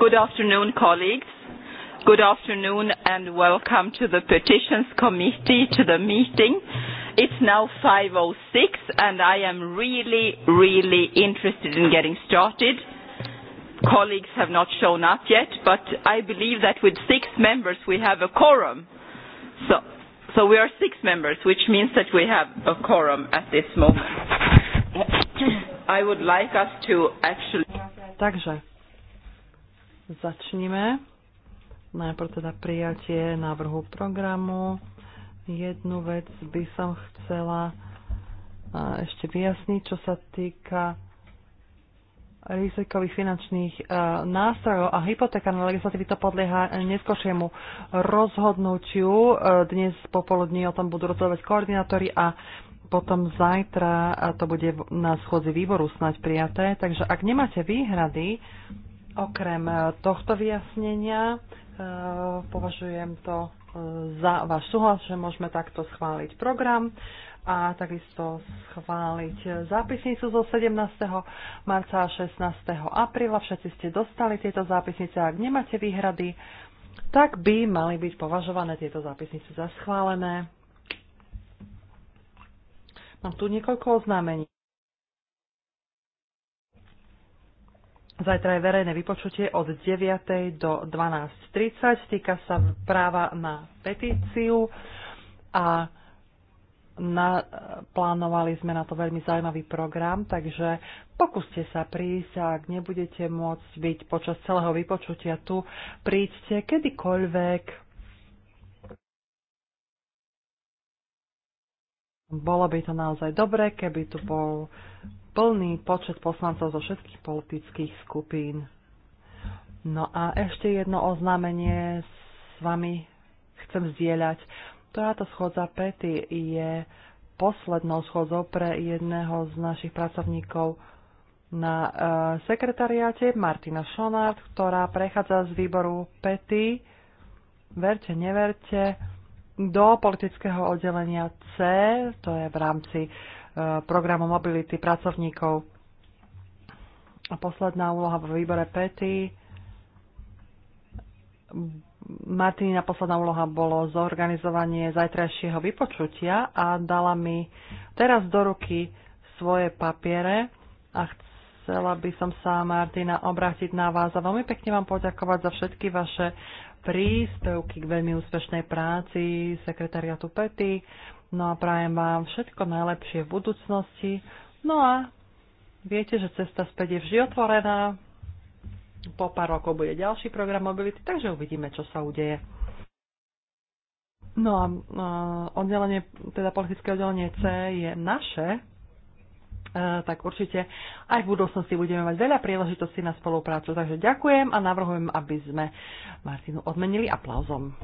Good afternoon, colleagues. Good afternoon, and welcome to the Petitions Committee, to the meeting. It's now 5:06, and I am really, really interested in getting started. Colleagues have not shown up yet, but I believe that with six members, we have a quorum. So, so we are six members, which means that we have a quorum at this moment. I would like us to actually... Takže Začnime. Najprv teda prijatie návrhu programu. Jednu vec by som chcela ešte vyjasniť, čo sa týka rizikových finančných nástrojov a hypotekárnej legislatívy to podlieha neskôršiemu rozhodnutiu. Dnes popoludní o tom budú rozhodovať koordinátori a potom zajtra to bude na schodzi výboru snať prijaté. Takže ak nemáte výhrady, Okrem eh, tohto vyjasnenia eh, považujem to eh, za váš súhlas, že môžeme takto schváliť program a takisto schváliť zápisnicu zo 17. marca a 16. apríla. Všetci ste dostali tieto zápisnice. Ak nemáte výhrady, tak by mali byť považované tieto zápisnice za schválené. Mám tu niekoľko oznámení. Zajtra je verejné vypočutie od 9. do 12.30. Týka sa práva na petíciu a plánovali sme na to veľmi zaujímavý program, takže pokúste sa prísť ak nebudete môcť byť počas celého vypočutia tu, príďte kedykoľvek. Bolo by to naozaj dobre, keby tu bol plný počet poslancov zo všetkých politických skupín. No a ešte jedno oznámenie s vami chcem zdieľať. Táto schodza Pety je poslednou schodzou pre jedného z našich pracovníkov na e, sekretariáte Martina Šonard, ktorá prechádza z výboru Pety, verte, neverte, do politického oddelenia C, to je v rámci e, programu mobility pracovníkov. A posledná úloha vo výbore PETI. Martinina posledná úloha bolo zorganizovanie zajtrajšieho vypočutia a dala mi teraz do ruky svoje papiere a chcela by som sa, Martina, obrátiť na vás a veľmi pekne vám poďakovať za všetky vaše príspevky k veľmi úspešnej práci sekretariatu Pety. No a prajem vám všetko najlepšie v budúcnosti. No a viete, že cesta späť je vždy otvorená. Po pár rokov bude ďalší program mobility, takže uvidíme, čo sa udeje. No a oddelenie, teda politické oddelenie C je naše, e, tak určite aj v budúcnosti budeme mať veľa príležitostí na spoluprácu. Takže ďakujem a navrhujem, aby sme Martinu odmenili aplauzom.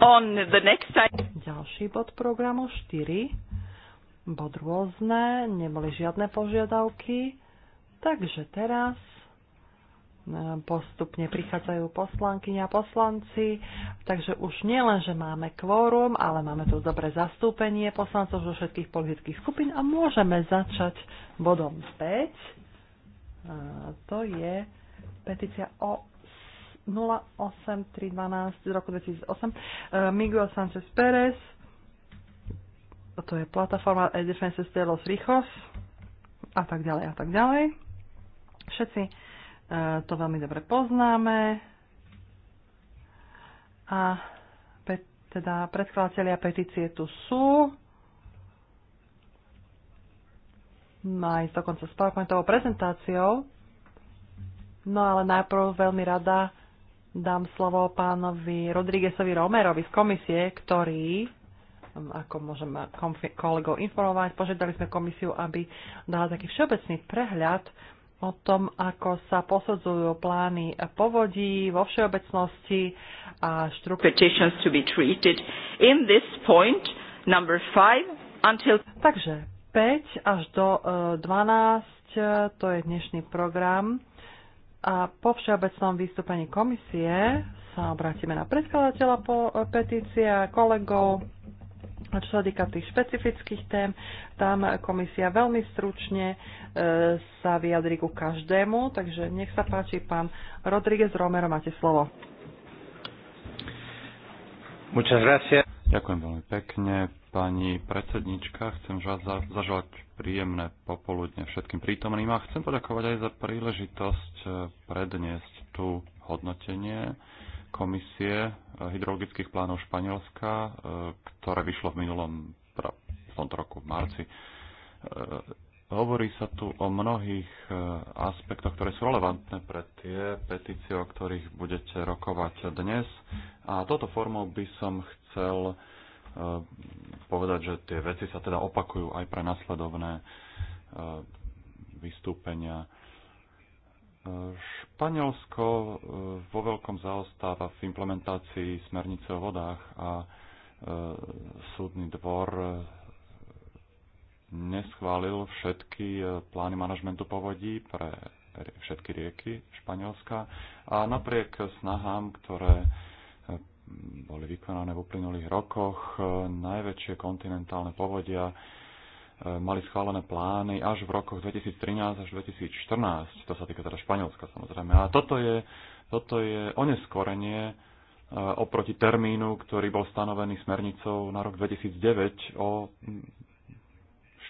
On the next side. Ďalší bod programu 4. Bod rôzne, neboli žiadne požiadavky. Takže teraz e, postupne prichádzajú poslanky a poslanci, takže už nielen, že máme kvórum, ale máme tu dobré zastúpenie poslancov zo všetkých politických skupín a môžeme začať bodom 5. A e, to je petícia o 08312 z roku 2008 eh, Miguel Sánchez Pérez to je plataforma e Defense de los Rijos a tak ďalej a tak ďalej. Všetci eh, to veľmi dobre poznáme a pe, teda a petície tu sú. No aj dokonca s PowerPointovou prezentáciou. No ale najprv veľmi rada dám slovo pánovi Rodríguezovi Romerovi z komisie, ktorý um, ako môžem kolegov informovať, požiadali sme komisiu, aby dala taký všeobecný prehľad o tom, ako sa posudzujú plány povodí vo všeobecnosti a štruktúry. Until... Takže 5 až do 12, eh, to je dnešný program. A po všeobecnom vystúpení komisie sa obrátime na predkladateľa po petície a kolegov. A čo sa týka tých špecifických tém, tam komisia veľmi stručne e, sa vyjadri ku každému, takže nech sa páči, pán Rodríguez Romero, máte slovo. Ďakujem veľmi pekne, pani predsednička. Chcem vás zaželať príjemné popoludne všetkým prítomným a chcem poďakovať aj za príležitosť eh, predniesť tu hodnotenie komisie eh, hydrologických plánov Španielska, eh, ktoré vyšlo v minulom v tomto roku v marci. Hovorí sa tu o mnohých aspektoch, ktoré sú relevantné pre tie petície, o ktorých budete rokovať dnes. A toto formou by som chcel Eh, povedať, že tie veci sa teda opakujú aj pre nasledovné eh, vystúpenia. Eh, Španielsko vo veľkom zaostáva v implementácii smernice o vodách a súdny dvor neschválil všetky plány manažmentu povodí pre všetky rieky Španielska a napriek snahám, ktoré boli vykonané v uplynulých rokoch. E, Najväčšie kontinentálne povodia e, mali schválené plány až v rokoch 2013 až 2014. To sa týka teda Španielska samozrejme. A toto je, toto je oneskorenie e, oproti termínu, ktorý bol stanovený smernicou na rok 2009 o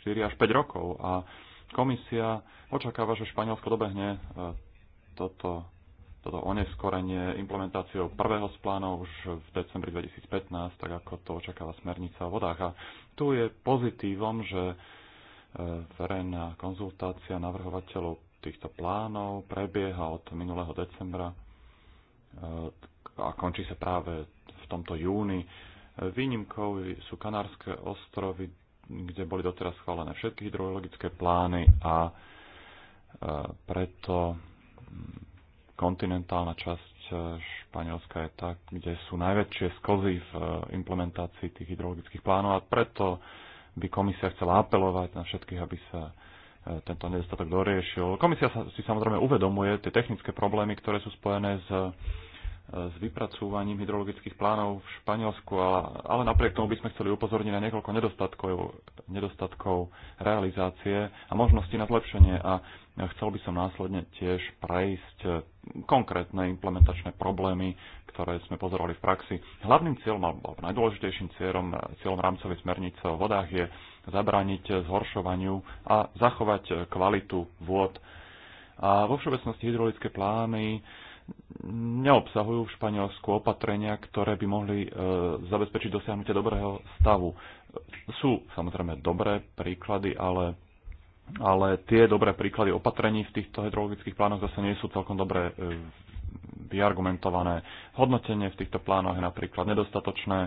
4 až 5 rokov. A komisia očakáva, že Španielsko dobehne toto toto oneskorenie implementáciou prvého z plánov už v decembri 2015, tak ako to očakáva smernica o vodách. A tu je pozitívom, že e, verejná konzultácia navrhovateľov týchto plánov prebieha od minulého decembra e, a končí sa práve v tomto júni. E, výnimkou sú Kanárske ostrovy, kde boli doteraz schválené všetky hydrologické plány a preto kontinentálna časť e, Španielska je tá, kde sú najväčšie skozy v e, implementácii tých hydrologických plánov a preto by komisia chcela apelovať na všetkých, aby sa e, tento nedostatok doriešil. Komisia si samozrejme uvedomuje tie technické problémy, ktoré sú spojené s s vypracúvaním hydrologických plánov v Španielsku, ale napriek tomu by sme chceli upozorniť na niekoľko nedostatkov, nedostatkov realizácie a možností na zlepšenie a chcel by som následne tiež prejsť konkrétne implementačné problémy, ktoré sme pozorovali v praxi. Hlavným cieľom, alebo najdôležitejším cieľom, cieľom rámcovej smernice o vodách je zabrániť zhoršovaniu a zachovať kvalitu vôd. A vo všeobecnosti hydrologické plány neobsahujú v Španielsku opatrenia, ktoré by mohli e, zabezpečiť dosiahnutie dobrého stavu. Sú samozrejme dobré príklady, ale, ale tie dobré príklady opatrení v týchto hydrologických plánoch zase nie sú celkom dobre e, vyargumentované. Hodnotenie v týchto plánoch je napríklad nedostatočné,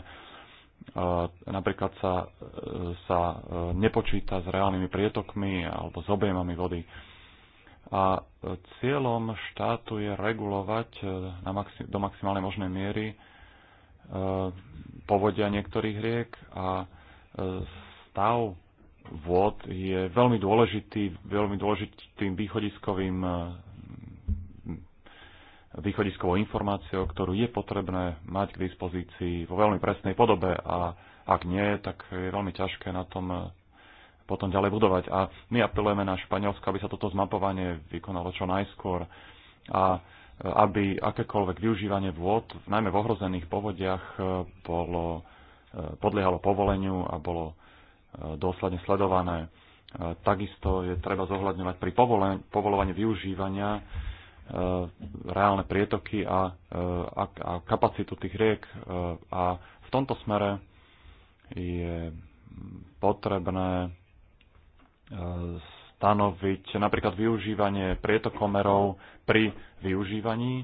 e, napríklad sa, sa nepočíta s reálnymi prietokmi alebo s objemami vody a cieľom štátu je regulovať e, na maxi- do maximálnej možnej miery e, povodia niektorých riek a e, stav vôd je veľmi dôležitý, veľmi dôležitým východiskovým východiskovou informáciou, ktorú je potrebné mať k dispozícii vo veľmi presnej podobe a ak nie, tak je veľmi ťažké na tom potom ďalej budovať. A my apelujeme na Španielsko, aby sa toto zmapovanie vykonalo čo najskôr a e, aby akékoľvek využívanie vôd, najmä v ohrozených povodiach, e, bolo, e, podliehalo povoleniu a bolo dôsledne sledované. Takisto je treba zohľadňovať pri povolovaní využívania reálne prietoky a, a, a kapacitu tých riek. A v tomto smere je potrebné stanoviť napríklad využívanie prietokomerov pri využívaní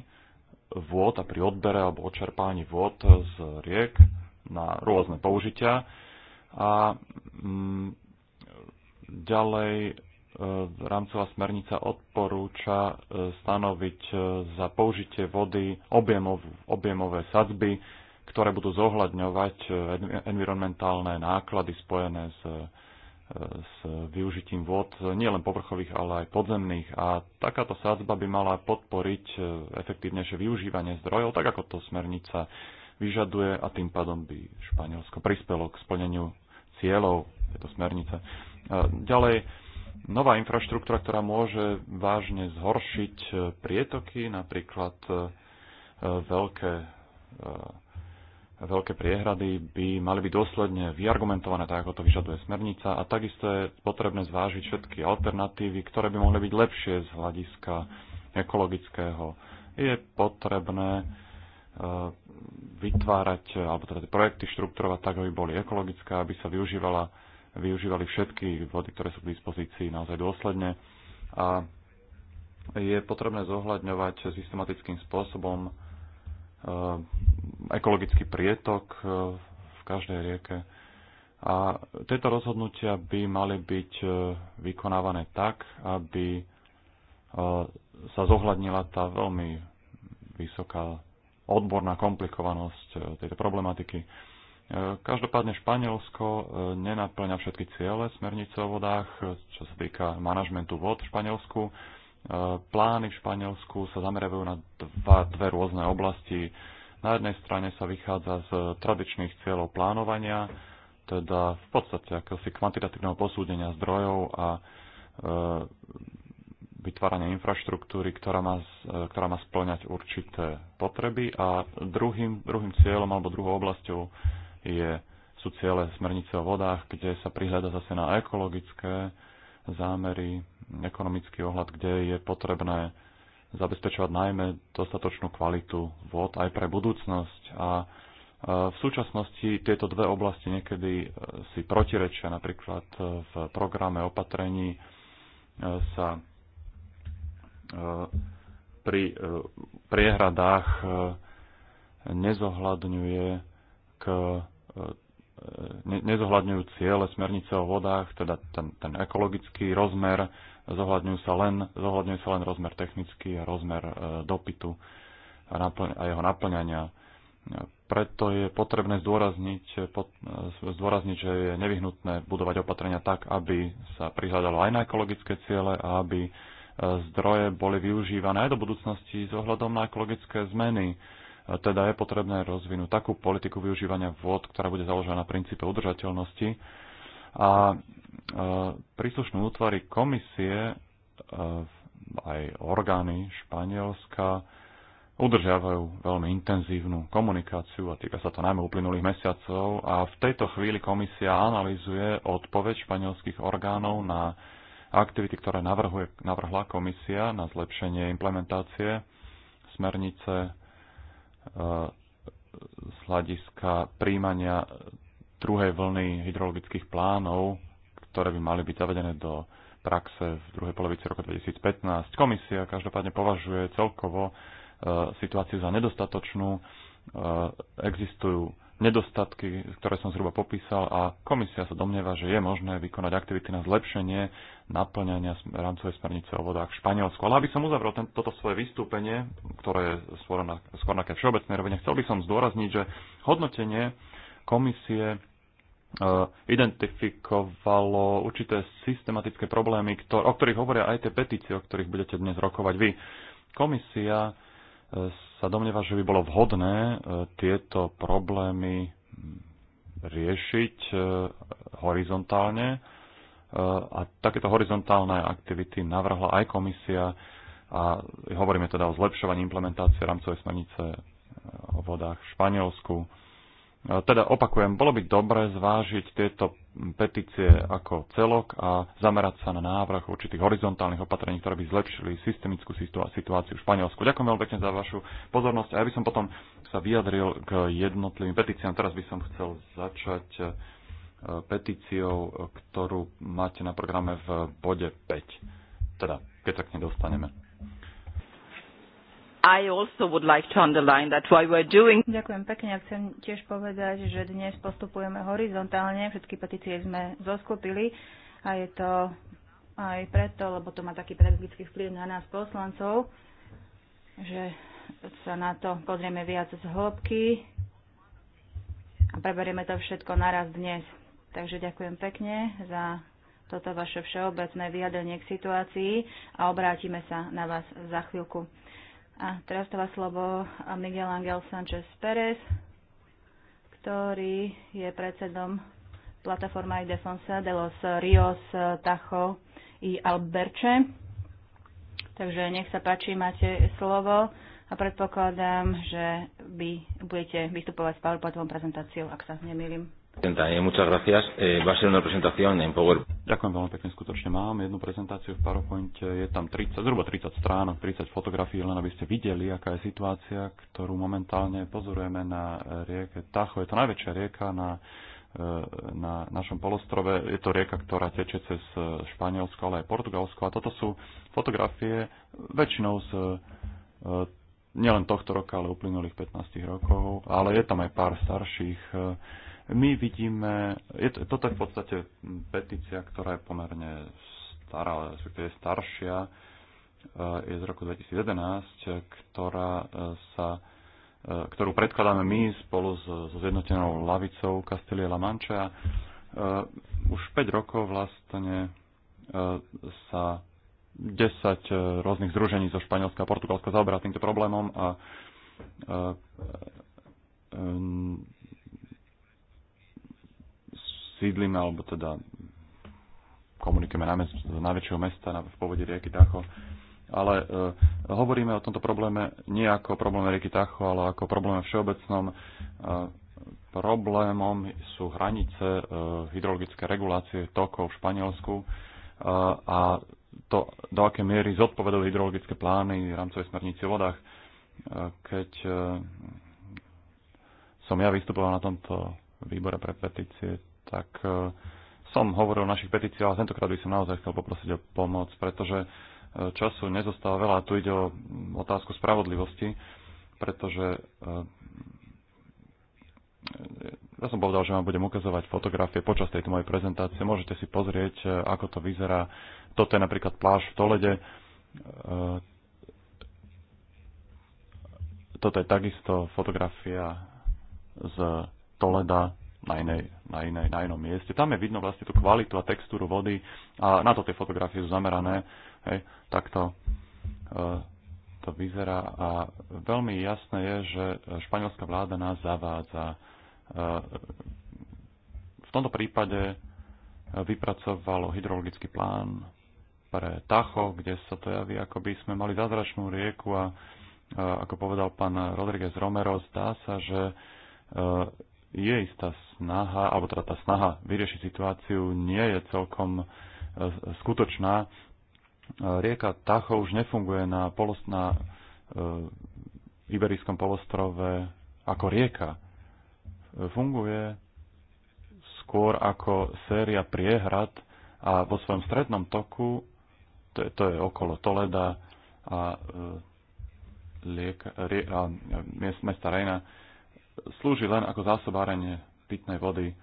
vôd a pri odbere alebo očerpávaní vôd z riek na rôzne použitia. A mm, ďalej e, rámcová smernica odporúča e, stanoviť e, za použitie vody objemov, objemové sadzby, ktoré budú zohľadňovať environmentálne náklady spojené s s využitím vôd nielen povrchových, ale aj podzemných. A takáto sádzba by mala podporiť e, efektívnejšie využívanie zdrojov, tak ako to smernica vyžaduje a tým pádom by Španielsko prispelo k splneniu cieľov tejto smernice. E, ďalej, nová infraštruktúra, ktorá môže vážne zhoršiť e, prietoky, napríklad veľké veľké priehrady by mali byť dôsledne vyargumentované, tak ako to vyžaduje smernica a takisto je potrebné zvážiť všetky alternatívy, ktoré by mohli byť lepšie z hľadiska ekologického. Je potrebné e, vytvárať, alebo teda tie projekty štruktúrovať tak, aby boli ekologické, aby sa využívala, využívali všetky vody, ktoré sú k dispozícii naozaj dôsledne. A je potrebné zohľadňovať systematickým spôsobom Eh, ekologický prietok eh, v každej rieke. A tieto rozhodnutia by mali byť eh, vykonávané tak, aby sa zohľadnila tá veľmi vysoká odborná komplikovanosť tejto problematiky. Každopádne Španielsko nenaplňa všetky ciele smernice o vodách, čo sa týka manažmentu vod v Španielsku plány v Španielsku sa zamerajú na dva, dve rôzne oblasti. Na jednej strane sa vychádza z tradičných cieľov plánovania, teda v podstate akéhosi kvantitatívneho posúdenia zdrojov a e, vytvárania infraštruktúry, ktorá má, e, ktorá má splňať určité potreby. A druhým, druhým cieľom alebo druhou oblasťou je, sú ciele smernice o vodách, kde sa prihľada zase na ekologické zámery, ekonomický ohľad, kde je potrebné zabezpečovať najmä dostatočnú kvalitu vod aj pre budúcnosť. A e, v súčasnosti tieto dve oblasti niekedy e, si protirečia. Napríklad e, v programe opatrení sa pri priehradách nezohľadňuje k nezohľadňujú ciele smernice o vodách, teda ten, ten ekologický rozmer, zohľadňujú sa len, zohľadňujú sa len rozmer technický a rozmer e, dopytu a, a jeho naplňania. Preto je potrebné zdôrazniť, e, e, zdôrazniť, že je nevyhnutné budovať opatrenia tak, aby sa prihľadalo aj na ekologické ciele a aby zdroje boli využívané aj do budúcnosti s ohľadom na ekologické zmeny teda je potrebné rozvinúť takú politiku využívania vôd, ktorá bude založená na princípe udržateľnosti. A e, príslušné útvary komisie, e, aj orgány Španielska, udržiavajú veľmi intenzívnu komunikáciu a týka sa to najmä uplynulých mesiacov a v tejto chvíli komisia analizuje odpoveď španielských orgánov na aktivity, ktoré navrhuje, navrhla komisia na zlepšenie implementácie smernice z hľadiska príjmania druhej vlny hydrologických plánov, ktoré by mali byť zavedené do praxe v druhej polovici roku 2015. Komisia každopádne považuje celkovo e, situáciu za nedostatočnú. E, existujú nedostatky, ktoré som zhruba popísal a komisia sa domnieva, že je možné vykonať aktivity na zlepšenie naplňania rámcovej smernice o vodách v Španielsku. Ale aby som uzavrel ten, toto svoje vystúpenie, ktoré je skôr na, skôr na všeobecnej rovine, chcel by som zdôrazniť, že hodnotenie komisie e, identifikovalo určité systematické problémy, ktor- o ktorých hovoria aj tie petície, o ktorých budete dnes rokovať vy. Komisia e, sa domnieva, že by bolo vhodné e, tieto problémy riešiť e, horizontálne e, a takéto horizontálne aktivity navrhla aj komisia a hovoríme teda o zlepšovaní implementácie rámcovej smernice o vodách v Španielsku. Teda opakujem, bolo by dobre zvážiť tieto petície ako celok a zamerať sa na návrh určitých horizontálnych opatrení, ktoré by zlepšili systemickú situáciu v Španielsku. Ďakujem veľmi pekne za vašu pozornosť a ja by som potom sa vyjadril k jednotlivým petíciám. Teraz by som chcel začať e, petíciou, ktorú máte na programe v bode 5. Teda, keď sa k nej dostaneme. I also would like to underline that why we're doing... Ďakujem pekne. Ja chcem tiež povedať, že dnes postupujeme horizontálne. Všetky petície sme zoskupili a je to aj preto, lebo to má taký pedagogický vplyv na nás poslancov, že sa na to pozrieme viac z hĺbky a preberieme to všetko naraz dnes. Takže ďakujem pekne za toto vaše všeobecné vyjadrenie k situácii a obrátime sa na vás za chvíľku. A teraz vás slovo Miguel Angel Sanchez Pérez, ktorý je predsedom plataforma Idefonsa de los Rios Tacho i Alberče. Takže nech sa páči, máte slovo a predpokladám, že vy budete vystupovať s PowerPointovou prezentáciou, ak sa nemýlim. Ďakujem veľmi pekne, skutočne mám jednu prezentáciu v PowerPointe, je tam 30, zhruba 30 strán, 30 fotografií, len aby ste videli, aká je situácia, ktorú momentálne pozorujeme na rieke Tacho. Je to najväčšia rieka na, eh, na našom polostrove. Je to rieka, ktorá teče cez eh, Španielsko, ale aj Portugalsko. A toto sú fotografie väčšinou z eh, nielen tohto roka, ale uplynulých 15 rokov, ale je tam aj pár starších my vidíme, je to, toto je v podstate petícia, ktorá je pomerne stará, respektíve staršia, eh, je z roku 2011, ktorá eh, sa eh, ktorú predkladáme my spolu so zjednotenou lavicou Castilie La Mancha. Už 5 rokov vlastne sa 10 rôznych združení zo Španielska a Portugalska zaoberá týmto problémom a sídlime, alebo teda komunikujeme na na najväčšieho mesta na, v povode rieky Tacho. Ale e, hovoríme o tomto probléme nie ako probléme rieky Tacho, ale ako probléme všeobecnom. E, problémom sú hranice e, hydrologické regulácie tokov v Španielsku e, a to, do akej miery zodpovedajú hydrologické plány rámcovej smernici o vodách. E, keď e, som ja vystupoval na tomto výbore pre petície, tak e, som hovoril o našich petíciách, ale tentokrát by som naozaj chcel poprosiť o pomoc, pretože e, času nezostáva veľa a tu ide o otázku spravodlivosti, pretože e, ja som povedal, že vám budem ukazovať fotografie počas tejto mojej prezentácie. Môžete si pozrieť, ako to vyzerá. Toto je napríklad pláž v Tolede. Toto je takisto fotografia z Toleda na, inej, na, inej, na inom mieste. Tam je vidno vlastne tú kvalitu a textúru vody a na to tie fotografie sú zamerané. Hej, takto e, to vyzerá a veľmi jasné je, že španielská vláda nás zavádza. E, v tomto prípade vypracovalo hydrologický plán pre Tacho, kde sa to javí, ako by sme mali zázračnú rieku a e, ako povedal pán Rodríguez Romero, zdá sa, že e, je istá snaha, alebo teda tá snaha vyriešiť situáciu nie je celkom e, skutočná. E, rieka Tacho už nefunguje na, polost, na e, Iberijskom polostrove ako rieka. E, funguje skôr ako séria priehrad a vo svojom strednom toku, to je, to je okolo Toleda a, e, lieka, rie, a, miest, mesta Rejna, slúži len ako zásobárenie pitnej vody. E,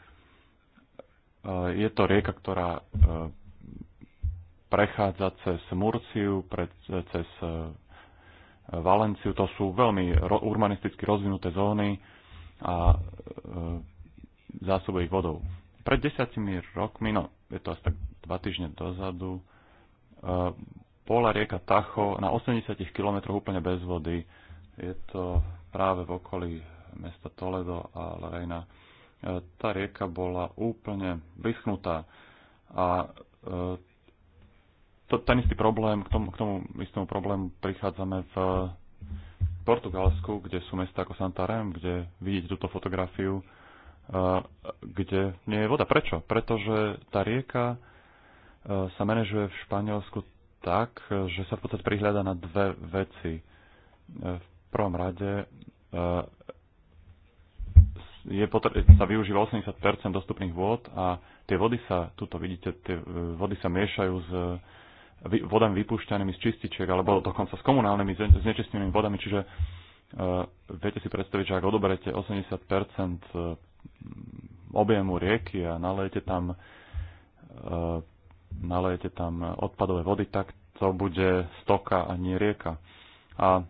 je to rieka, ktorá e, prechádza cez Murciu, cez e, Valenciu. To sú veľmi urbanisticky rozvinuté zóny a zásobuje ich vodou. Pred desiatimi rokmi, no je to asi tak dva týždne dozadu, bola rieka Tacho na 80 km úplne bez vody. Je to práve v okolí mesta Toledo a Lorena, e, tá rieka bola úplne vyschnutá a e, to, ten istý problém, k tomu, k tomu istému problému prichádzame v Portugalsku, kde sú mesta ako Santarém, kde vidíte túto fotografiu, e, kde nie je voda. Prečo? Pretože tá rieka sa manažuje v Španielsku tak, že sa v podstate prihľada na dve veci. V prvom rade je potr- sa využíva 80 dostupných vôd a tie vody sa, tuto vidíte, tie e, vody sa miešajú s e, vodami vypúšťanými z čističiek alebo dokonca s komunálnymi znečistenými vodami, čiže uh, viete si predstaviť, že ak odoberete 80 objemu rieky a nalejete tam, uh, nalejete tam odpadové vody, tak to bude stoka a nie rieka. A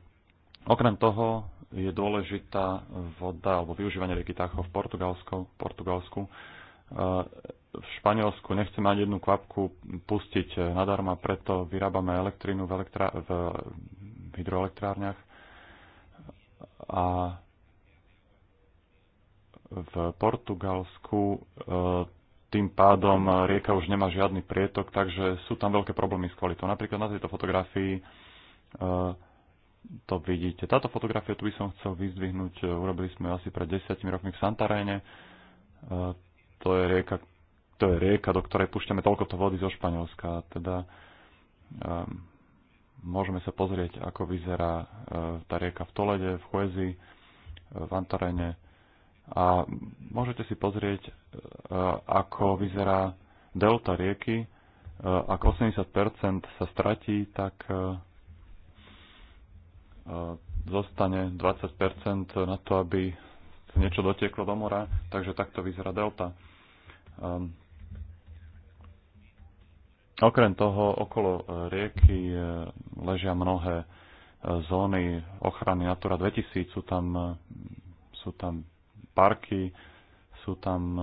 okrem toho je dôležitá voda alebo využívanie rieky Tacho v Portugalsku. V e, Portugalsku. V Španielsku nechceme ani jednu kvapku pustiť nadarma, preto vyrábame elektrínu v, elektra- v hydroelektrárniach a v Portugalsku e, tým pádom rieka už nemá žiadny prietok, takže sú tam veľké problémy s kvalitou. Napríklad na tejto fotografii e, to vidíte. Táto fotografia tu by som chcel vyzdvihnúť. E, urobili sme asi pred desiatimi rokmi v Santaréne. E, to je rieka, to je rieka, do ktorej púšťame toľko to vody zo Španielska. Teda ehm, môžeme sa pozrieť, ako vyzerá e, tá rieka v Tolede, v Chuezi, v Antaréne A môžete si pozrieť, ako vyzerá delta rieky. ak 80% sa stratí, tak E, zostane 20 na to, aby niečo dotieklo do mora, takže takto vyzerá delta. Um, okrem toho, okolo e, rieky e, ležia mnohé zóny ochrany Natura 2000, sú tam, sú tam parky, sú tam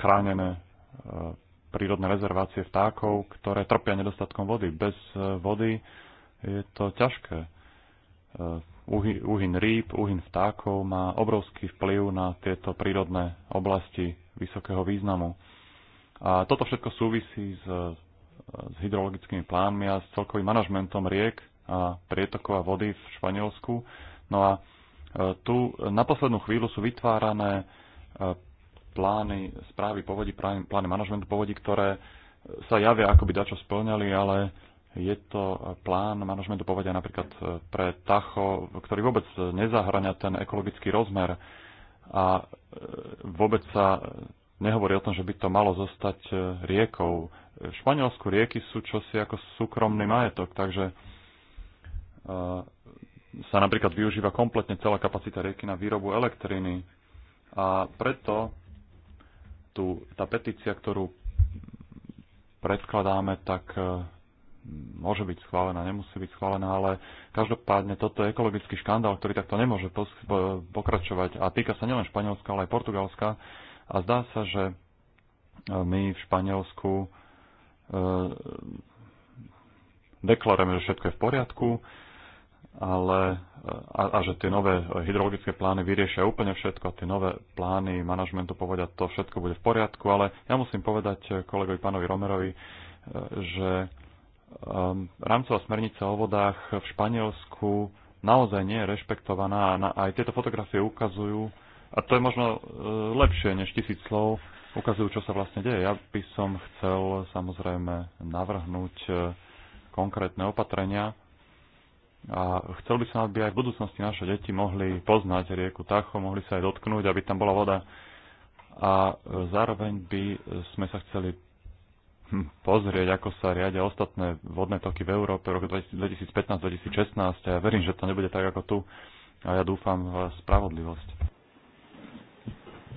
chránené prírodné rezervácie vtákov, ktoré trpia nedostatkom vody. Bez vody je to ťažké uhyn rýb, uhyn vtákov má obrovský vplyv na tieto prírodné oblasti vysokého významu. A toto všetko súvisí s, s hydrologickými plánmi a s celkovým manažmentom riek a prietokov a vody v Španielsku. No a e, tu na poslednú chvíľu sú vytvárané e, plány správy povodí, plány manažmentu povodí, ktoré sa javia, ako by dačo splňali, ale je to plán manažmentu povedia napríklad e, pre Tacho, ktorý vôbec nezahrania ten ekologický rozmer a e, vôbec sa nehovorí o tom, že by to malo zostať e, riekou. V Španielsku rieky sú čosi ako súkromný majetok, takže sa napríklad využíva kompletne celá kapacita rieky na výrobu elektriny. A preto tu, tá petícia, ktorú predkladáme, tak môže byť schválená, nemusí byť schválená, ale každopádne toto je ekologický škandál, ktorý takto nemôže pokračovať a týka sa nielen Španielska, ale aj Portugalska. A zdá sa, že e, my v Španielsku e, deklarujeme, že všetko je v poriadku, ale, e, a, a že tie nové hydrologické plány vyriešia úplne všetko, tie nové plány manažmentu povedia, to všetko bude v poriadku, ale ja musím povedať kolegovi pánovi Romerovi, že Ehm, rámcová smernica o vodách v Španielsku naozaj nie je rešpektovaná a aj tieto fotografie ukazujú, a to je možno e, lepšie než tisíc slov, ukazujú, čo sa vlastne deje. Ja by som chcel samozrejme navrhnúť e, konkrétne opatrenia a chcel by som, aby aj v budúcnosti naše deti mohli poznať rieku Tacho, mohli sa aj dotknúť, aby tam bola voda a e, zároveň by sme sa chceli pozrieť, ako sa riadia ostatné vodné toky v Európe v roku 2015-2016 a ja verím, že to nebude tak ako tu a ja dúfam v spravodlivosť.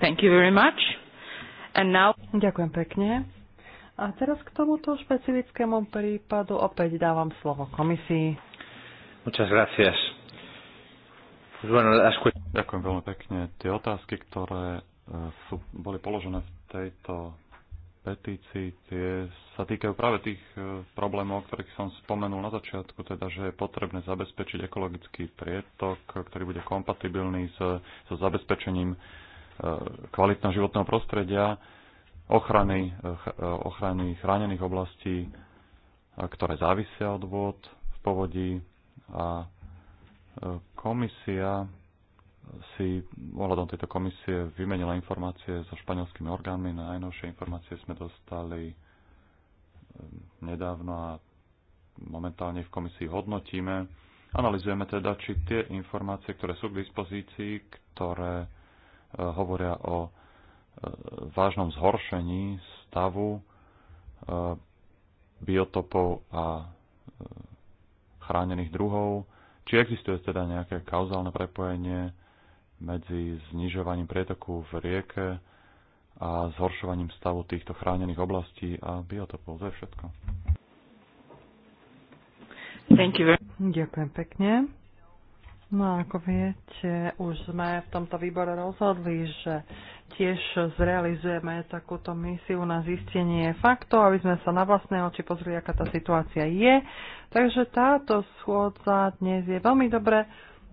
Thank you very much. And now... Ďakujem pekne. A teraz k tomuto špecifickému prípadu opäť dávam slovo komisii. Muchas gracias. Ďakujem veľmi pekne. Tie otázky, ktoré eh, sú, boli položené v tejto petícií, tie sa týkajú práve tých e, problémov, o ktorých som spomenul na začiatku, teda, že je potrebné zabezpečiť ekologický prietok, ktorý bude kompatibilný so, so zabezpečením e, kvalitného životného prostredia, ochrany, e, ochrany chránených oblastí, ktoré závisia od vôd v povodí a komisia si ohľadom tejto komisie vymenila informácie so španielskými orgánmi. Najnovšie informácie sme dostali eh, nedávno a momentálne v komisii hodnotíme. Analizujeme teda, či tie informácie, ktoré sú k dispozícii, ktoré eh, hovoria o eh, vážnom zhoršení stavu biotopov a chránených druhov, či existuje teda nejaké kauzálne prepojenie medzi znižovaním prietoku v rieke a zhoršovaním stavu týchto chránených oblastí a biotopov. To je všetko. Thank you. Ďakujem pekne. No ako viete, už sme v tomto výbore rozhodli, že tiež zrealizujeme takúto misiu na zistenie faktov, aby sme sa na vlastné oči pozreli, aká tá situácia je. Takže táto schôdza dnes je veľmi dobre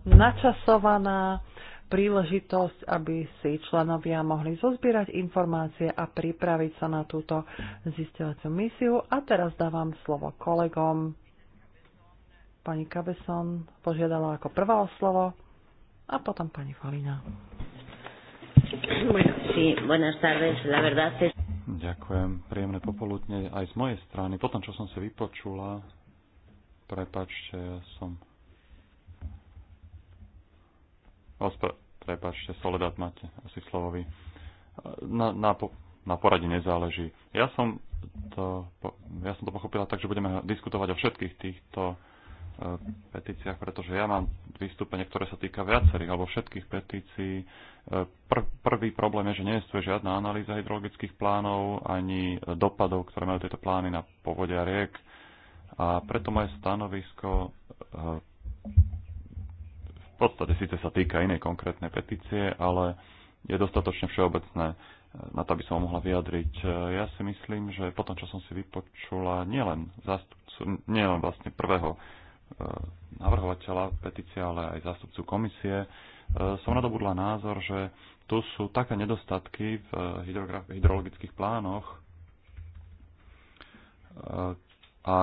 načasovaná príležitosť, aby si členovia mohli zozbierať informácie a pripraviť sa na túto zisťovaciu misiu. A teraz dávam slovo kolegom. Pani Kabeson požiadala ako prvá o slovo a potom pani Falina. Ďakujem. Príjemné popoludne aj z mojej strany. Potom čo som si vypočula, prepačte, ja som Ospr- prepačte, Soledad máte asi slovovi. Na, na, na poradí nezáleží. Ja som, to, ja som to pochopila tak, že budeme diskutovať o všetkých týchto e, petíciách, pretože ja mám vystúpenie, ktoré sa týka viacerých alebo všetkých petícií. E, pr- prvý problém je, že neestuje žiadna analýza hydrologických plánov ani dopadov, ktoré majú tieto plány na povodia riek. A preto moje stanovisko e, podstate síce sa týka inej konkrétnej petície, ale je dostatočne všeobecné e, na to, aby som mohla vyjadriť. E, ja si myslím, že po tom, čo som si vypočula nielen, zástupcu, nielen vlastne prvého e, navrhovateľa petície, ale aj zástupcu komisie, som nadobudla názor, že tu sú také nedostatky v hydrologických plánoch a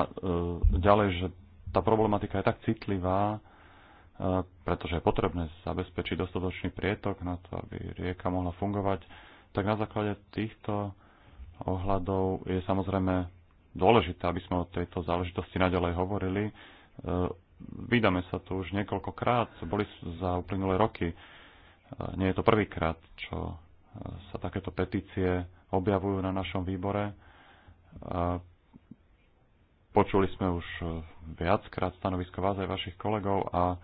ďalej, že tá problematika je tak citlivá, pretože je potrebné zabezpečiť dostatočný prietok na to, aby rieka mohla fungovať, tak na základe týchto ohľadov je samozrejme dôležité, aby sme o tejto záležitosti naďalej hovorili. E, vydáme sa tu už niekoľkokrát, boli za uplynulé roky. E, nie je to prvýkrát, čo e, sa takéto petície objavujú na našom výbore. Počuli sme už viackrát stanovisko vás aj vašich kolegov a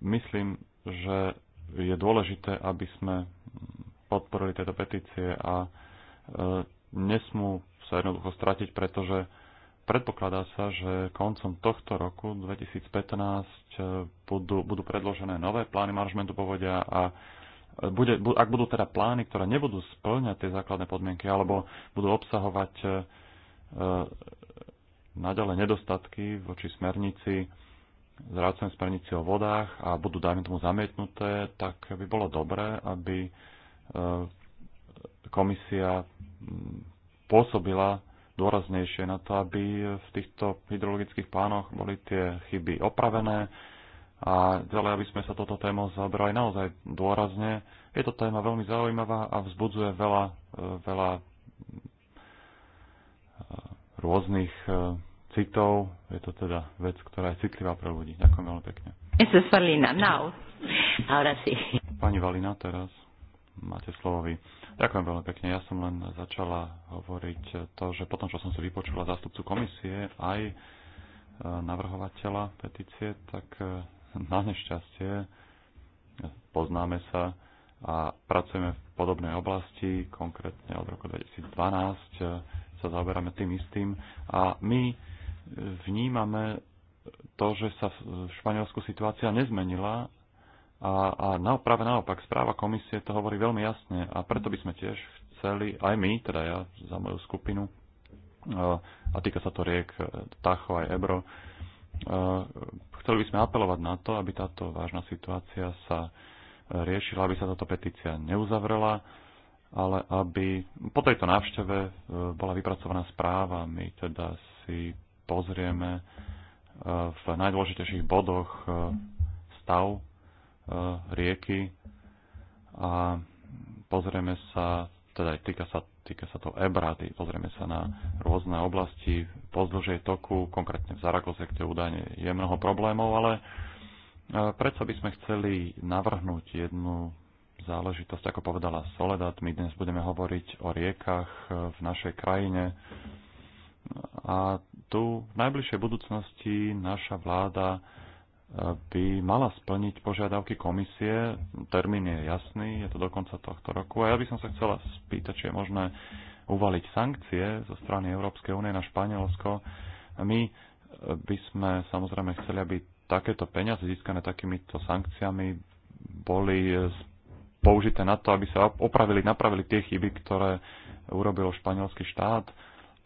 myslím, že je dôležité, aby sme podporili tieto petície a e, nesmú sa jednoducho stratiť, pretože predpokladá sa, že koncom tohto roku 2015 e, budú, budú predložené nové plány manažmentu povodia a e, bude, ak budú teda plány, ktoré nebudú splňať tie základné podmienky alebo budú obsahovať e, naďalej nedostatky voči smernici rámcovej smernici o vodách a budú, dajme tomu, zamietnuté, tak by bolo dobré, aby e, komisia pôsobila dôraznejšie na to, aby v týchto hydrologických plánoch boli tie chyby opravené a ďalej, aby sme sa toto tému zaoberali naozaj dôrazne. Je to téma veľmi zaujímavá a vzbudzuje veľa, e, veľa e, rôznych citov. Je to teda vec, ktorá je citlivá pre ľudí. Ďakujem veľmi pekne. Pani Valina, teraz máte slovo vy. Ďakujem veľmi pekne. Ja som len začala hovoriť to, že potom, čo som si vypočula zástupcu komisie, aj e, navrhovateľa petície, tak e, na nešťastie poznáme sa a pracujeme v podobnej oblasti, konkrétne od roku 2012 e, sa zaoberáme tým istým a my vnímame to, že sa v Španielsku situácia nezmenila a, a na, práve naopak správa komisie to hovorí veľmi jasne a preto by sme tiež chceli, aj my, teda ja za moju skupinu, eh, a týka sa to riek eh, Tacho aj Ebro, eh, chceli by sme apelovať na to, aby táto vážna situácia sa riešila, aby sa táto petícia neuzavrela, ale aby po tejto návšteve bola vypracovaná správa. My teda si pozrieme e, v najdôležitejších bodoch e, stav e, rieky a pozrieme sa, teda týka sa, týka sa to Ebrady, pozrieme sa na rôzne oblasti pozdĺž toku, konkrétne v Zaragoze, kde údajne je mnoho problémov, ale predsa by sme chceli navrhnúť jednu záležitosť, ako povedala Soledad, my dnes budeme hovoriť o riekach v našej krajine a tu v najbližšej budúcnosti naša vláda e, by mala splniť požiadavky komisie. Termín je jasný, je to do konca tohto roku. A ja by som sa chcela spýtať, či je možné uvaliť sankcie zo strany Európskej únie na Španielsko. My e, by sme samozrejme chceli, aby takéto peniaze získané takýmito sankciami boli e, použité na to, aby sa opravili, napravili tie chyby, ktoré urobil španielský štát,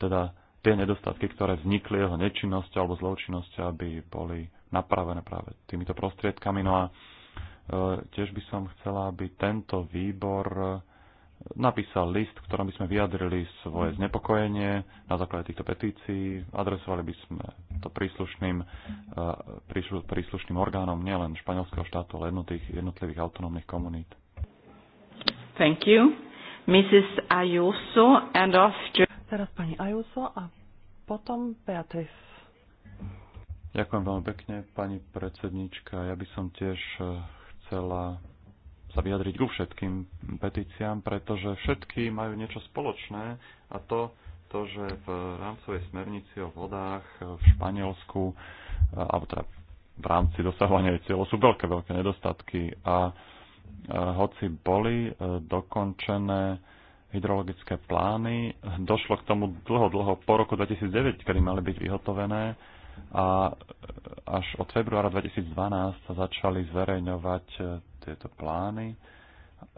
teda tie nedostatky, ktoré vznikli jeho nečinnosťou alebo zločinnosťou, aby boli napravené práve týmito prostriedkami. No a e, tiež by som chcela, aby tento výbor e, napísal list, v ktorom by sme vyjadrili svoje mhm. znepokojenie na základe týchto petícií. Adresovali by sme to príslušným, e, príslušným orgánom nielen španielského štátu, ale jednotlivých, jednotlivých autonómnych komunít. Thank you. Mrs. Ayuso and after... Teraz pani Ajuso a potom Beatrice. Ďakujem veľmi pekne, pani predsednička. Ja by som tiež eh, chcela sa vyjadriť ku všetkým petíciám, pretože všetky majú niečo spoločné a to, to že v rámcovej smernici o vodách eh, v Španielsku, eh, alebo teda v rámci dosahovania cieľov sú veľké, veľké nedostatky a hoci boli dokončené hydrologické plány. Došlo k tomu dlho, dlho po roku 2009, kedy mali byť vyhotovené a až od februára 2012 sa začali zverejňovať e, tieto plány.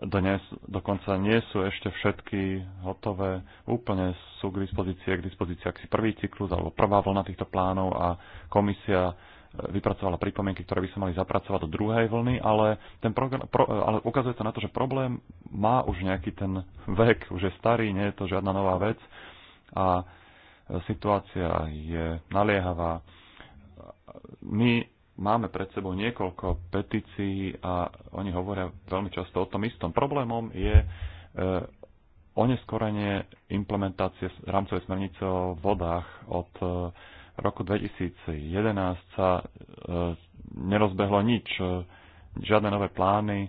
Dnes dokonca nie sú ešte všetky hotové, úplne sú k dispozícii, k dispozícii ak si prvý cyklus alebo prvá vlna týchto plánov a komisia vypracovala pripomienky, ktoré by sa mali zapracovať do druhej vlny, ale, ten program, pro, ale ukazuje sa na to, že problém má už nejaký ten vek, už je starý, nie je to žiadna nová vec a e, situácia je naliehavá. My máme pred sebou niekoľko petícií a oni hovoria veľmi často o tom istom. Problémom je e, oneskorenie implementácie rámcovej smernice o vodách od e, roku 2011 sa e, nerozbehlo nič, e, žiadne nové plány. E,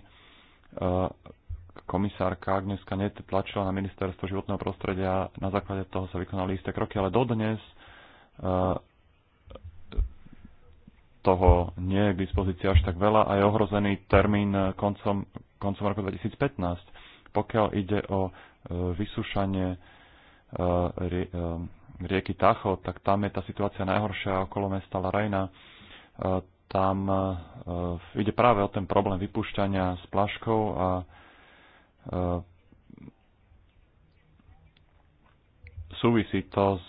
komisárka dneska netlačila na ministerstvo životného prostredia, na základe toho sa vykonali isté kroky, ale dodnes toho nie je k dispozícii až tak veľa a je ohrozený termín koncom, koncom roku 2015. Pokiaľ ide o vysúšanie rieky Tacho, tak tam je tá situácia najhoršia okolo mesta Larajna. E, tam e, e, ide práve o ten problém vypúšťania s plaškou a súvisí to s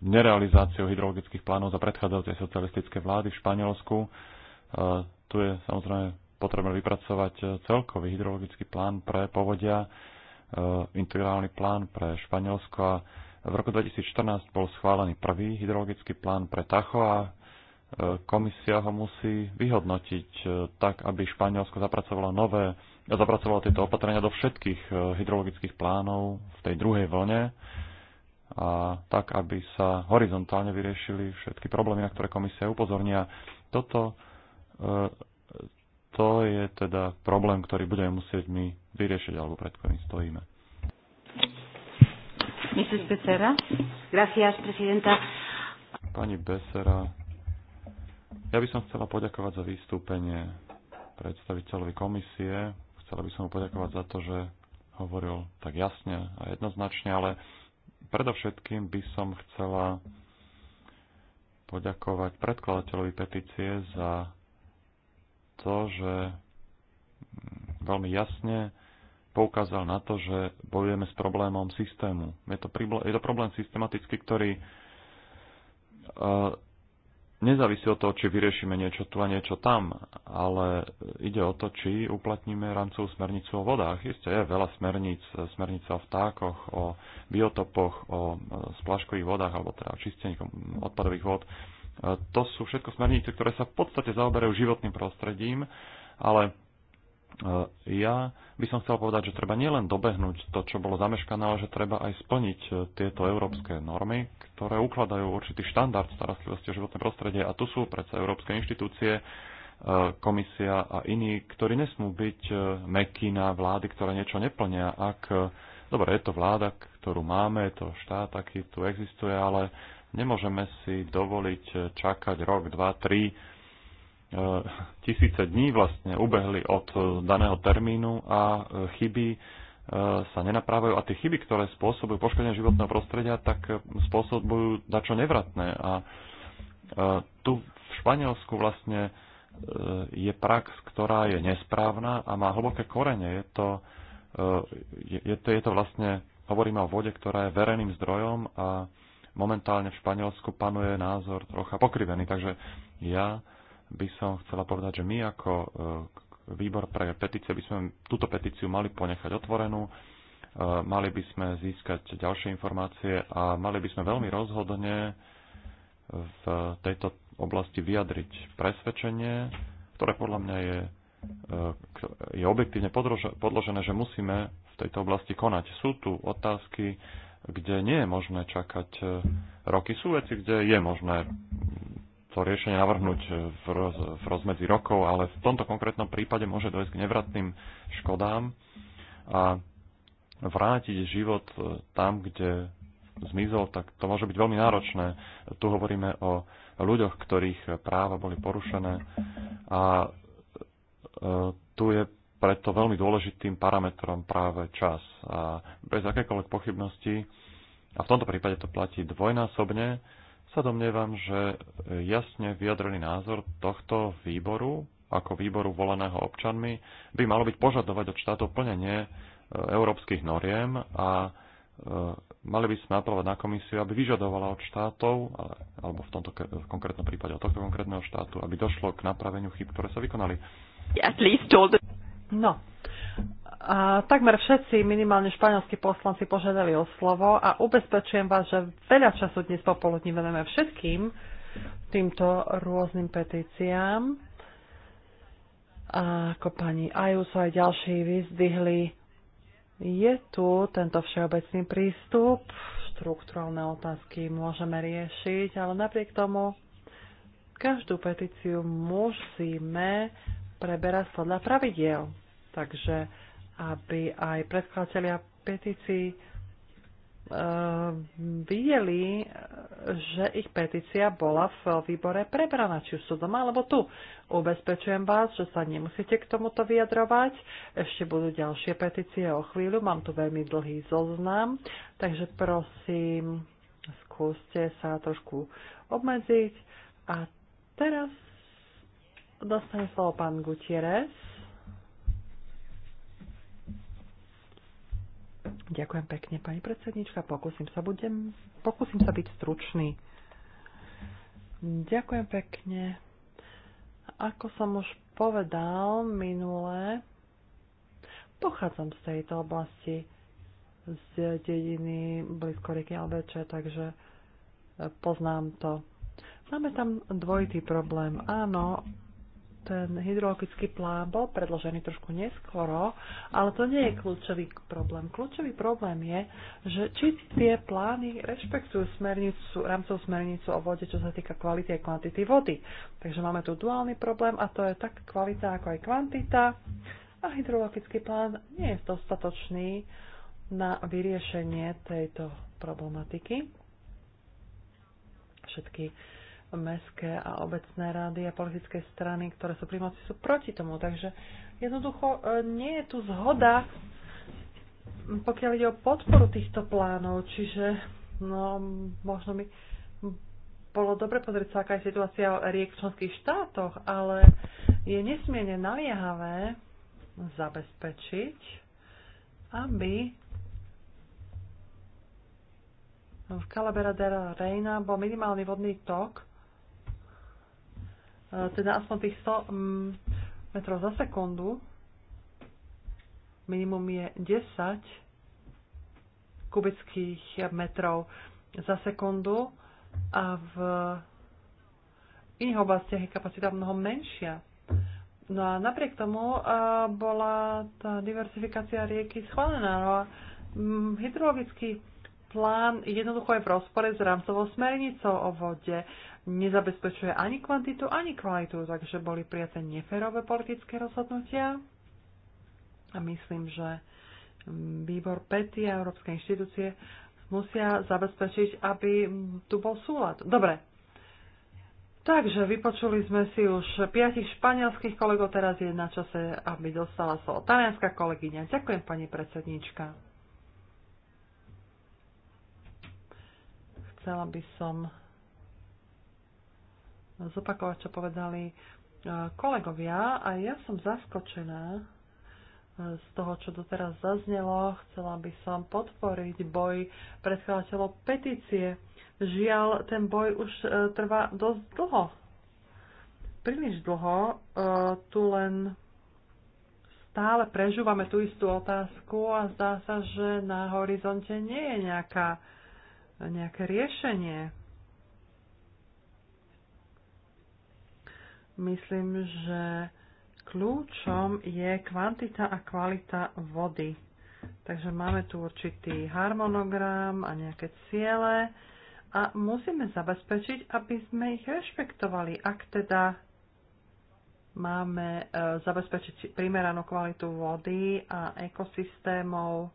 nerealizáciou hydrologických plánov za predchádzajúcej socialistické vlády v Španielsku. Tu je samozrejme potrebné vypracovať celkový hydrologický plán pre povodia Eh, integrálny plán pre Španielsko a v roku 2014 bol schválený prvý hydrologický plán pre Tacho a eh, komisia ho musí vyhodnotiť eh, tak, aby Španielsko zapracovalo nové, zapracovalo tieto opatrenia do všetkých hydrologických plánov v tej druhej vlne a tak, aby sa horizontálne vyriešili všetky problémy, na ktoré komisia upozornia. Toto to je teda problém, ktorý budeme musieť my vyriešiť alebo pred ktorým stojíme. Mrs. Becerra. Gracias, presidenta. Pani Besera, ja by som chcela poďakovať za vystúpenie predstaviteľovi komisie. Chcela by som mu poďakovať za to, že hovoril tak jasne a jednoznačne, ale predovšetkým by som chcela poďakovať predkladateľovi petície za to, že mm, veľmi jasne poukázal na to, že bojujeme s problémom systému. Je to, je to problém systematicky, ktorý e, nezávisí od toho, či vyriešime niečo tu a niečo tam, ale ide o to, či uplatníme rámcovú smernicu o vodách. Isté je veľa smerníc, smernica o vtákoch, o biotopoch, o e, splaškových vodách, alebo teda o čistení odpadových vod. E, to sú všetko smernice, ktoré sa v podstate zaoberajú životným prostredím, ale E, ja by som chcel povedať, že treba nielen dobehnúť to, čo bolo zameškané, ale že treba aj splniť e, tieto európske normy, ktoré ukladajú určitý štandard starostlivosti o životné prostredie. A tu sú predsa európske inštitúcie, e, komisia a iní, ktorí nesmú byť mekí na vlády, ktoré niečo neplnia. Ak, dobre, je to vláda, ktorú máme, je to štát, aký tu existuje, ale nemôžeme si dovoliť čakať rok, dva, tri, E, tisíce dní vlastne ubehli od e, daného termínu a e, chyby sa nenaprávajú a tie chyby, ktoré spôsobujú poškodenie životného prostredia, tak spôsobujú dačo nevratné. A tu v Španielsku vlastne je prax, ktorá je nesprávna a má hlboké korene. Je to, je to, je to vlastne, hovoríme o vode, ktorá je verejným zdrojom a momentálne v Španielsku panuje názor trocha pokrivený. Takže ja by som chcela povedať, že my ako e, výbor pre petície by sme túto petíciu mali ponechať otvorenú, e, mali by sme získať ďalšie informácie a mali by sme veľmi rozhodne v tejto oblasti vyjadriť presvedčenie, ktoré podľa mňa je, e, je objektívne podložené, že musíme v tejto oblasti konať. Sú tu otázky, kde nie je možné čakať roky. Sú veci, kde je možné to riešenie navrhnúť v, roz, v rozmedzi rokov, ale v tomto konkrétnom prípade môže dojsť k nevratným škodám a vrátiť život e, tam, kde zmizol, tak to môže byť veľmi náročné. Tu hovoríme o ľuďoch, ktorých práva boli porušené a e, tu je preto veľmi dôležitým parametrom práve čas. A bez akékoľvek pochybnosti, a v tomto prípade to platí dvojnásobne, sa domnievam, že jasne vyjadrený názor tohto výboru ako výboru voleného občanmi by malo byť požadovať od štátov plnenie e, európskych noriem a e, mali by sme apelovať na komisiu, aby vyžadovala od štátov, alebo v tomto v konkrétnom prípade od tohto konkrétneho štátu, aby došlo k napraveniu chyb, ktoré sa vykonali. No, a takmer všetci, minimálne španielskí poslanci, požiadali o slovo a ubezpečujem vás, že veľa času dnes popoludní venujeme všetkým týmto rôznym petíciám. A ako pani Ajuso aj ďalší vyzdvihli, je tu tento všeobecný prístup, štruktúralne otázky môžeme riešiť, ale napriek tomu každú petíciu musíme preberať podľa pravidiel. Takže aby aj predkladatelia petícií eh, videli, že ich petícia bola v výbore prebraná, či už sú doma alebo tu. Ubezpečujem vás, že sa nemusíte k tomuto vyjadrovať. Ešte budú ďalšie petície o chvíľu, mám tu veľmi dlhý zoznam, takže prosím, skúste sa trošku obmedziť. A teraz dostane slovo pán Gutierrez. Ďakujem pekne, pani predsednička. Pokúsim sa, budem, pokúsim sa byť stručný. Ďakujem pekne. Ako som už povedal minule, pochádzam z tejto oblasti, z dediny blízko rieky Albeče, takže eh, poznám to. Máme tam dvojitý problém. Áno, ten hydrologický plán bol predložený trošku neskoro, ale to nie je kľúčový problém. Kľúčový problém je, že či tie plány rešpektujú smernicu, rámcov smernicu o vode, čo sa týka kvality a kvantity vody. Takže máme tu duálny problém a to je tak kvalita ako aj kvantita a hydrologický plán nie je dostatočný na vyriešenie tejto problematiky. Všetky mestské a obecné rady a politické strany, ktoré sú pri moci, sú proti tomu. Takže jednoducho e, nie je tu zhoda, pokiaľ ide o podporu týchto plánov. Čiže no, možno by bolo dobre pozrieť sa, aká je situácia riek v členských štátoch, ale je nesmierne naliehavé zabezpečiť, aby v Calabera de Reina bol minimálny vodný tok, Eh, teda aspoň tých 100 mm, metrov za sekundu. Minimum je 10 kubických metrov za sekundu a v iných oblastiach je kapacita mnoho menšia. No a napriek tomu uh, bola tá diversifikácia rieky schválená. No a mm, hydrologický plán jednoducho je v rozpore s rámcovou smernicou o vode nezabezpečuje ani kvantitu, ani kvalitu, takže boli prijaté neférové politické rozhodnutia a myslím, že výbor PETI a Európske inštitúcie musia zabezpečiť, aby tu bol súlad. Dobre, Takže vypočuli sme si už piatich španielských kolegov, teraz je na čase, aby dostala slovo talianská kolegyňa. Ďakujem, pani predsednička. Chcela by som zopakovať, čo povedali e, kolegovia a ja som zaskočená e, z toho, čo doteraz zaznelo. Chcela by som podporiť boj predkladateľov petície. Žiaľ, ten boj už e, trvá dosť dlho. Príliš dlho tu len stále prežúvame tú istú otázku a zdá sa, že na horizonte nie je nejaká, nejaké riešenie Myslím, že kľúčom je kvantita a kvalita vody. Takže máme tu určitý harmonogram a nejaké ciele a musíme zabezpečiť, aby sme ich rešpektovali, ak teda máme e, zabezpečiť primeranú kvalitu vody a ekosystémov,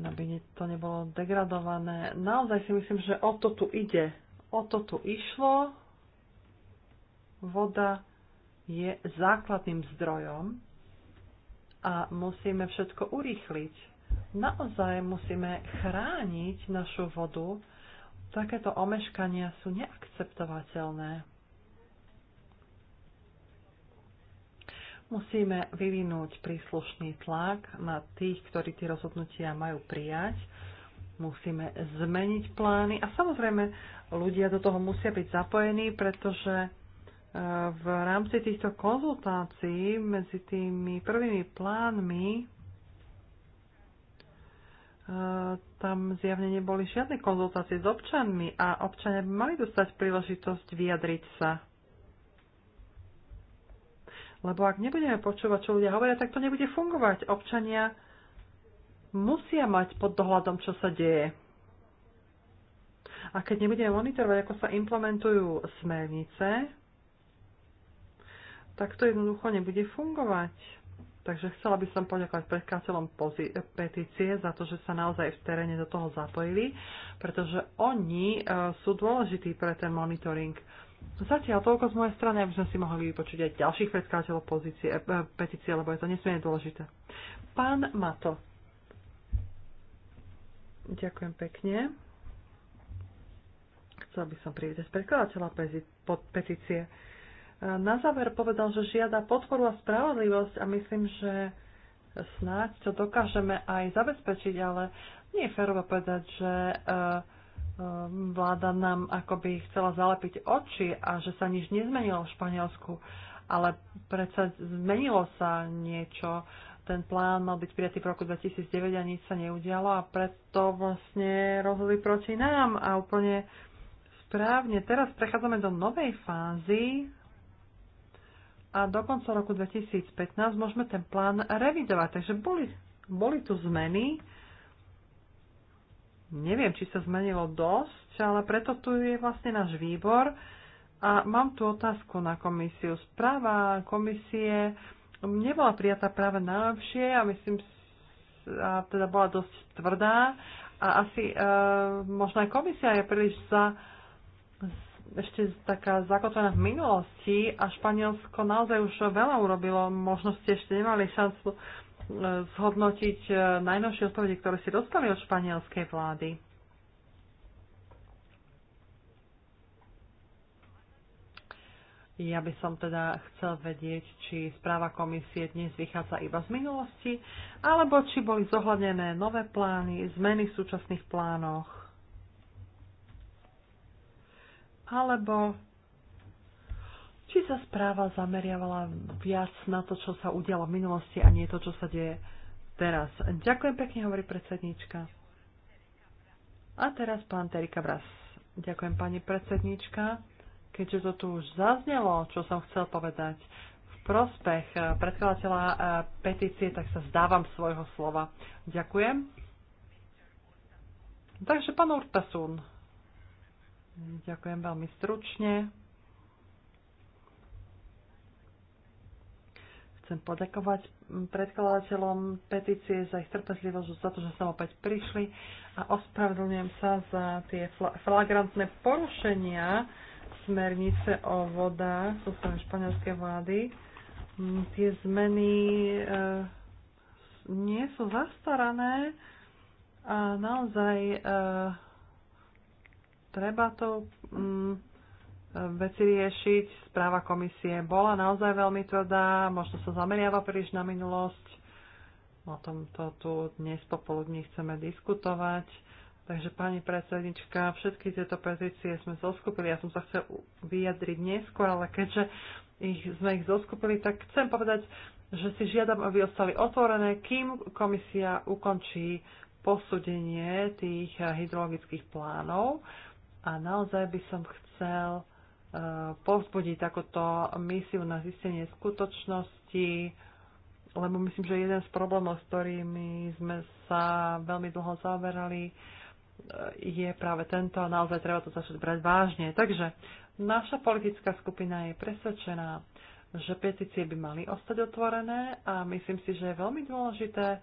aby to nebolo degradované. Naozaj si myslím, že o to tu ide. O to tu išlo voda je základným zdrojom a musíme všetko urýchliť. Naozaj musíme chrániť našu vodu. Takéto omeškania sú neakceptovateľné. Musíme vyvinúť príslušný tlak na tých, ktorí tie rozhodnutia majú prijať. Musíme zmeniť plány a samozrejme ľudia do toho musia byť zapojení, pretože v rámci týchto konzultácií medzi tými prvými plánmi e, tam zjavne neboli žiadne konzultácie s občanmi a občania by mali dostať príležitosť vyjadriť sa. Lebo ak nebudeme počúvať, čo ľudia hovoria, tak to nebude fungovať. Občania musia mať pod dohľadom, čo sa deje. A keď nebudeme monitorovať, ako sa implementujú smernice, tak to jednoducho nebude fungovať. Takže chcela by som poďakovať predkladateľom eh, petície za to, že sa naozaj v teréne do toho zapojili, pretože oni e, sú dôležití pre ten monitoring. Zatiaľ toľko z mojej strany, aby sme si mohli vypočuť aj ďalších predkladateľov pozície, e, petície, lebo je to nesmierne dôležité. Pán Mato. Ďakujem pekne. Chcela by som privítať predkladateľa petície. Na záver povedal, že žiada podporu a spravodlivosť a myslím, že snáď to dokážeme aj zabezpečiť, ale nie je férové povedať, že eh, eh, vláda nám akoby chcela zalepiť oči a že sa nič nezmenilo v Španielsku, ale predsa zmenilo sa niečo. Ten plán mal byť prijatý v roku 2009 a nič sa neudialo a preto vlastne rozhodli proti nám a úplne správne. Teraz prechádzame do novej fázy a do konca roku 2015 môžeme ten plán revidovať. Takže boli, boli tu zmeny. Neviem, či sa zmenilo dosť, ale preto tu je vlastne náš výbor. A mám tu otázku na komisiu. Správa komisie nebola prijatá práve najlepšie a myslím, a teda bola dosť tvrdá a asi e, možno aj komisia je príliš za ešte taká zakotvená v minulosti a Španielsko naozaj už veľa urobilo. Možno ste ešte nemali šancu e, zhodnotiť e, najnovšie odpovede, ktoré ste dostali od španielskej vlády. Ja by som teda chcel vedieť, či správa komisie dnes vychádza iba z minulosti, alebo či boli zohľadnené nové plány, zmeny v súčasných plánoch alebo či sa správa zameriavala viac na to, čo sa udialo v minulosti a nie to, čo sa deje teraz. Ďakujem pekne, hovorí predsednička. A teraz pán Terika Bras. Ďakujem pani predsednička, Keďže to tu už zaznelo, čo som chcel povedať v prospech eh, predkladateľa eh, petície, tak sa zdávam svojho slova. Ďakujem. Takže pán Urtasun. Ďakujem veľmi stručne. Chcem podakovať predkladateľom petície za ich trpezlivosť, za to, že sa opäť prišli a ospravedlňujem sa za tie flagrantné porušenia smernice o vodách zo strany španielskej vlády. Mm, tie zmeny e, nie sú zastarané a naozaj e, Treba to mm, veci riešiť. Správa komisie bola naozaj veľmi tvrdá, možno sa zameriava príliš na minulosť. O to tu dnes popoludní chceme diskutovať. Takže pani predsednička, všetky tieto petície sme zoskupili. Ja som sa chcel vyjadriť neskôr, ale keďže ich, sme ich zoskupili, tak chcem povedať, že si žiadam, aby ostali otvorené, kým komisia ukončí posúdenie tých eh, hydrologických plánov a naozaj by som chcel e, povzbudiť takúto misiu na zistenie skutočnosti, lebo myslím, že jeden z problémov, s ktorými sme sa veľmi dlho zaoberali, e, je práve tento a naozaj treba to začať brať vážne. Takže naša politická skupina je presvedčená, že petície by mali ostať otvorené a myslím si, že je veľmi dôležité,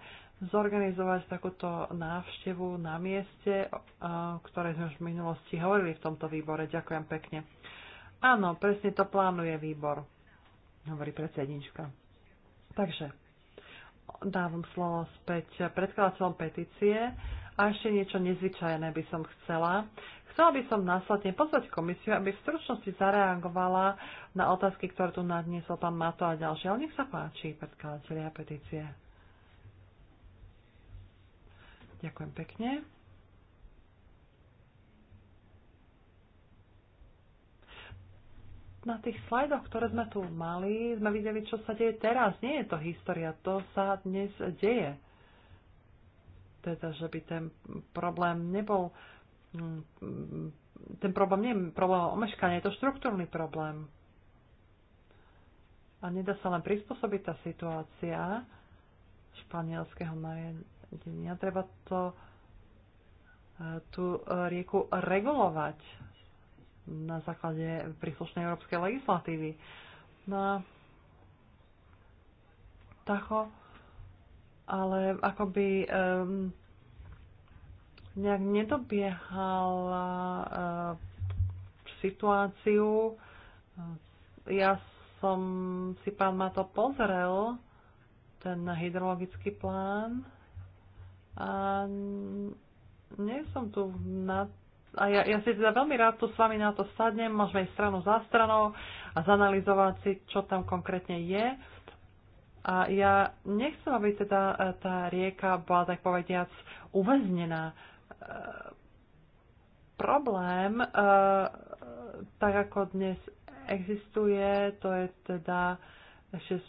zorganizovať takúto návštevu na mieste, o ktorej sme už v minulosti hovorili v tomto výbore. Ďakujem pekne. Áno, presne to plánuje výbor, hovorí predsednička. Takže dávam slovo späť predkladateľom petície a ešte niečo nezvyčajné by som chcela. Chcela by som následne pozvať komisiu, aby v stručnosti zareagovala na otázky, ktoré tu nadniesol pán Mato a ďalšie. Ale nech sa páči, predkladateľia petície. Ďakujem pekne. Na tých slajdoch, ktoré sme tu mali, sme videli, čo sa deje teraz. Nie je to história, to sa dnes deje. Teda, že by ten problém nebol mm, mm, ten problém nie je problém omeškania, je to štruktúrny problém. A nedá sa len prispôsobiť tá situácia španielského denia. Treba to, e, tú rieku regulovať na základe príslušnej európskej legislatívy. No tacho, ale akoby um, nejak nedobiehala uh, e, situáciu. Ja som si pán ma to pozrel, ten hydrologický plán. A nie som tu na... A ja, ja si teda veľmi rád tu s vami na to sadnem, môžeme ísť stranu za stranou a zanalizovať si, čo tam konkrétne je. A ja nechcem, aby teda e, tá rieka bola tak povediac uväznená. E, problém, e, tak ako dnes existuje, to je teda ešte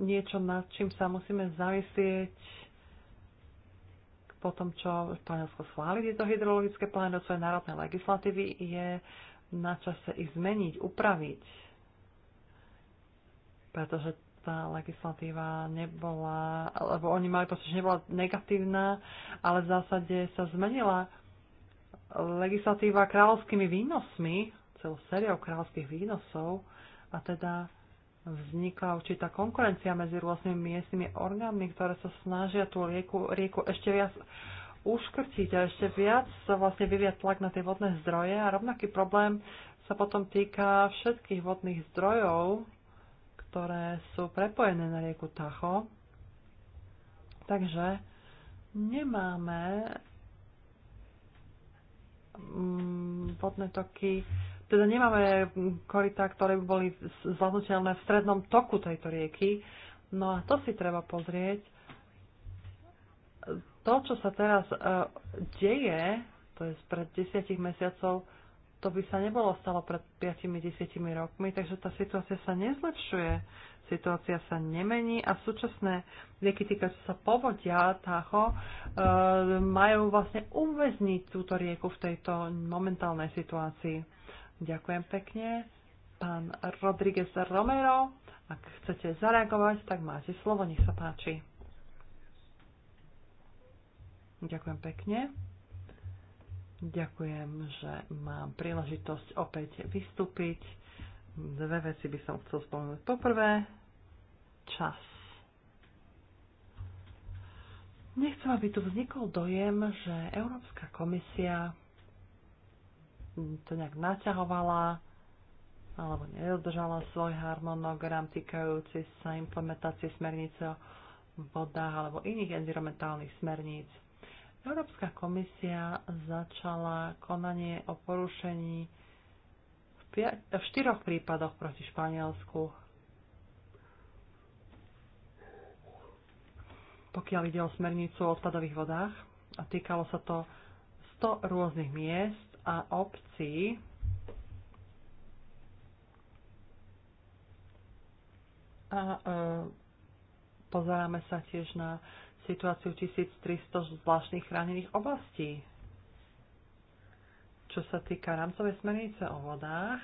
niečo, nad čím sa musíme zamyslieť po tom, čo Španielsko schválili tieto hydrologické plány do svojej národnej legislatívy, je na čase ich zmeniť, upraviť. Pretože tá legislatíva nebola, alebo oni mali pocit, že nebola negatívna, ale v zásade sa zmenila legislatíva kráľovskými výnosmi, celou sériou kráľovských výnosov a teda vzniká určitá konkurencia medzi rôznymi miestnymi orgánmi, ktoré sa snažia tú rieku, rieku ešte viac uškrtiť a ešte viac sa vlastne vyviať tlak na tie vodné zdroje a rovnaký problém sa potom týka všetkých vodných zdrojov, ktoré sú prepojené na rieku Tacho. Takže nemáme mm, vodné toky teda nemáme korytá, ktoré by boli zvládnutelné v strednom toku tejto rieky. No a to si treba pozrieť. To, čo sa teraz uh, deje, to je pred desiatich mesiacov, to by sa nebolo stalo pred 5-10 rokmi, takže tá situácia sa nezlepšuje, situácia sa nemení a súčasné rieky týkajúce sa povodia tácho, e, majú vlastne uväzniť túto rieku v tejto momentálnej situácii. Ďakujem pekne. Pán Rodríguez Romero, ak chcete zareagovať, tak máte slovo, nech sa páči. Ďakujem pekne. Ďakujem, že mám príležitosť opäť vystúpiť. Dve veci by som chcel spomenúť. Poprvé, čas. Nechcem, aby tu vznikol dojem, že Európska komisia to nejak naťahovala alebo nedodržala svoj harmonogram týkajúci sa implementácie smernice o vodách alebo iných environmentálnych smerníc. Európska komisia začala konanie o porušení v, pia- v štyroch prípadoch proti Španielsku. Pokiaľ ide o smernicu o odpadových vodách, a týkalo sa to 100 rôznych miest, a obcí a e, pozeráme sa tiež na situáciu 1300 zvláštnych chránených oblastí. Čo sa týka rámcovej smernice o vodách,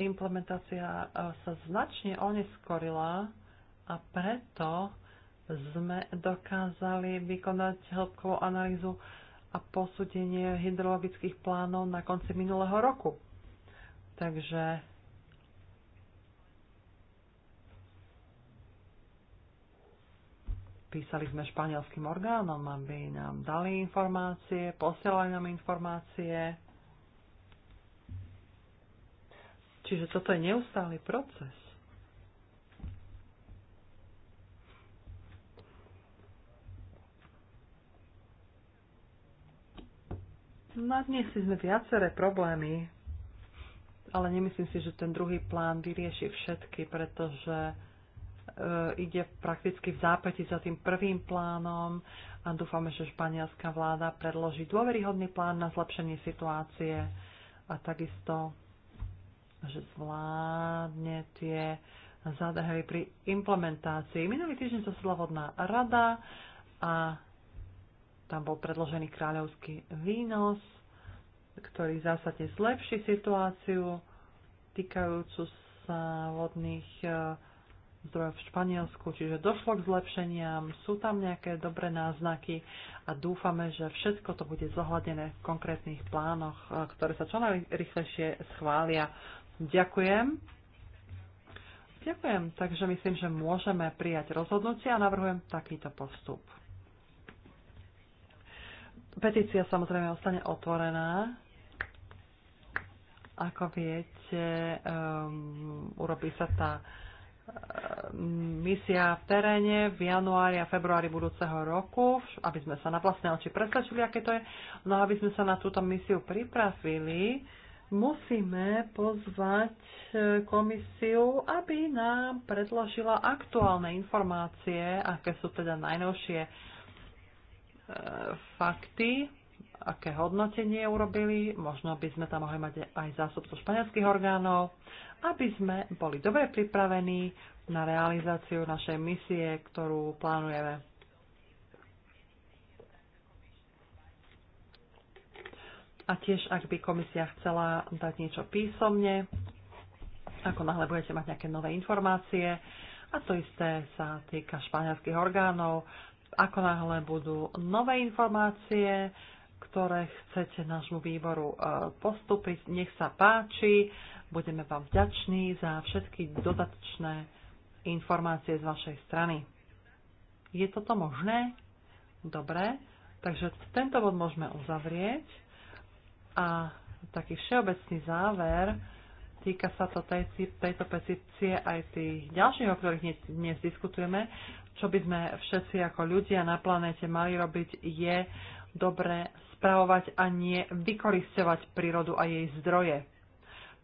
implementácia e, sa značne oneskorila a preto sme dokázali vykonať hĺbkovú analýzu a posúdenie hydrologických plánov na konci minulého roku. Takže písali sme španielským orgánom, aby nám dali informácie, posielali nám informácie. Čiže toto je neustály proces. Nadniesli no, sme viaceré problémy, ale nemyslím si, že ten druhý plán vyrieši všetky, pretože e, ide prakticky v zápäti za tým prvým plánom a dúfame, že španielská vláda predloží dôveryhodný plán na zlepšenie situácie a takisto, že zvládne tie zádrhely pri implementácii. Minulý týždeň zasedla vodná rada a tam bol predložený kráľovský výnos, ktorý zásadne zlepší situáciu týkajúcu sa vodných e, zdrojov v Španielsku, čiže došlo k zlepšeniam, sú tam nejaké dobré náznaky a dúfame, že všetko to bude zohľadené v konkrétnych plánoch, e, ktoré sa čo najrychlejšie schvália. Ďakujem. Ďakujem, takže myslím, že môžeme prijať rozhodnutie a navrhujem takýto postup. Petícia samozrejme ostane otvorená. Ako viete, um, urobí sa tá um, misia v teréne v januári a februári budúceho roku, aby sme sa na vlastné oči presvedčili, aké to je. No a aby sme sa na túto misiu pripravili, musíme pozvať e, komisiu, aby nám predložila aktuálne informácie, aké sú teda najnovšie fakty, aké hodnotenie urobili, možno by sme tam mohli mať aj zásobcov španielských orgánov, aby sme boli dobre pripravení na realizáciu našej misie, ktorú plánujeme. A tiež, ak by komisia chcela dať niečo písomne, ako náhle budete mať nejaké nové informácie. A to isté sa týka španielských orgánov ako náhle budú nové informácie, ktoré chcete nášmu výboru e, postúpiť, nech sa páči. Budeme vám vďační za všetky dodatočné informácie z vašej strany. Je toto možné? Dobre, takže tento bod môžeme uzavrieť. A taký všeobecný záver, týka sa to tej, tejto petície aj tých ďalších, o ktorých dnes diskutujeme, čo by sme všetci ako ľudia na planéte mali robiť, je dobre spravovať a nie vykoristovať prírodu a jej zdroje.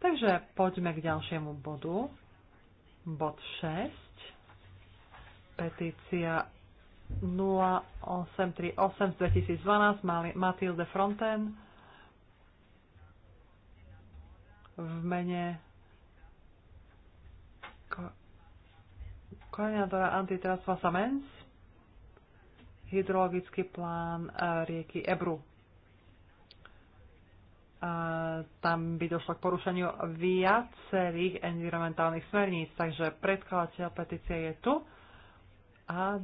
Takže poďme k ďalšiemu bodu. Bod 6. Petícia 0838 z 2012 Matilde Fronten v mene Koordinátore antitrastva Samens, hydrologický plán e, rieky Ebru. A e, tam by došlo k porušeniu viacerých environmentálnych smerníc, takže predkladateľ petície je tu. A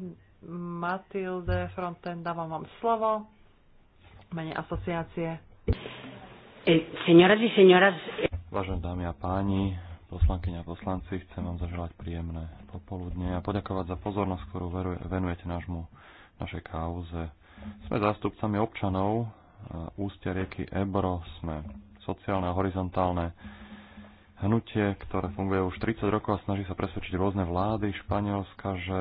Matilde Fronten, dávam vám slovo mene asociácie. E, señoras y señoras... Vážené dámy a páni, poslankyňa a poslanci, chcem vám zaželať príjemné popoludne a poďakovať za pozornosť, ktorú venujete nášmu, našej kauze. Sme zástupcami občanov e, ústia rieky Ebro, sme sociálne a horizontálne hnutie, ktoré funguje už 30 rokov a snaží sa presvedčiť rôzne vlády Španielska, že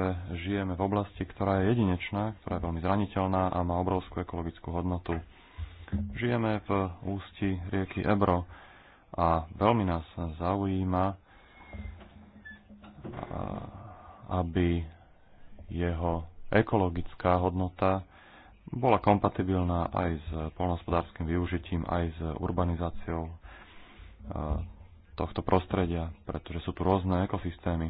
žijeme v oblasti, ktorá je jedinečná, ktorá je veľmi zraniteľná a má obrovskú ekologickú hodnotu. Žijeme v ústi rieky Ebro a veľmi nás zaujíma, aby jeho ekologická hodnota bola kompatibilná aj s polnohospodárským využitím, aj s urbanizáciou tohto prostredia, pretože sú tu rôzne ekosystémy.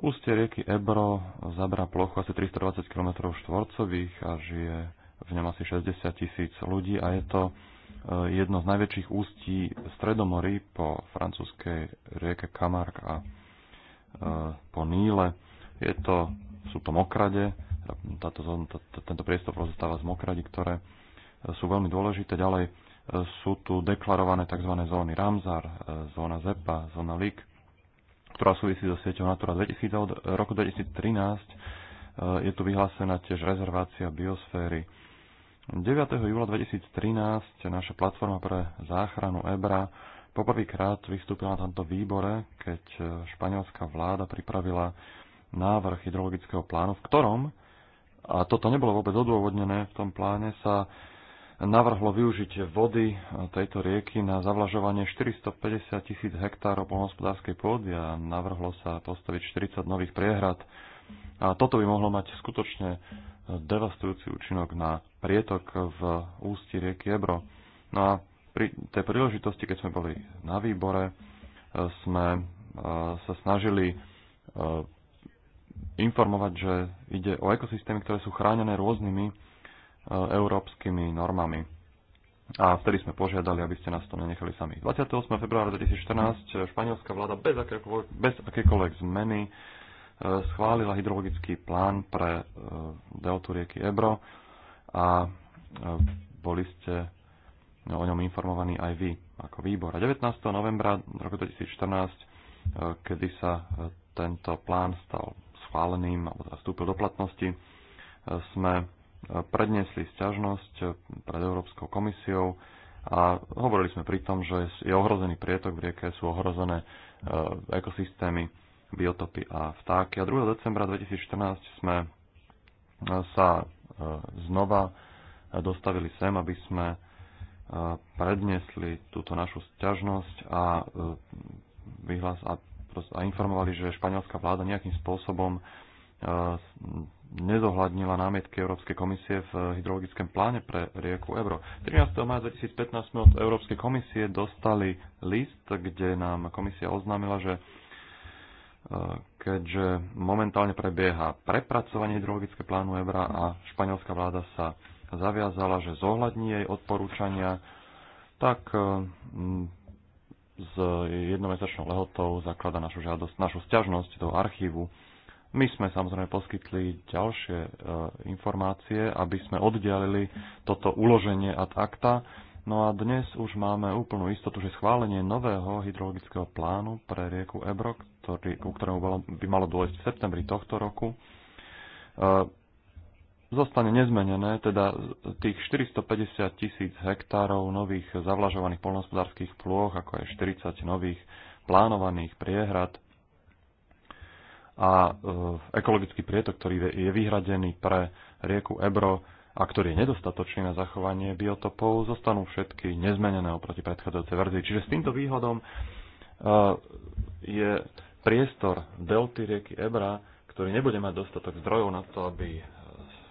Ústie rieky Ebro zabrá plochu asi 320 km štvorcových a žije v ňom asi 60 tisíc ľudí a je to Eh, jedno z najväčších ústí Stredomory po francúzskej rieke Kamark a eh, po Níle. Je to, sú to mokrade, táto, tento priestor pozostáva z Mokradi, ktoré eh, sú veľmi dôležité. Ďalej sú tu deklarované tzv. zóny Ramzar, zóna Zepa, zóna Lik, ktorá súvisí so sieťou Natura 2000. Od roku 2013 je tu vyhlásená tiež rezervácia biosféry 9. júla 2013 naša platforma pre záchranu EBRA poprvýkrát vystúpila na tomto výbore, keď e, španielská vláda pripravila návrh hydrologického plánu, v ktorom, a toto nebolo vôbec odôvodnené, v tom pláne sa navrhlo využiť vody e, tejto rieky na zavlažovanie 450 tisíc hektárov polnohospodárskej pôdy a navrhlo sa postaviť 40 nových priehrad. A toto by mohlo mať skutočne devastujúci účinok na prietok v ústi rieky Ebro. No a pri tej príležitosti, keď sme boli na výbore, e, sme e, sa snažili e, informovať, že ide o ekosystémy, ktoré sú chránené rôznymi európskymi normami. A vtedy sme požiadali, aby ste nás to nenechali sami. 28. februára 2014 španielská vláda bez akékoľvek, bez akékoľvek zmeny E, schválila hydrologický plán pre e, deltu rieky Ebro a e, boli ste o ňom informovaní aj vy ako výbor. A 19. novembra roku 2014, kedy sa tento plán stal schváleným alebo teda vstúpil do platnosti, sme predniesli sťažnosť pred Európskou komisiou a hovorili sme pri tom, že je ohrozený prietok v rieke, sú ohrozené ekosystémy biotopy a vtáky. A 2. decembra 2014 sme e, sa e, znova e, dostavili sem, aby sme predniesli túto našu sťažnosť a, vyhlas, a, a informovali, že španielská vláda nejakým spôsobom nezohľadnila námietky Európskej komisie v hydrologickom pláne pre rieku Ebro. 13. maja 2015 sme od Európskej komisie dostali list, kde nám komisia oznámila, že keďže momentálne prebieha prepracovanie hydrologické plánu Ebra a španielská vláda sa zaviazala, že zohľadní jej odporúčania, tak e, s jednomesačnou lehotou zaklada našu, žiadosť, našu sťažnosť do archívu. My sme samozrejme poskytli ďalšie e, informácie, aby sme oddialili toto uloženie ad acta. No a dnes už máme úplnú istotu, že schválenie nového hydrologického plánu pre rieku Ebrok, ktorý, ku ktorému by malo dôjsť v septembri tohto roku, e, zostane nezmenené, teda tých 450 tisíc hektárov nových zavlažovaných polnohospodárských plôch, ako aj 40 nových plánovaných priehrad a e, ekologický prietok, ktorý je vyhradený pre rieku Ebro a ktorý je nedostatočný na zachovanie biotopov, zostanú všetky nezmenené oproti predchádzajúcej verzii. Čiže s týmto výhodom e, je priestor delty rieky Ebra, ktorý nebude mať dostatok zdrojov na to, aby e,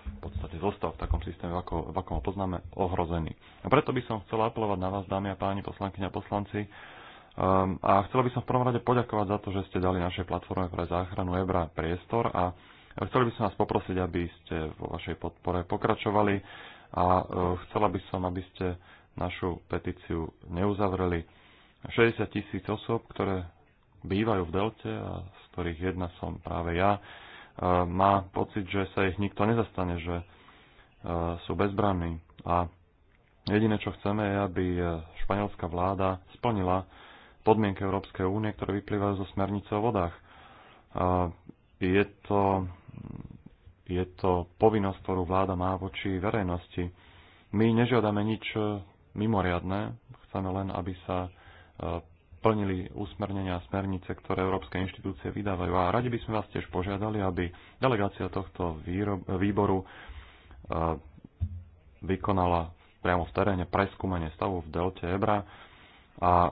v podstate zostal v takom systéme, ako, v akom ho poznáme, ohrozený. A preto by som chcel apelovať na vás, dámy a páni, poslankyňa a poslanci, um, a chcela by som v prvom rade poďakovať za to, že ste dali našej platforme pre záchranu Ebra priestor a chcel by som vás poprosiť, aby ste vo vašej podpore pokračovali a uh, chcela by som, aby ste našu petíciu neuzavreli. 60 tisíc osôb, ktoré bývajú v Delte a z ktorých jedna som práve ja, e, má pocit, že sa ich nikto nezastane, že e, sú bezbranní. A jediné, čo chceme, je, aby e, španielská vláda splnila podmienky Európskej únie, ktoré vyplývajú zo smernice o vodách. Je to, je to povinnosť, ktorú vláda má voči verejnosti. My nežiadame nič mimoriadné, chceme len, aby sa plnili usmernenia a smernice, ktoré európske inštitúcie vydávajú. A radi by sme vás tiež požiadali, aby delegácia tohto výboru e, vykonala priamo v teréne preskúmanie stavu v delte Ebra a e,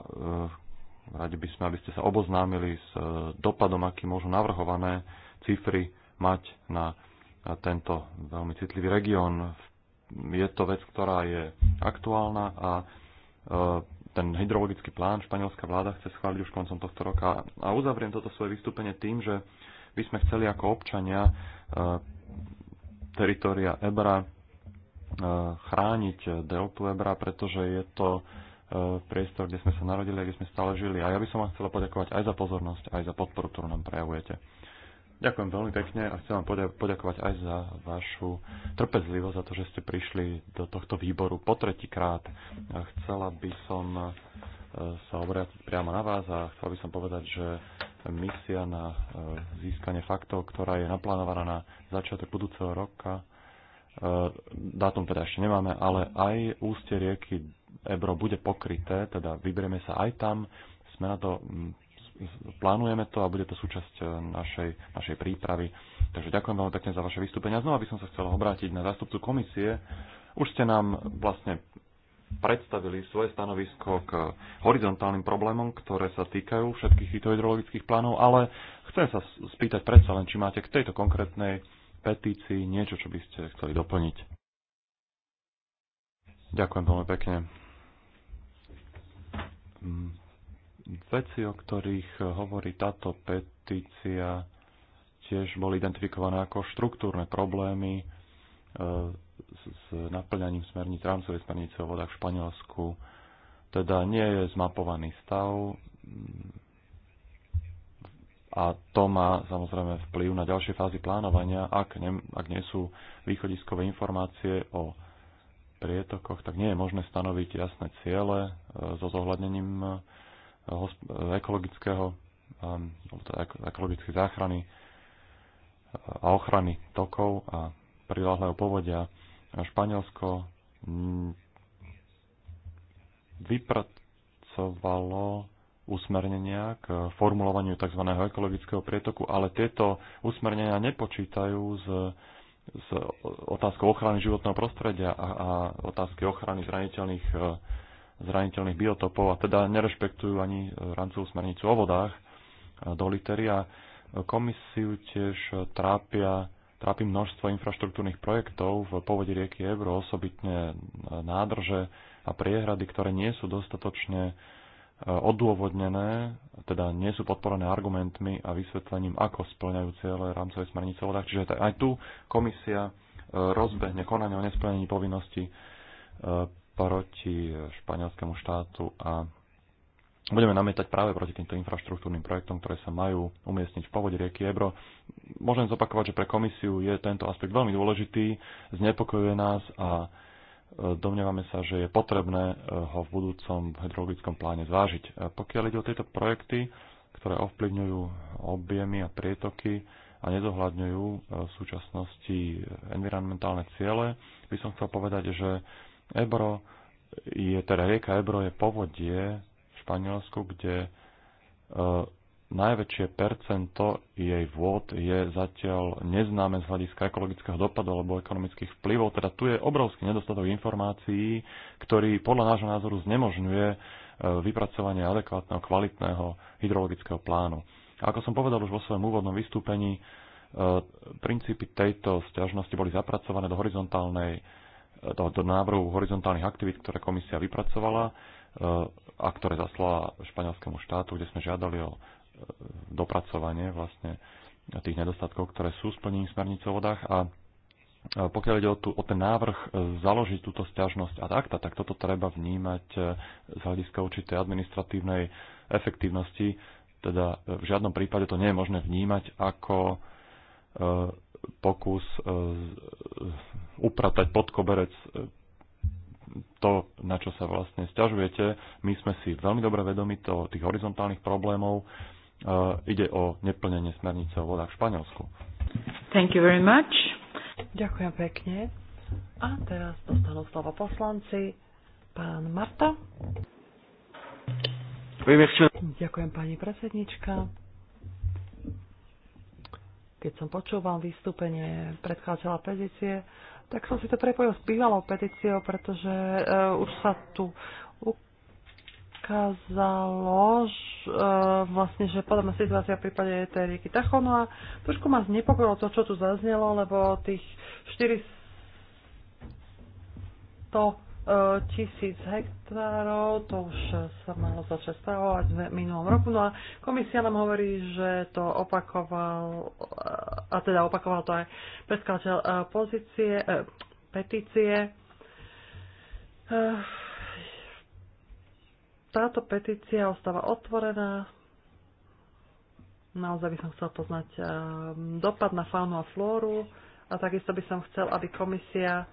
radi by sme, aby ste sa oboznámili s e, dopadom, aký môžu navrhované cifry mať na tento veľmi citlivý región. Je to vec, ktorá je aktuálna a ten hydrologický plán španielská vláda chce schváliť už koncom tohto roka. A uzavriem toto svoje vystúpenie tým, že by sme chceli ako občania e, teritoria Ebra e, chrániť deltu Ebra, pretože je to e, priestor, kde sme sa narodili a kde sme stále žili. A ja by som vám chcela poďakovať aj za pozornosť, aj za podporu, ktorú nám prejavujete. Ďakujem veľmi pekne a chcem vám poďakovať aj za vašu trpezlivosť, za to, že ste prišli do tohto výboru po tretíkrát. Chcela by som e, sa obrátiť priamo na vás a chcel by som povedať, že misia na e, získanie faktov, ktorá je naplánovaná na začiatok budúceho roka, e, dátum teda ešte nemáme, ale aj ústie rieky Ebro bude pokryté, teda vyberieme sa aj tam, sme na to plánujeme to a bude to súčasť eh, našej, našej prípravy. Takže ďakujem veľmi pekne za vaše vystúpenia. znova by som sa chcel obrátiť na zástupcu komisie. Už ste nám vlastne predstavili svoje stanovisko k horizontálnym problémom, ktoré sa týkajú všetkých týchto hydrologických plánov, ale chcem sa spýtať predsa len, či máte k tejto konkrétnej petícii niečo, čo by ste chceli doplniť. Ďakujem veľmi pekne. Mm. Veci, o ktorých hovorí táto petícia, tiež boli identifikované ako štruktúrne problémy e, s naplňaním smerníc, rámcovej smernice o vodách v Španielsku. Teda nie je zmapovaný stav mm, a to má samozrejme vplyv na ďalšie fázy plánovania. Ak, ne, ak nie sú východiskové informácie o prietokoch, tak nie je možné stanoviť jasné ciele e, so zohľadnením ekologického, um, teda ekologickej záchrany uh, a ochrany tokov a prilahlého povodia. Španielsko mm, vypracovalo usmernenia k formulovaniu tzv. ekologického prietoku, ale tieto usmernenia nepočítajú s, s otázkou ochrany životného prostredia a, a otázky ochrany zraniteľných uh, zraniteľných biotopov a teda nerešpektujú ani e, rancovú smernicu o vodách e, do litery a komisiu tiež trápia, trápi množstvo infraštruktúrnych projektov v povode rieky Ebro, osobitne nádrže a priehrady, ktoré nie sú dostatočne e, odôvodnené, teda nie sú podporené argumentmi a vysvetlením, ako splňajú cieľe rámcovej smernice vodách. Čiže aj tu komisia rozbehne konanie o nesplnení povinnosti proti španielskému štátu a budeme namietať práve proti týmto infraštruktúrnym projektom, ktoré sa majú umiestniť v povode rieky Ebro. Môžem zopakovať, že pre komisiu je tento aspekt veľmi dôležitý, znepokojuje nás a e, domnievame sa, že je potrebné e, ho v budúcom hydrologickom pláne zvážiť. E, pokiaľ ide o tieto projekty, ktoré ovplyvňujú objemy a prietoky a nezohľadňujú v súčasnosti environmentálne ciele, by som chcel povedať, že Ebro je, teda rieka Ebro je povodie v Španielsku, kde e, najväčšie percento jej vôd je zatiaľ neznáme z hľadiska ekologického dopadu alebo ekonomických vplyvov. Teda tu je obrovský nedostatok informácií, ktorý podľa nášho názoru znemožňuje e, vypracovanie adekvátneho, kvalitného hydrologického plánu. A ako som povedal už vo svojom úvodnom vystúpení, e, princípy tejto sťažnosti boli zapracované do horizontálnej tohoto návrhu horizontálnych aktivít, ktoré komisia vypracovala eh, a ktoré zaslala španielskému štátu, kde sme žiadali o eh, dopracovanie vlastne tých nedostatkov, ktoré sú splnení smernice o vodách a eh, pokiaľ ide o, tu, o ten návrh založiť túto stiažnosť ad acta, tak toto treba vnímať z hľadiska určitej administratívnej efektívnosti. Teda v žiadnom prípade to nie je možné vnímať ako pokus e, upratať pod koberec e, to, na čo sa vlastne stiažujete. My sme si veľmi dobre vedomi to, tých horizontálnych problémov. E, ide o neplnenie smernice o vodách v Španielsku. Thank you very much. Ďakujem pekne. A teraz dostanú slovo poslanci. Pán Marta. Ďakujem pani predsednička. Keď som počúval vystúpenie predkladateľa petície, tak som si to prepojil s bývalou petíciou, pretože e, už sa tu ukázalo, že, e, vlastne, že podobná situácia v prípade tej rieky Tachonu a trošku ma znepokojilo to, čo tu zaznelo, lebo tých 400 tisíc hektárov, to už sa malo začať stavovať v minulom roku. No a komisia nám hovorí, že to opakoval, a teda opakoval to aj predkladateľ e, pozície, e, petície. E, táto petícia ostáva otvorená. Naozaj by som chcel poznať dopad na faunu a flóru a takisto by som chcel, aby komisia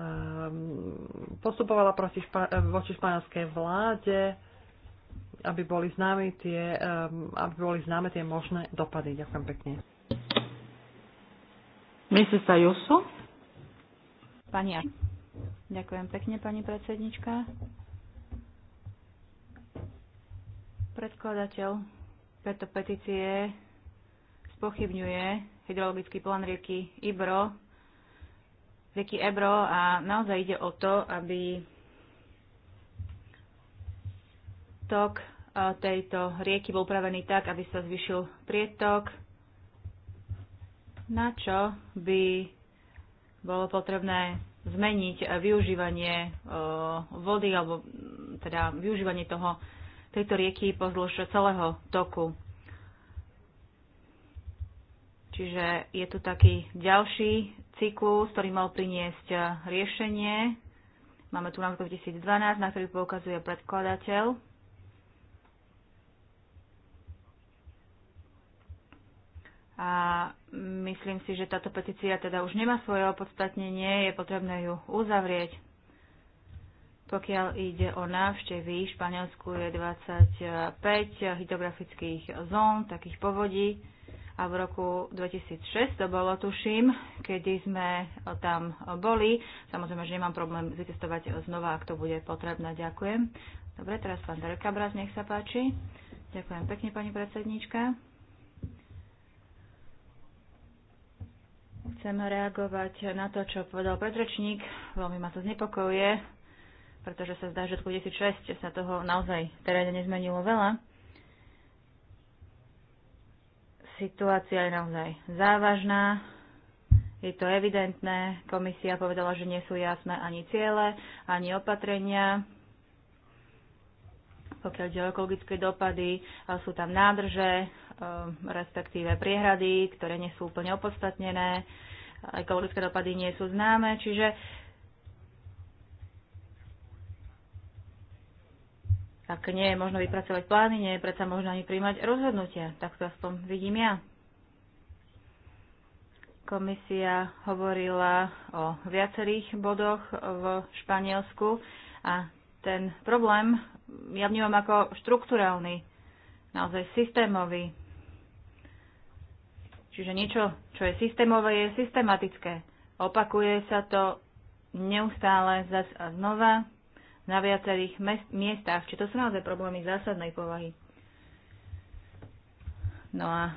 Ehm, postupovala proti špa- eh, voči španielskej vláde, aby boli, známe tie, ehm, aby boli známe tie možné dopady. Ďakujem pekne. Mrs. Ayuso? Pani Ďakujem pekne, pani predsednička. Predkladateľ tejto petície spochybňuje hydrologický plán rieky Ibro Vicky Ebro a naozaj ide o to, aby tok e, tejto rieky bol upravený tak, aby sa zvyšil prietok, na čo by bolo potrebné zmeniť využívanie e, vody alebo teda využívanie toho, tejto rieky pozdĺž celého toku. Čiže je tu taký ďalší cyklus, ktorý mal priniesť e, riešenie. Máme tu rok 2012, na ktorý poukazuje predkladateľ. A myslím si, že táto petícia teda už nemá svoje opodstatnenie, je potrebné ju uzavrieť. Pokiaľ ide o návštevy, v Španielsku je 25 hydrografických zón, takých povodí a v roku 2006 to bolo, tuším, kedy sme tam boli. Samozrejme, že nemám problém vytestovať znova, ak to bude potrebné. Ďakujem. Dobre, teraz pán Derkabraz, nech sa páči. Ďakujem pekne, pani predsednička. Chcem reagovať na to, čo povedal predrečník. Veľmi ma to znepokojuje, pretože sa zdá, že od 2006 sa toho naozaj teréne nezmenilo veľa. Situácia je naozaj závažná, je to evidentné. Komisia povedala, že nie sú jasné ani ciele, ani opatrenia. Pokiaľ ide o ekologické dopady, sú tam nádrže, e, respektíve priehrady, ktoré nie sú úplne opodstatnené ekologické dopady nie sú známe, čiže Ak nie je možno vypracovať plány, nie je predsa možno ani príjmať rozhodnutia. Tak to aspoň vidím ja. Komisia hovorila o viacerých bodoch v Španielsku a ten problém ja vnímam ako štruktúrálny, naozaj systémový. Čiže niečo, čo je systémové, je systematické. Opakuje sa to neustále zas a znova na viacerých miestach. či to sú naozaj problémy zásadnej povahy. No a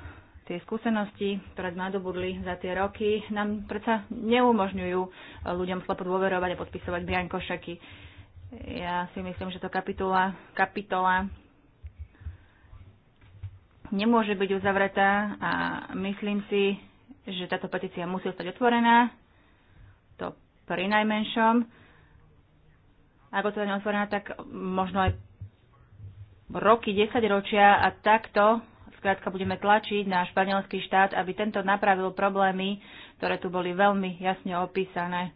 tie skúsenosti, ktoré sme nadobudli za tie roky, nám predsa neumožňujú e, ľuďom slepo dôverovať a podpisovať briankošaky. Ja si myslím, že to kapitola, kapitola nemôže byť uzavretá a myslím si, že táto petícia musí ostať otvorená, to pri najmenšom ako to je neotvorená, tak možno aj roky, desaťročia a takto skrátka budeme tlačiť na španielský štát, aby tento napravil problémy, ktoré tu boli veľmi jasne opísané.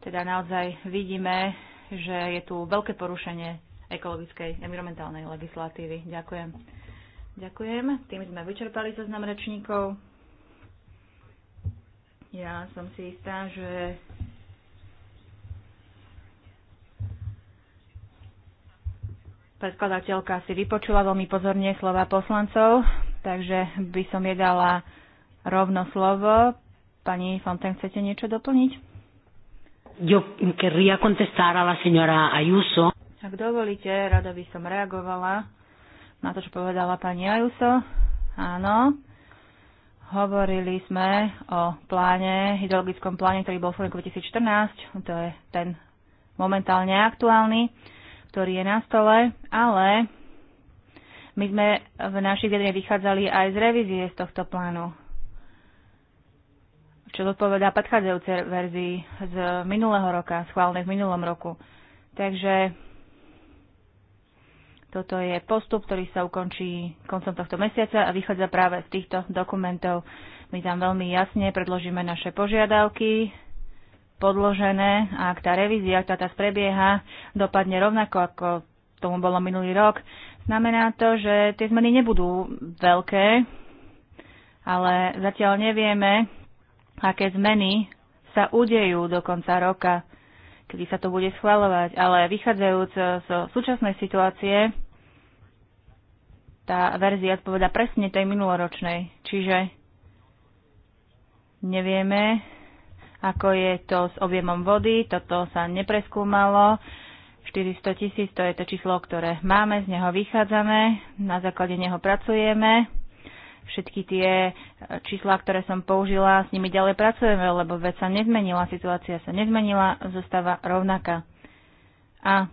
Teda naozaj vidíme, že je tu veľké porušenie ekologickej environmentálnej legislatívy. Ďakujem. Ďakujem. Tým sme vyčerpali zoznam rečníkov. Ja som si istá, že Predkladateľka si vypočula veľmi pozorne slova poslancov, takže by som jej dala rovno slovo. Pani Fonten, chcete niečo doplniť? Yo querría contestar a la señora Ayuso. Ak dovolíte, rada by som reagovala na to, čo povedala pani Ayuso. Áno, hovorili sme o pláne, hydrologickom pláne, ktorý bol v roku 2014, to je ten momentálne aktuálny ktorý je na stole, ale my sme v našich vedeniach vychádzali aj z revízie z tohto plánu, čo zodpovedá predchádzajúcej verzii z minulého roka, schválenej v minulom roku. Takže toto je postup, ktorý sa ukončí koncom tohto mesiaca a vychádza práve z týchto dokumentov. My tam veľmi jasne predložíme naše požiadavky, podložené a ak tá revízia, ktorá teraz prebieha, dopadne rovnako, ako tomu bolo minulý rok, znamená to, že tie zmeny nebudú veľké, ale zatiaľ nevieme, aké zmeny sa udejú do konca roka, kedy sa to bude schvalovať. Ale vychádzajúc z súčasnej situácie, tá verzia odpoveda presne tej minuloročnej. Čiže nevieme, ako je to s objemom vody. Toto sa nepreskúmalo. 400 tisíc, to je to číslo, ktoré máme, z neho vychádzame, na základe neho pracujeme. Všetky tie e, čísla, ktoré som použila, s nimi ďalej pracujeme, lebo vec sa nezmenila, situácia sa nezmenila, zostáva rovnaká. A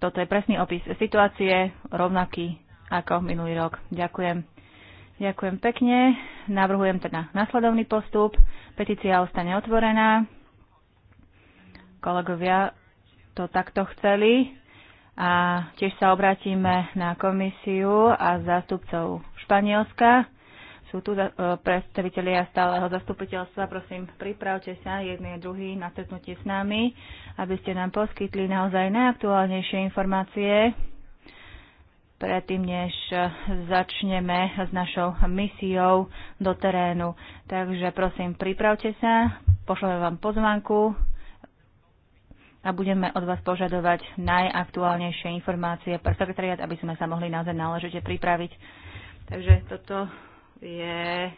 toto je presný opis situácie, rovnaký ako minulý rok. Ďakujem. Ďakujem pekne. Navrhujem teda nasledovný postup. Petícia ostane otvorená. Kolegovia to takto chceli. A tiež sa obrátime na komisiu a zástupcov Španielska. Sú tu e, predstavitelia stáleho zastupiteľstva. Prosím, pripravte sa jedný a druhý na stretnutie s nami, aby ste nám poskytli naozaj najaktuálnejšie informácie predtým, než začneme s našou misiou do terénu. Takže prosím, pripravte sa, pošleme vám pozvanku a budeme od vás požadovať najaktuálnejšie informácie pre sekretariat, aby sme sa mohli naozaj náležite pripraviť. Takže toto je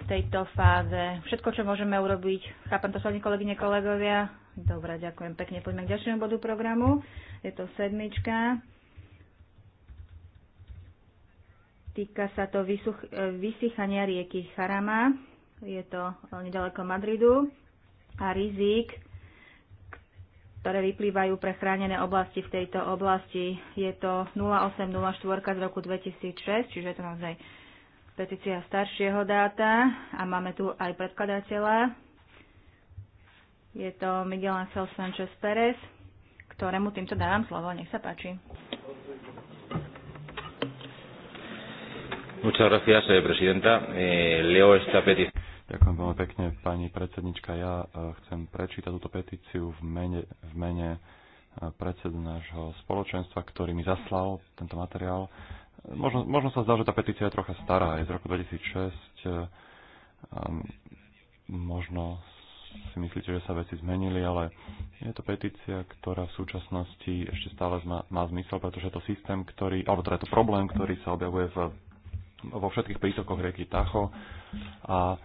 v tejto fáze všetko, čo môžeme urobiť. Chápam to, slovní kolegyne, kolegovia. Dobre, ďakujem pekne. Poďme k ďalšiemu bodu programu. Je to sedmička. Týka sa to vysuch- e, vysychania rieky Charama, je to e, nedaleko Madridu, a rizik, ktoré vyplývajú pre chránené oblasti v tejto oblasti. Je to 0804 z roku 2006, čiže je to naozaj petícia staršieho dáta a máme tu aj predkladateľa. Je to Miguel Ángel Sanchez Pérez, ktorému týmto dávam slovo. Nech sa páči. Muchas gracias, eh, presidenta. Eh, leo esta petición. Ďakujem veľmi pekne, pani predsednička. Ja eh, chcem prečítať túto petíciu v mene, v mene predsedu nášho spoločenstva, ktorý mi zaslal tento materiál. Možno, možno sa zdá, že tá petícia je trocha stará, je z roku 2006. Ehm, možno si myslíte, že sa veci zmenili, ale je to petícia, ktorá v súčasnosti ešte stále má, má zmysel, pretože je to systém, ktorý, alebo teda je to problém, ktorý sa objavuje v vo všetkých prítokoch rieky Tacho a e,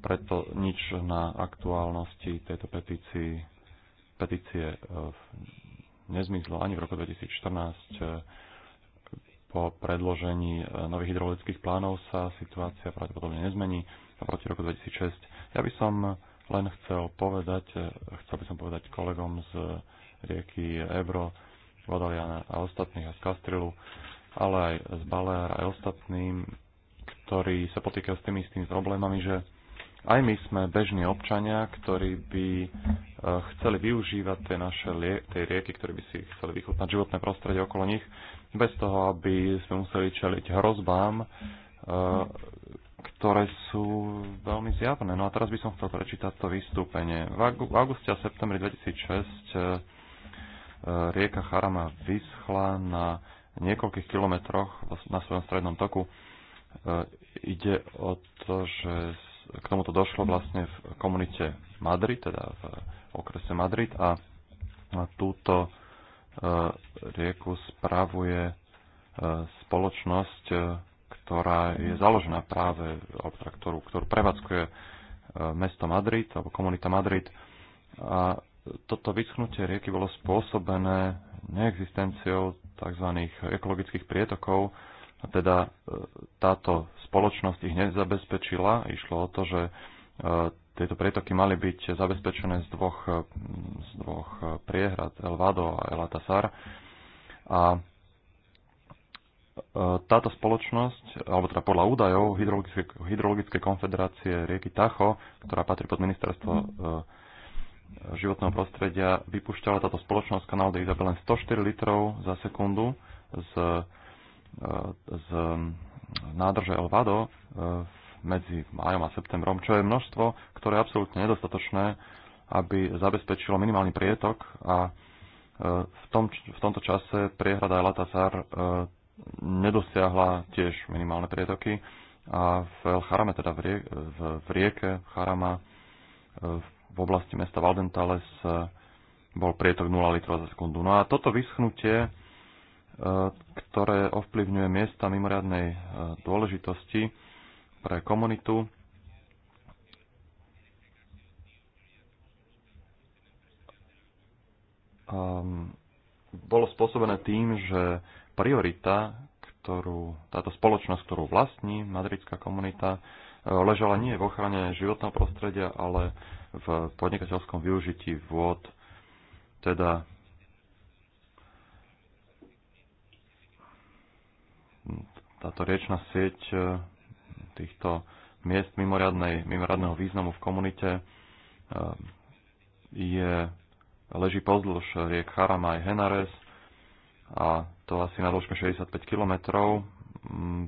preto nič na aktuálnosti tejto petícii, petície e, nezmizlo ani v roku 2014. E, po predložení nových hydraulických plánov sa situácia pravdepodobne nezmení oproti roku 2006. Ja by som len chcel povedať, chcel by som povedať kolegom z rieky Ebro, Vodaliana a ostatných a z Kastrilu, ale aj z Balear, aj ostatným, ktorí sa potýkajú s tými istými problémami, že aj my sme bežní občania, ktorí by e, chceli využívať tie naše lie- tie rieky, ktorí by si chceli vychutnať životné prostredie okolo nich, bez toho, aby sme museli čeliť hrozbám, e, ktoré sú veľmi zjavné. No a teraz by som chcel prečítať to vystúpenie. V auguste a septembri 2006 e, rieka Charama vyschla na niekoľkých kilometroch na svojom strednom toku. E, ide o to, že k tomuto došlo vlastne v komunite Madrid, teda v okrese Madrid a túto e, rieku spravuje e, spoločnosť, ktorá je založená práve, teda ktorú, ktorú prevádzkuje mesto Madrid, alebo komunita Madrid. A toto vyschnutie rieky bolo spôsobené neexistenciou tzv. ekologických prietokov. Teda e, táto spoločnosť ich nezabezpečila. Išlo o to, že e, tieto prietoky mali byť zabezpečené z dvoch, e, z dvoch priehrad, El Vado a El Atasar. A táto spoločnosť, alebo teda podľa údajov Hydrologické, hydrologické konfederácie rieky Tacho, ktorá patrí pod ministerstvo mm životného prostredia vypúšťala táto spoločnosť kanál de len 104 litrov za sekundu z, e, z nádrže El Vado e, medzi májom a septembrom, čo je množstvo, ktoré je absolútne nedostatočné, aby zabezpečilo minimálny prietok a e, v, tom, v tomto čase priehrada Atazar nedosiahla tiež minimálne prietoky a v El Charame, teda v, rieke, v, v rieke Charama, v v oblasti mesta Valdentales eh, bol prietok 0 litrov za sekundu. No a toto vyschnutie, eh, ktoré ovplyvňuje miesta mimoriadnej eh, dôležitosti pre komunitu, ehm, bolo spôsobené tým, že priorita, ktorú táto spoločnosť, ktorú vlastní madridská komunita, ležala nie v ochrane životného prostredia, ale v podnikateľskom využití vôd, teda táto riečná sieť e, týchto miest mimoriadného významu v komunite e, je, leží pozdĺž riek Charamaj Henares a to asi na dĺžke 65 kilometrov mm,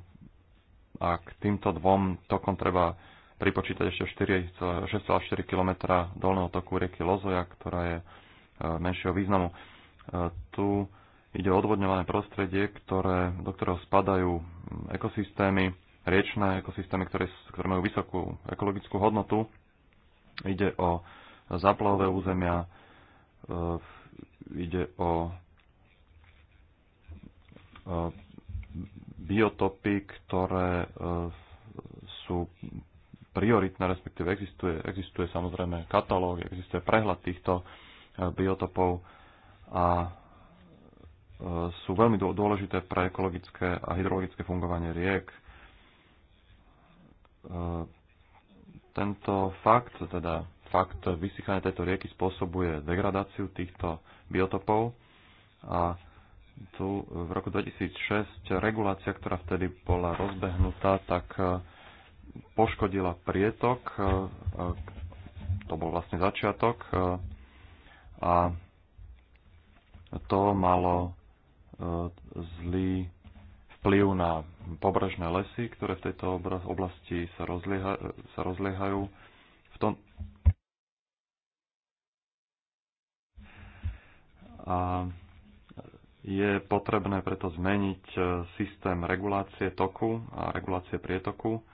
a k týmto dvom tokom treba pripočítať ešte 6,4 km dolného toku rieky Lozoja, ktorá je e, menšieho významu. E, tu ide o odvodňované prostredie, ktoré, do ktorého spadajú ekosystémy, riečné ekosystémy, ktoré, ktoré majú vysokú ekologickú hodnotu. Ide o záplavové územia, e, ide o biotopy, ktoré sú prioritné, respektíve existuje, existuje samozrejme katalóg, existuje prehľad týchto e, biotopov a e, sú veľmi dôležité pre ekologické a hydrologické fungovanie riek. E, tento fakt, teda fakt vysychania tejto rieky spôsobuje degradáciu týchto biotopov a tu v roku 2006 regulácia, ktorá vtedy bola rozbehnutá, tak poškodila prietok, e, e, to bol vlastne začiatok e, a to malo zlý vplyv na pobrežné lesy, ktoré v tejto oblasti sa, rozlieha, sa rozliehajú. V tom... A je potrebné preto zmeniť systém regulácie toku a regulácie prietoku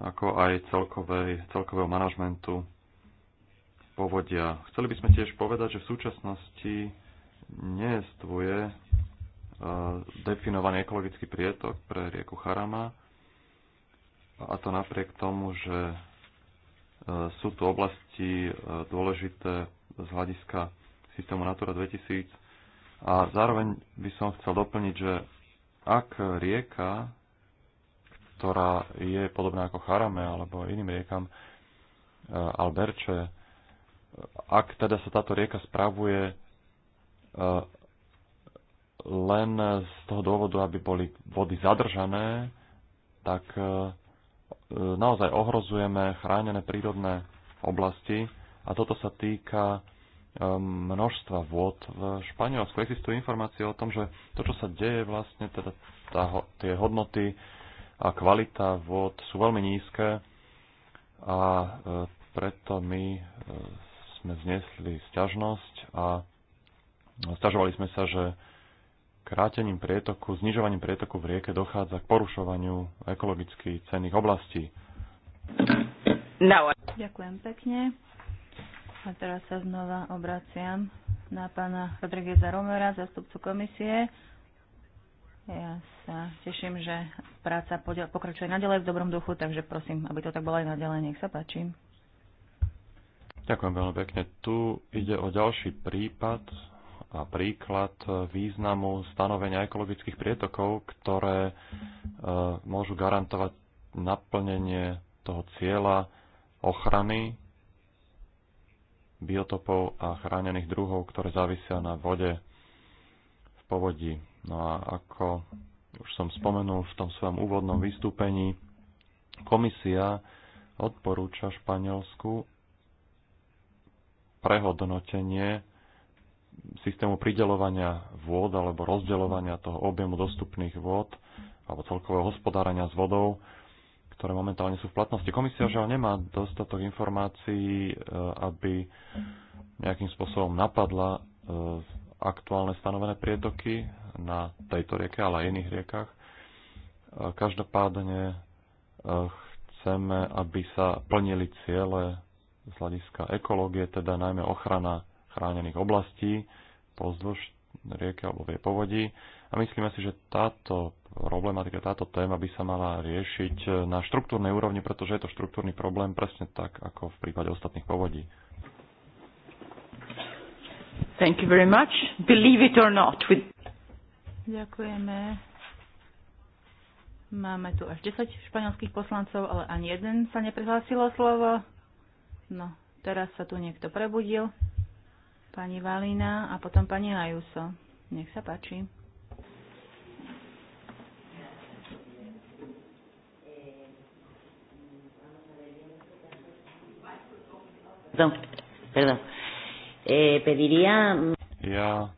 ako aj celkovej, celkového manažmentu povodia. Chceli by sme tiež povedať, že v súčasnosti neestvuje e, definovaný ekologický prietok pre rieku Charama a to napriek tomu, že e, sú tu oblasti e, dôležité z hľadiska systému Natura 2000 a zároveň by som chcel doplniť, že ak rieka ktorá je podobná ako Charame alebo iným riekam e, Alberče, ak teda sa táto rieka spravuje e, len z toho dôvodu, aby boli vody zadržané, tak e, naozaj ohrozujeme chránené prírodné oblasti a toto sa týka množstva vôd v Španielsku. Existujú informácie o tom, že to, čo sa deje vlastne, teda tá, tie hodnoty a kvalita vôd sú veľmi nízke a e, preto my e, sme znesli sťažnosť a stažovali sme sa, že krátením prietoku, znižovaním prietoku v rieke dochádza k porušovaniu ekologicky cenných oblastí. No. Ďakujem pekne. A teraz sa znova obraciam na pána Rodrigueza Romera, zastupcu komisie. Ja sa teším, že práca pokračuje naďalej v dobrom duchu, takže prosím, aby to tak bolo aj naďalej. Nech sa páči. Ďakujem veľmi pekne. Tu ide o ďalší prípad a príklad významu stanovenia ekologických prietokov, ktoré e, môžu garantovať naplnenie toho cieľa ochrany biotopov a chránených druhov, ktoré závisia na vode v povodí. No a ako už som spomenul v tom svojom úvodnom vystúpení, komisia odporúča Španielsku prehodnotenie systému pridelovania vôd alebo rozdeľovania toho objemu dostupných vôd alebo celkového hospodárania s vodou, ktoré momentálne sú v platnosti. Komisia žiaľ nemá dostatok informácií, e, aby nejakým spôsobom napadla e, aktuálne stanovené priedoky na tejto rieke, ale aj iných riekach. E, každopádne e, chceme, aby sa plnili ciele z hľadiska ekológie, teda najmä ochrana chránených oblastí pozdĺž rieke alebo v jej povodí. A myslíme si, že táto problematika, táto téma by sa mala riešiť na štruktúrnej úrovni, pretože je to štruktúrny problém presne tak, ako v prípade ostatných povodí. Thank you very much. Believe it or not. With... Ďakujeme. Máme tu až 10 španielských poslancov, ale ani jeden sa neprihlásil o slovo. No, teraz sa tu niekto prebudil. Pani Valina a potom pani Ajuso. Nech sa páči. Pardon, perdón eh, pediría... Ja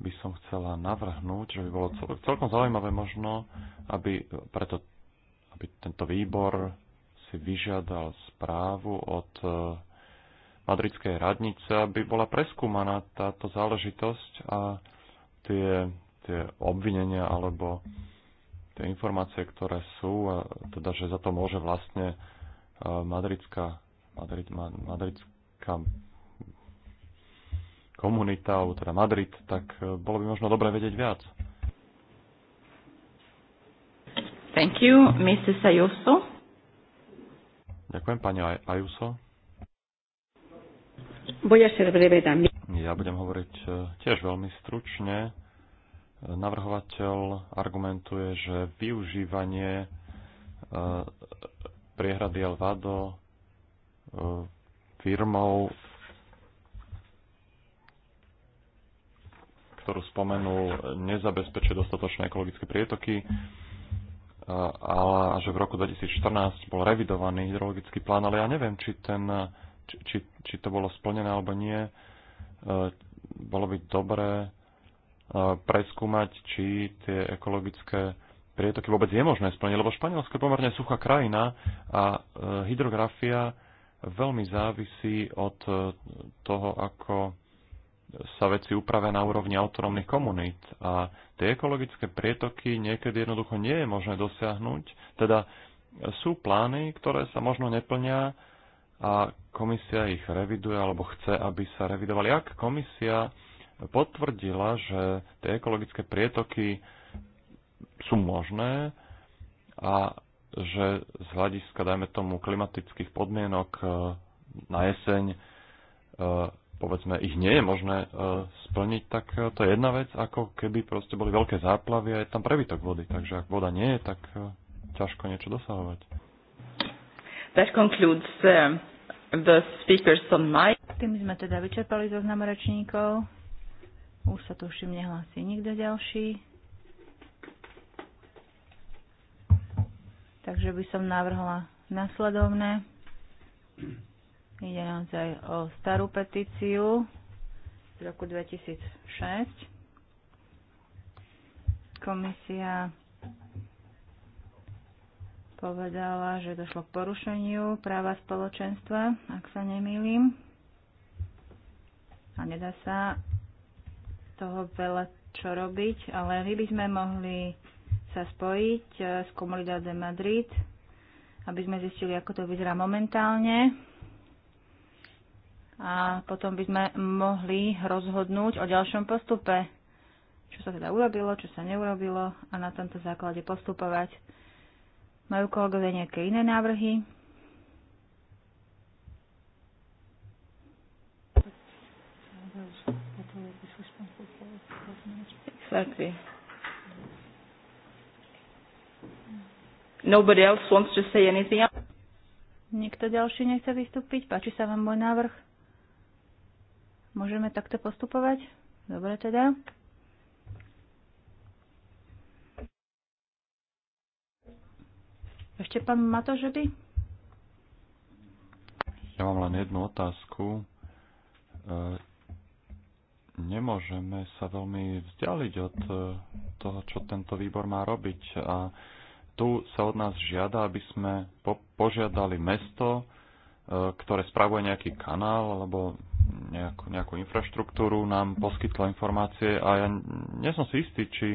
by som chcela navrhnúť, že by bolo cel- celkom zaujímavé možno, aby, preto, aby tento výbor si vyžiadal správu od e, Madridskej radnice, aby bola preskúmaná táto záležitosť a tie, tie obvinenia alebo tie informácie, ktoré sú, a teda, že za to môže vlastne e, madridská, Madrid, madridská komunita, alebo teda Madrid, tak e, bolo by možno dobre vedieť viac. Thank you, Mrs. Ayuso. Ďakujem, pani Ayuso. Ja budem hovoriť e, tiež veľmi stručne. Navrhovateľ argumentuje, že využívanie e, priehrady Elvado firmou ktorú spomenul, nezabezpečuje dostatočné ekologické prietoky a, a že v roku 2014 bol revidovaný hydrologický plán, ale ja neviem, či, ten, či, či, či to bolo splnené alebo nie. E, bolo by dobré e, preskúmať, či tie ekologické prietoky vôbec je možné splniť, lebo Španielsko je pomerne suchá krajina a e, hydrografia veľmi závisí od toho, ako sa veci upravia na úrovni autonómnych komunít a tie ekologické prietoky niekedy jednoducho nie je možné dosiahnuť. Teda sú plány, ktoré sa možno neplnia a komisia ich reviduje alebo chce, aby sa revidovali. Ak komisia potvrdila, že tie ekologické prietoky sú možné a že z hľadiska, dajme tomu, klimatických podmienok e, na jeseň e, povedzme, ich nie je možné e, splniť, tak e, to je jedna vec, ako keby proste boli veľké záplavy a je tam prebytok vody. Takže ak voda nie je, tak e, ťažko niečo dosahovať. That concludes um, the speakers on my... Tým sme teda vyčerpali zoznam rečníkov. Už sa tu všim nehlási nikto ďalší. Takže by som navrhla nasledovné. Ide naozaj o starú petíciu z roku 2006. Komisia povedala, že došlo k porušeniu práva spoločenstva, ak sa nemýlim. A nedá sa toho veľa čo robiť, ale my by sme mohli sa spojiť eh, s Comunidad de Madrid, aby sme zistili, ako to vyzerá momentálne a potom by sme mohli rozhodnúť o ďalšom postupe, čo sa teda urobilo, čo sa neurobilo a na tomto základe postupovať. Majú kolegovia nejaké iné návrhy? Exactly. Nobody else wants to say anything else. Nikto ďalší nechce vystúpiť? Páči sa vám môj návrh? Môžeme takto postupovať? Dobre teda. Ešte pán Matoš by? Ja mám len jednu otázku. E, nemôžeme sa veľmi vzdialiť od e, toho, čo tento výbor má robiť. A tu sa od nás žiada, aby sme požiadali mesto, e, ktoré spravuje nejaký kanál alebo nejakú, nejakú infraštruktúru, nám poskytla informácie a ja nie som si istý, či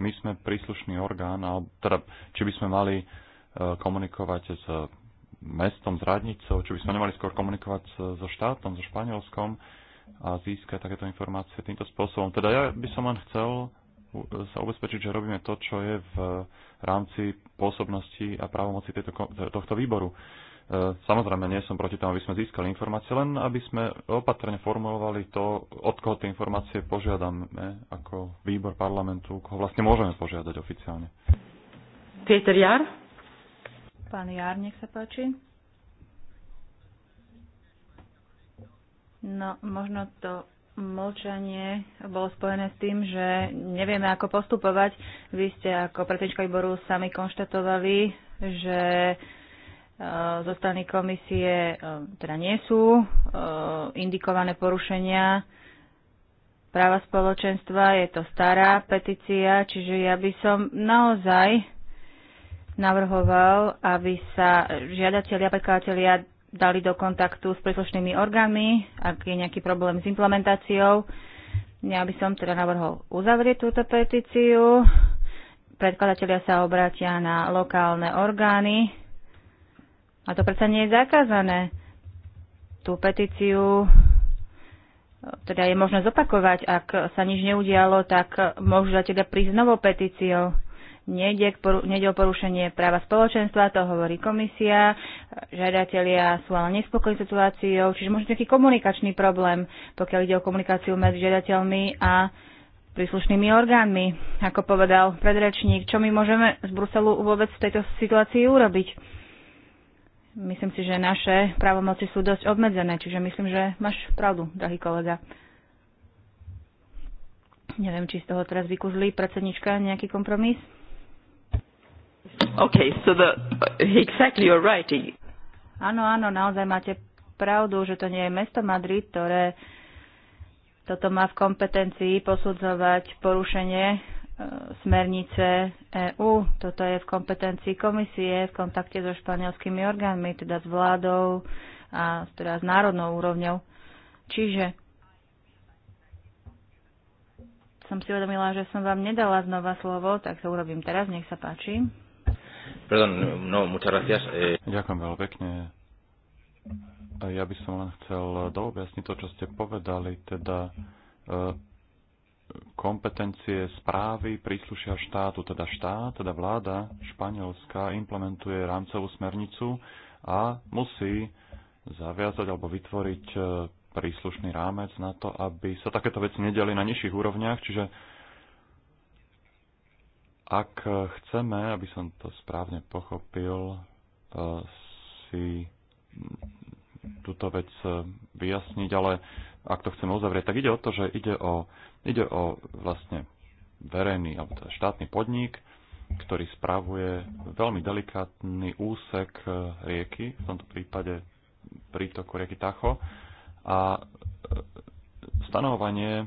my sme príslušný orgán, alebo teda, či by sme mali eh, komunikovať s mestom, s radnicou, či by sme nemali skôr komunikovať so štátom, so Španielskom a získať takéto informácie týmto spôsobom. Teda ja by som len chcel sa ubezpečiť, že robíme to, čo je v rámci pôsobnosti a právomoci tejto, tohto výboru. Samozrejme, nie som proti tomu, aby sme získali informácie, len aby sme opatrne formulovali to, od koho tie informácie požiadame ako výbor parlamentu, koho vlastne môžeme požiadať oficiálne. Peter Jar? Pán Jar, nech sa páči. No, možno to mlčanie bolo spojené s tým, že nevieme, ako postupovať. Vy ste ako predsednička výboru sami konštatovali, že uh, zo strany komisie eh, teda nie sú eh, indikované porušenia práva spoločenstva. Je to stará petícia, čiže ja by som naozaj navrhoval, aby sa žiadatelia, predkladatelia dali do kontaktu s príslušnými orgánmi, ak je nejaký problém s implementáciou. Ja by som teda navrhol uzavrieť túto petíciu. Predkladatelia sa obrátia na lokálne orgány a to predsa nie je zakázané. Tú petíciu teda je možno zopakovať, ak sa nič neudialo, tak môžu za teda prísť novou petíciou. Nejde, k poru- nejde o porušenie práva spoločenstva, to hovorí komisia, žiadatelia sú ale nespokojní situáciou, čiže možno nejaký komunikačný problém, pokiaľ ide o komunikáciu medzi žiadateľmi a príslušnými orgánmi. Ako povedal predrečník, čo my môžeme z Bruselu vôbec v tejto situácii urobiť? Myslím si, že naše právomoci sú dosť obmedzené, čiže myslím, že máš pravdu, drahý kolega. Neviem, či z toho teraz vykúzli predsednička nejaký kompromis. Okay, so the, exactly you're right. Áno, áno, naozaj máte pravdu, že to nie je mesto Madrid, ktoré toto má v kompetencii posudzovať porušenie smernice EÚ. Toto je v kompetencii komisie, v kontakte so španielskými orgánmi, teda s vládou a teda s národnou úrovňou. Čiže som si uvedomila, že som vám nedala znova slovo, tak to urobím teraz, nech sa páči. Perdón, no, muchas gracias. Eh. Ďakujem veľmi pekne. Ja by som len chcel doobjasniť to, čo ste povedali, teda eh, kompetencie správy príslušia štátu, teda štát, teda vláda španielská implementuje rámcovú smernicu a musí zaviazať alebo vytvoriť e, príslušný rámec na to, aby sa takéto veci nedeli na nižších úrovniach, čiže ak chceme, aby som to správne pochopil, e, si túto vec e, vyjasniť, ale ak to chceme uzavrieť, tak ide o to, že ide o, ide o vlastne verejný alebo teda štátny podnik, ktorý spravuje veľmi delikátny úsek e, rieky, v tomto prípade prítoku rieky Tacho. A e, stanovanie e,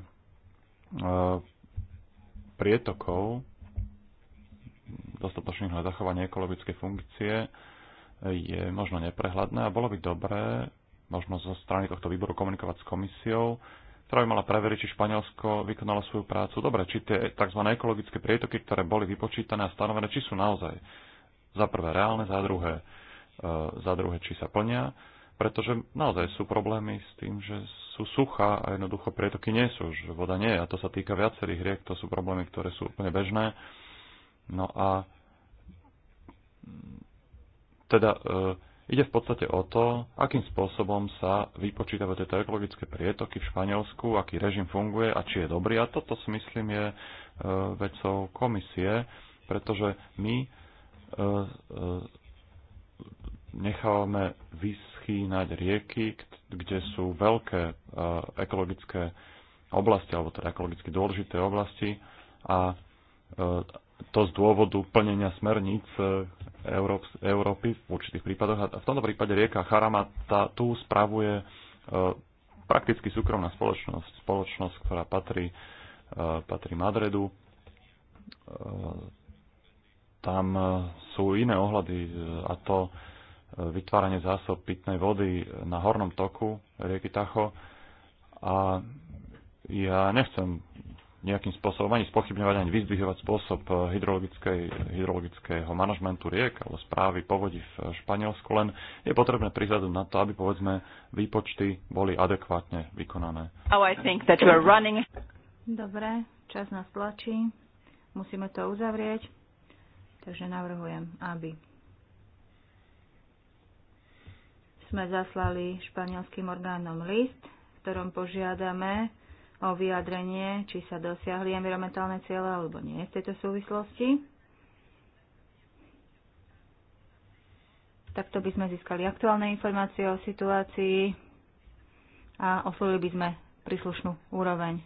prietokov dostatočných na zachovanie ekologickej funkcie je možno neprehľadné a bolo by dobré možno zo strany tohto výboru komunikovať s komisiou, ktorá by mala preveriť, či Španielsko vykonalo svoju prácu. Dobre, či tie tzv. ekologické prietoky, ktoré boli vypočítané a stanovené, či sú naozaj za prvé reálne, za druhé, e, za druhé či sa plnia, pretože naozaj sú problémy s tým, že sú suchá a jednoducho prietoky nie sú, že voda nie je a to sa týka viacerých riek, to sú problémy, ktoré sú úplne bežné. No a teda uh, Ide v podstate o to, akým spôsobom sa vypočítavajú tieto ekologické prietoky v Španielsku, aký režim funguje a či je dobrý. A toto si myslím je e, vecou komisie, pretože my e, e, nechávame vyschýnať rieky, kde sú veľké ekologické oblasti, alebo teda ekologicky dôležité oblasti a to z dôvodu plnenia smerníc e, Európy v určitých prípadoch. A v tomto prípade rieka tá, tu spravuje e, prakticky súkromná spoločnosť, spoločnosť, ktorá patrí, e, patrí Madredu. Tam sú iné ohľady a to vytváranie zásob pitnej vody na hornom toku rieky Tacho. A ja nechcem nejakým spôsobom ani spochybňovať, ani vyzdvihovať spôsob eh, hydrologického manažmentu riek alebo správy povodí v Španielsku, len je potrebné prihľadať na to, aby povedzme výpočty boli adekvátne vykonané. Oh, I think that we're running. Dobre, čas nás tlačí, musíme to uzavrieť, takže navrhujem, aby sme zaslali španielským orgánom list, v ktorom požiadame o vyjadrenie, či sa dosiahli environmentálne ciele alebo nie v tejto súvislosti. Takto by sme získali aktuálne informácie o situácii a oslovili by sme príslušnú úroveň.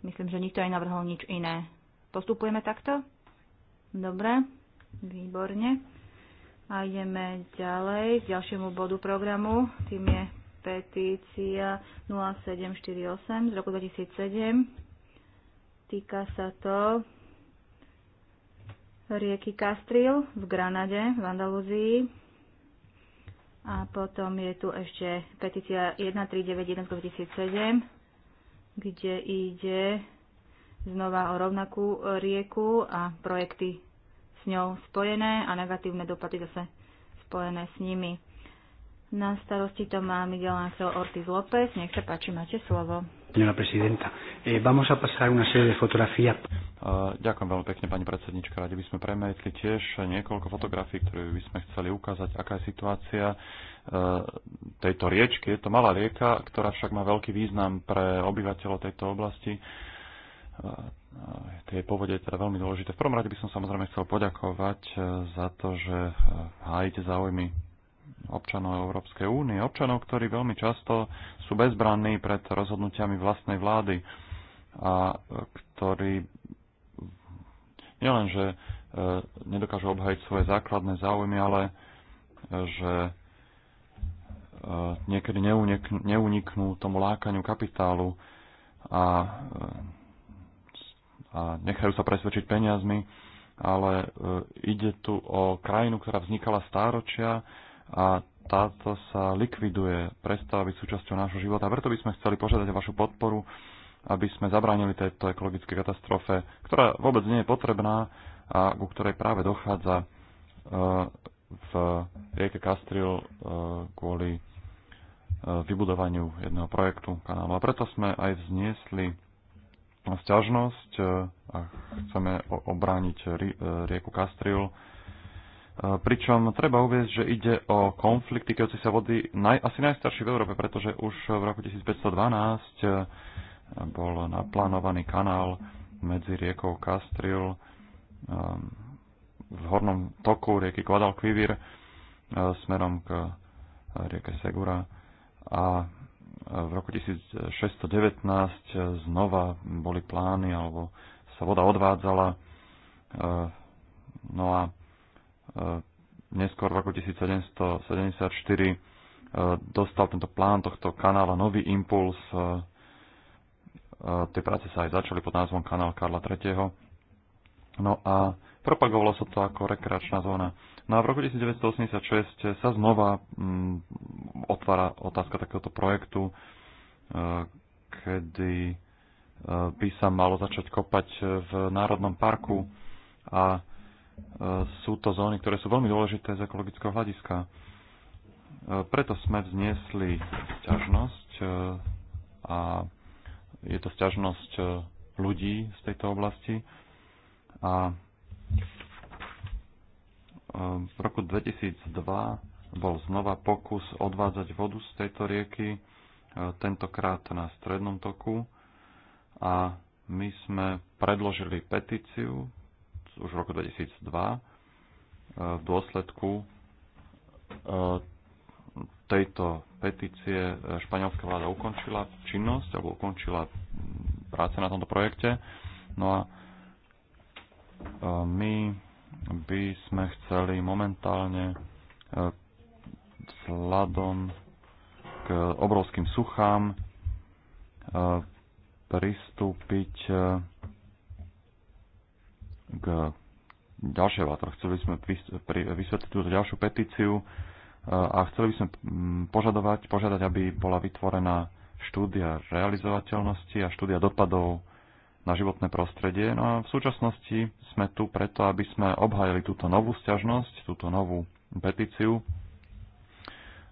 Myslím, že nikto aj navrhol nič iné. Postupujeme takto? Dobre, výborne. A ideme ďalej k ďalšiemu bodu programu. Tým je petícia 0748 z roku 2007. Týka sa to rieky Kastril v Granade, v Andalúzii. A potom je tu ešte petícia 1391 z 2007, kde ide znova o rovnakú rieku a projekty s ňou spojené a negatívne dopady zase spojené s nimi. Na starosti to má Miguel Ángel Ortiz López. Nech sa páči, máte slovo. Señora presidenta, eh, vamos a pasar una serie de fotografías. Uh, ďakujem veľmi pekne, pani predsednička. Radi by sme premietli tiež niekoľko fotografií, ktoré by sme chceli ukázať, aká je situácia uh, tejto riečky. Je to malá rieka, ktorá však má veľký význam pre obyvateľov tejto oblasti. Uh, eh, tej povode je teda veľmi dôležité. V prvom rade by som samozrejme chcel poďakovať eh, za to, že hájite záujmy občanov Európskej únie, občanov, ktorí veľmi často sú bezbranní pred rozhodnutiami vlastnej vlády a e, ktorí nielenže e, nedokážu obhajiť svoje základné záujmy, ale e, že niekedy neuniknú tomu lákaniu kapitálu a, a nechajú sa presvedčiť peniazmi ale ide tu o krajinu, ktorá vznikala stáročia a táto sa likviduje, prestáva byť súčasťou nášho života. Preto by sme chceli požiadať o vašu podporu, aby sme zabránili tejto ekologickej katastrofe, ktorá vôbec nie je potrebná a ku ktorej práve dochádza e, v rieke Kastril e, kvôli e, vybudovaniu jedného projektu kanálu. A preto sme aj vzniesli sťažnosť a chceme obrániť rieku Kastril Pričom treba uvieť, že ide o konflikt týkajúci sa vody naj, asi najstarší v Európe, pretože už v roku 1512 e, bol naplánovaný kanál medzi riekou Kastril e, v hornom toku rieky Guadalquivir e, smerom k rieke Segura a v roku 1619 znova boli plány alebo sa voda odvádzala no a E, neskôr v roku 1774 e, dostal tento plán tohto kanála nový impuls. E, tie práce sa aj začali pod názvom Kanál Karla III. No a propagovalo sa to ako rekreačná zóna. No a v roku 1986 sa znova mm, otvára otázka takéhoto projektu, kedy by sa malo začať kopať v Národnom parku a sú to zóny, ktoré sú veľmi dôležité z ekologického hľadiska. E, preto sme vzniesli sťažnosť e, a je to sťažnosť e, ľudí z tejto oblasti. A v roku 2002 bol znova pokus odvádzať vodu z tejto rieky, tentokrát na strednom toku. A my sme predložili petíciu už v roku 2002 e, v dôsledku e, tejto petície e, španielská vláda ukončila činnosť alebo ukončila práce na tomto projekte. No a my by sme chceli momentálne vzhľadom k obrovským suchám pristúpiť k ďalšej vatre. Chceli sme vysvetliť túto ďalšiu petíciu e, a chceli by sme mm, požadovať, požiadať, aby bola vytvorená štúdia realizovateľnosti a štúdia dopadov na životné prostredie. No a v súčasnosti sme tu preto, aby sme obhajili túto novú sťažnosť, túto novú petíciu,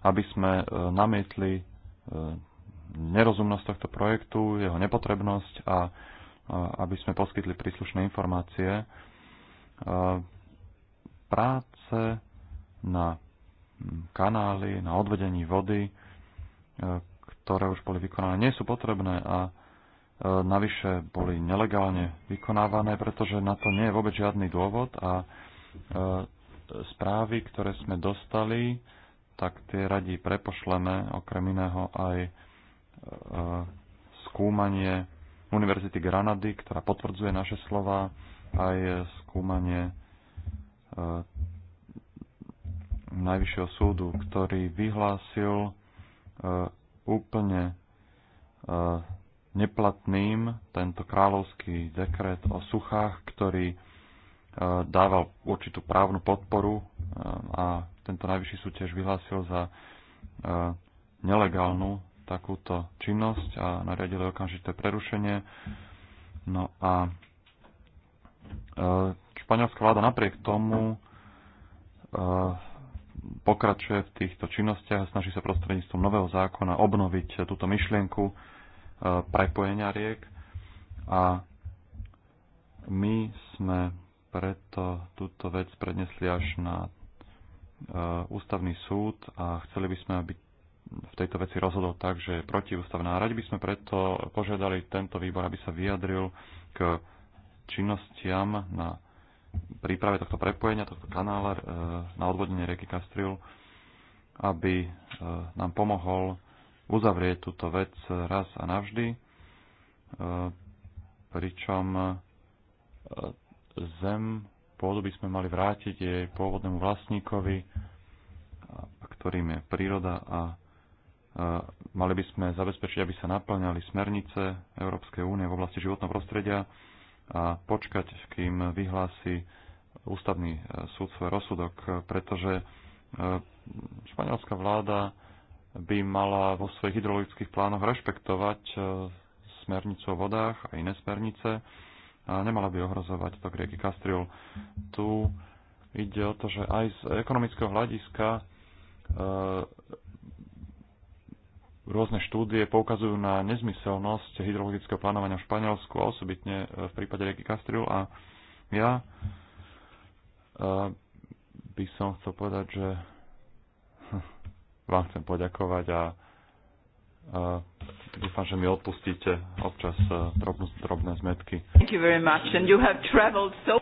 aby sme e, namietli e, nerozumnosť tohto projektu, jeho nepotrebnosť a aby sme poskytli príslušné informácie. Práce na kanály, na odvedení vody, ktoré už boli vykonané, nie sú potrebné a navyše boli nelegálne vykonávané, pretože na to nie je vôbec žiadny dôvod a správy, ktoré sme dostali, tak tie radi prepošleme okrem iného aj skúmanie Univerzity Granady, ktorá potvrdzuje naše slova, aj skúmanie e, Najvyššieho súdu, ktorý vyhlásil e, úplne e, neplatným tento kráľovský dekret o suchách, ktorý dával určitú právnu podporu a tento najvyšší súd tiež vyhlásil za nelegálnu takúto činnosť a nariadili okamžité prerušenie. No a e, španielská vláda napriek tomu e, pokračuje v týchto činnostiach a snaží sa prostredníctvom nového zákona obnoviť túto myšlienku e, prepojenia riek. A my sme preto túto vec prednesli až na ústavný súd a chceli by sme, aby v tejto veci rozhodol tak, že je protiústavná. Radi by sme preto požiadali tento výbor, aby sa vyjadril k činnostiam na príprave tohto prepojenia, tohto kanála e, na odvodenie rieky Kastril, aby e, nám pomohol uzavrieť túto vec raz a navždy, e, pričom zem pôdu by sme mali vrátiť jej pôvodnému vlastníkovi, ktorým je príroda a Mali by sme zabezpečiť, aby sa naplňali smernice Európskej únie v oblasti životného prostredia a počkať, kým vyhlási ústavný e, súd svoj rozsudok, pretože e, španielská vláda by mala vo svojich hydrologických plánoch rešpektovať e, smernicu o vodách a iné smernice a nemala by ohrozovať to rieky Kastriol. Tu ide o to, že aj z ekonomického hľadiska Rôzne štúdie poukazujú na nezmyselnosť hydrologického plánovania v Španielsku a osobitne e, v prípade rieky Kastriu a ja e, by som chcel povedať, že vám chcem poďakovať a Uh, dúfam, že mi odpustíte občas uh, e, drobnú, drobné zmetky. Thank you very much and you have traveled so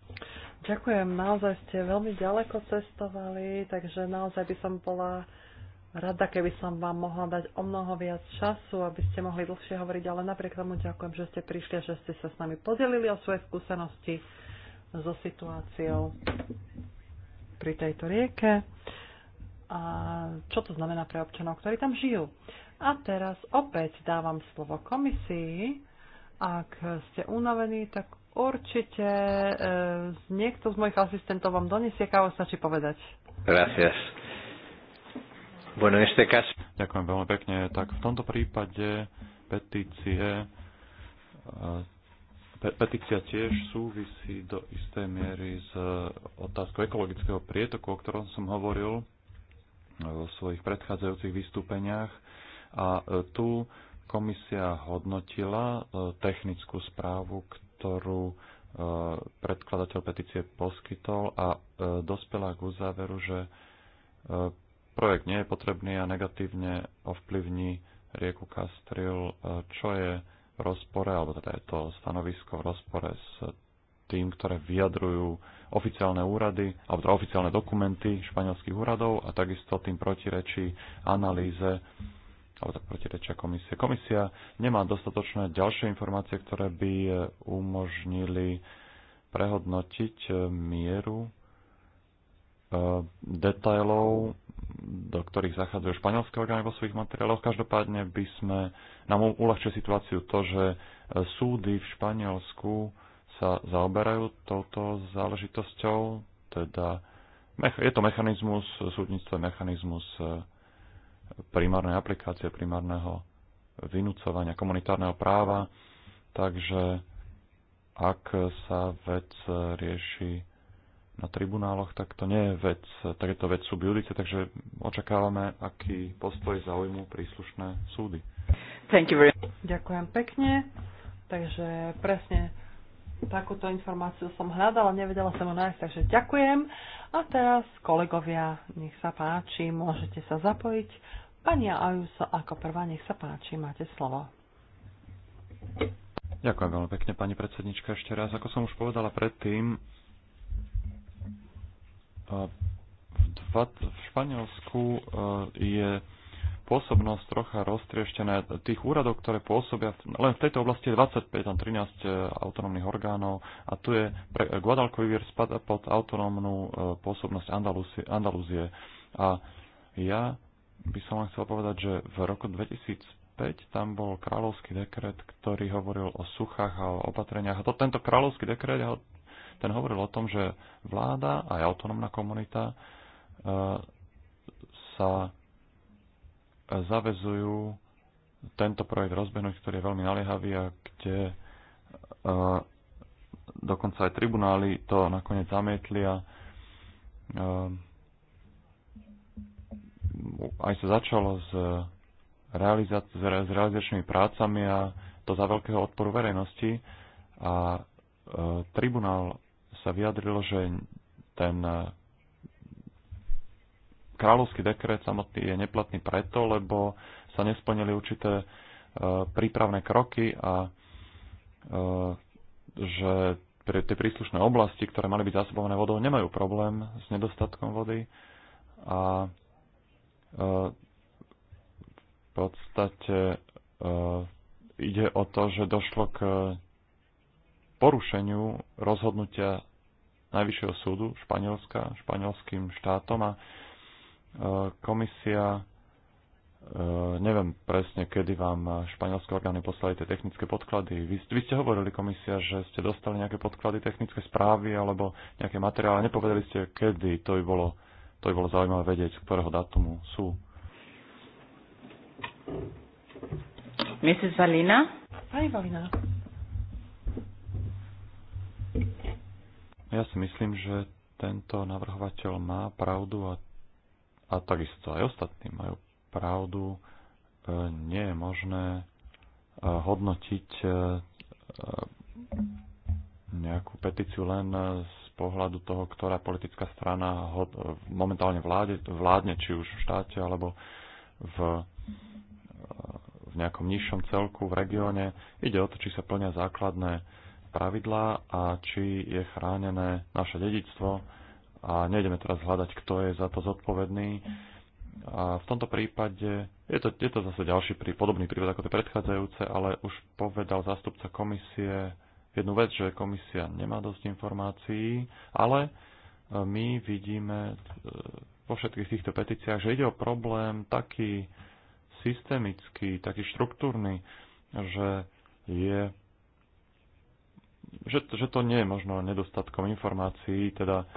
Ďakujem, naozaj ste veľmi ďaleko cestovali, takže naozaj by som bola Rada, keby som vám mohla dať o mnoho viac času, aby ste mohli dlhšie hovoriť, ale napriek tomu ďakujem, že ste prišli a že ste sa s nami podelili o svoje skúsenosti so situáciou pri tejto rieke a čo to znamená pre občanov, ktorí tam žijú. A teraz opäť dávam slovo komisii. Ak ste unavení, tak určite e, niekto z mojich asistentov vám donesie kávu, stačí povedať. Gracias. Bueno, este caso... Ďakujem veľmi pekne. Tak v tomto prípade petície, petícia tiež súvisí do istej miery s e, otázkou ekologického prietoku, o ktorom som hovoril e, vo svojich predchádzajúcich vystúpeniach. A e, tu komisia hodnotila technickú správu, ktorú predkladateľ petície poskytol a dospela k uzáveru, že projekt nie je potrebný a negatívne ovplyvní rieku Kastril, e, čo je v rozpore, alebo teda je to stanovisko v rozpore s tým, ktoré vyjadrujú oficiálne úrady, alebo teda oficiálne dokumenty španielských úradov a takisto tým protirečí analýze alebo tak teda protirečia komisie. Komisia nemá dostatočné ďalšie informácie, ktoré by e, umožnili prehodnotiť e, mieru detailov do ktorých zachádzajú španielské orgány vo svojich materiáloch. Každopádne by sme nám uľahčili situáciu to, že e, súdy v Španielsku sa zaoberajú touto záležitosťou, teda je to mechanizmus, súdnictvo je mechanizmus e, primárnej aplikácie, primárneho vynúcovania komunitárneho práva, takže ak sa vec rieši na tribunáloch, tak to nie je vec, tak je to vec subjudice, takže očakávame, aký postoj zaujmu príslušné súdy. Thank you very much. Ďakujem pekne. Takže presne takúto informáciu som hľadala, nevedela som ho nájsť, takže ďakujem. A teraz, kolegovia, nech sa páči, môžete sa zapojiť. Pani Ajuso, ako prvá, nech sa páči, máte slovo. Ďakujem veľmi pekne, pani predsednička, ešte raz. Ako som už povedala predtým, v Španielsku e, je pôsobnosť trocha roztrieštená. Tých úradov, ktoré pôsobia, len v tejto oblasti je 25, tam 13 e, autonómnych orgánov a tu je, pre, Guadalquivir spad pod autonómnu e, pôsobnosť Andalúzie, A ja by som len chcel povedať, že v roku 2005 tam bol kráľovský dekret, ktorý hovoril o suchách a o opatreniach. A to, tento kráľovský dekret, ja ho ten hovoril o tom, že vláda a aj autonómna komunita e, sa zavezujú tento projekt rozbehnúť, ktorý je veľmi naliehavý a kde e, dokonca aj tribunály to nakoniec zamietli a e, aj sa začalo s, realiza- s realizačnými prácami a to za veľkého odporu verejnosti a tribunál sa vyjadrilo, že ten eh, kráľovský dekret samotný je neplatný preto, lebo sa nesplnili určité eh, prípravné kroky a eh, že pre tie príslušné oblasti, ktoré mali byť zásobované vodou, nemajú problém s nedostatkom vody a v podstate ide o to, že došlo k porušeniu rozhodnutia Najvyššieho súdu Španielska, španielským štátom a e, komisia, e, neviem presne, kedy vám španielské orgány poslali tie technické podklady. Vy, vy ste hovorili, komisia, že ste dostali nejaké podklady, technické správy alebo nejaké materiály. Nepovedali ste, kedy. To by bolo, to by bolo zaujímavé vedieť, ktorého datumu sú. Mrs. Valina? Pani Valina. Ja si myslím, že tento navrhovateľ má pravdu a, a takisto aj ostatní majú pravdu. E, nie je možné e, hodnotiť e, nejakú petíciu len z pohľadu toho, ktorá politická strana momentálne vláde, vládne, či už v štáte alebo v, v nejakom nižšom celku v regióne. Ide o to, či sa plnia základné pravidlá a či je chránené naše dedictvo. A nejdeme teraz hľadať, kto je za to zodpovedný. A v tomto prípade je to, je to zase ďalší prí, podobný prípad ako tie predchádzajúce, ale už povedal zástupca komisie jednu vec, že komisia nemá dosť informácií, ale e, my vidíme vo e, všetkých týchto petíciách, že ide o problém taký systemický, taký štruktúrny, že je že, že to nie je možno nedostatkom informácií, teda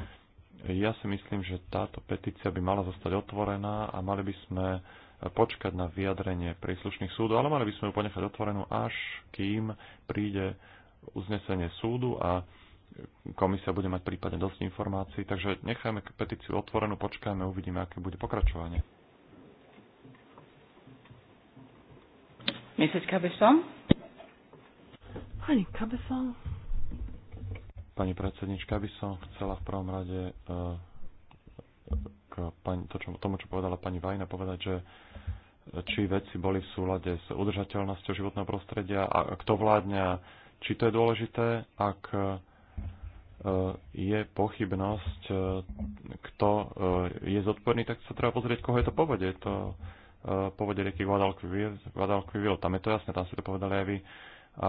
ja si myslím, že táto petícia by mala zostať otvorená a mali by sme počkať na vyjadrenie príslušných súdov, ale mali by sme ju ponechať otvorenú až kým príde uznesenie súdu a komisia bude mať prípadne dosť informácií, takže nechajme petíciu otvorenú, počkajme, uvidíme, aké bude pokračovanie. Mrs. Cabezón? Pani Cabezón? Pani predsednička, by som chcela v prvom rade e, k tomu, čo povedala pani Vajna, povedať, že či veci boli v súlade s udržateľnosťou životného prostredia a kto vládne, či to je dôležité, ak e, je pochybnosť, e, kto je zodpovedný, tak sa treba pozrieť, koho je to povode. Je to povode rieky Guadalquivir, Guadalquivir, tam je to jasné, tam ste to povedali aj vy. a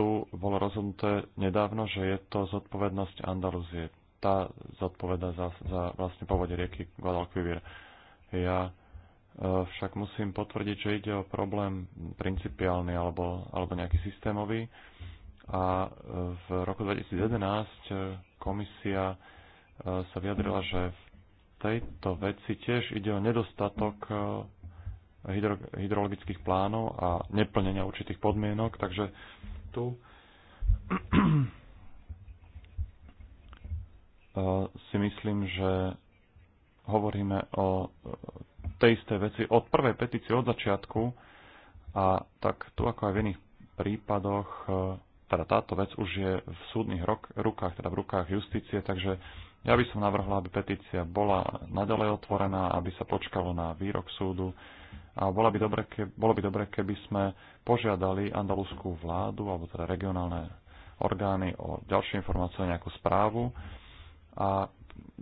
tu bolo rozhodnuté nedávno, že je to zodpovednosť Andalúzie. Tá zodpoveda za, za vlastne povode rieky Guadalquivir. Ja e, však musím potvrdiť, že ide o problém principiálny alebo, alebo nejaký systémový. A e, v roku 2011 e, komisia sa vyjadrila, že v tejto veci tiež ide o nedostatok hydro, hydrologických plánov a neplnenia určitých podmienok, takže tu si myslím, že hovoríme o e, tej istej veci od prvej petície, od začiatku a tak tu ako aj v iných prípadoch, e, teda táto vec už je v súdnych rok, rukách, teda v rukách justície, takže ja by som navrhla, aby petícia bola nadalej otvorená, aby sa počkalo na výrok súdu a bolo by, dobre, ke, bolo by dobre, keby sme požiadali andalúskú vládu, alebo teda regionálne orgány o ďalšie informácie, o nejakú správu. A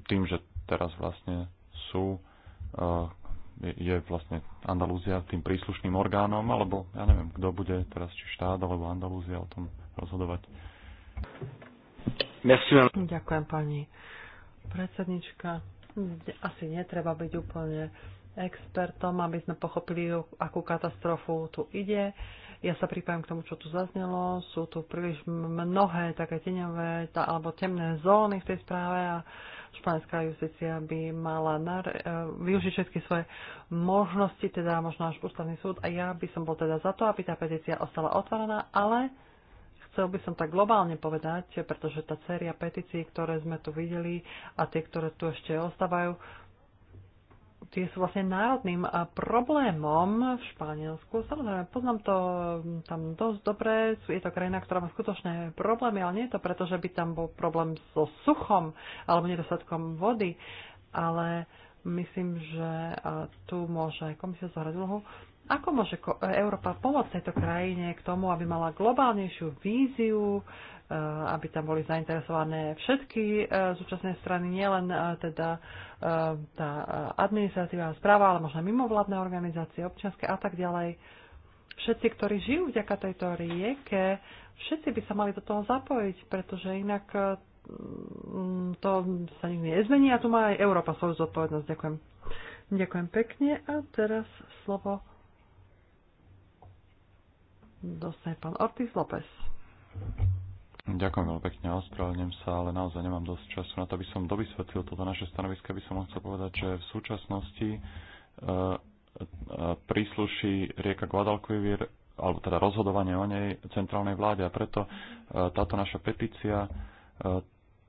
tým, že teraz vlastne sú, e, je vlastne Andalúzia tým príslušným orgánom, alebo ja neviem, kto bude teraz, či štát, alebo Andalúzia o tom rozhodovať. Merci. Ďakujem pani predsednička. Asi netreba byť úplne expertom, aby sme pochopili, akú katastrofu tu ide. Ja sa pripájam k tomu, čo tu zaznelo. Sú tu príliš mnohé také teňové tá, alebo temné zóny v tej správe a španská justícia by mala nar- e, využiť všetky svoje možnosti, teda možno až ústavný súd. A ja by som bol teda za to, aby tá petícia ostala otvorená, ale chcel by som tak globálne povedať, pretože tá séria petícií, ktoré sme tu videli a tie, ktoré tu ešte ostávajú, tie sú vlastne národným problémom v Španielsku. Samozrejme, poznám to mm, tam dosť dobre. Je to krajina, ktorá má skutočné problémy, ale nie je to preto, že by tam bol problém so suchom alebo nedostatkom vody, ale myslím, že tu môže komisia zohrať úlohu. Ako môže Európa pomôcť tejto krajine k tomu, aby mala globálnejšiu víziu, Eh, aby tam boli zainteresované všetky súčasné eh, strany, nielen eh, teda tá administratíva a správa, ale možno mimovládne organizácie, občianske a tak ďalej. Všetci, ktorí žijú vďaka tejto rieke, všetci by sa mali do toho zapojiť, pretože inak mm, to sa nikdy nezmení a tu má aj Európa svoju zodpovednosť. Ďakujem. Ďakujem pekne a teraz slovo dostane pán Ortiz López. Ďakujem veľmi pekne, ospravedlňujem sa, ale naozaj nemám dosť času na to, aby som dovysvetlil toto naše stanovisko, by som chcel povedať, že v súčasnosti e, e, prísluší rieka Guadalquivir, alebo teda rozhodovanie o nej centrálnej vláde a preto e, táto naša petícia e,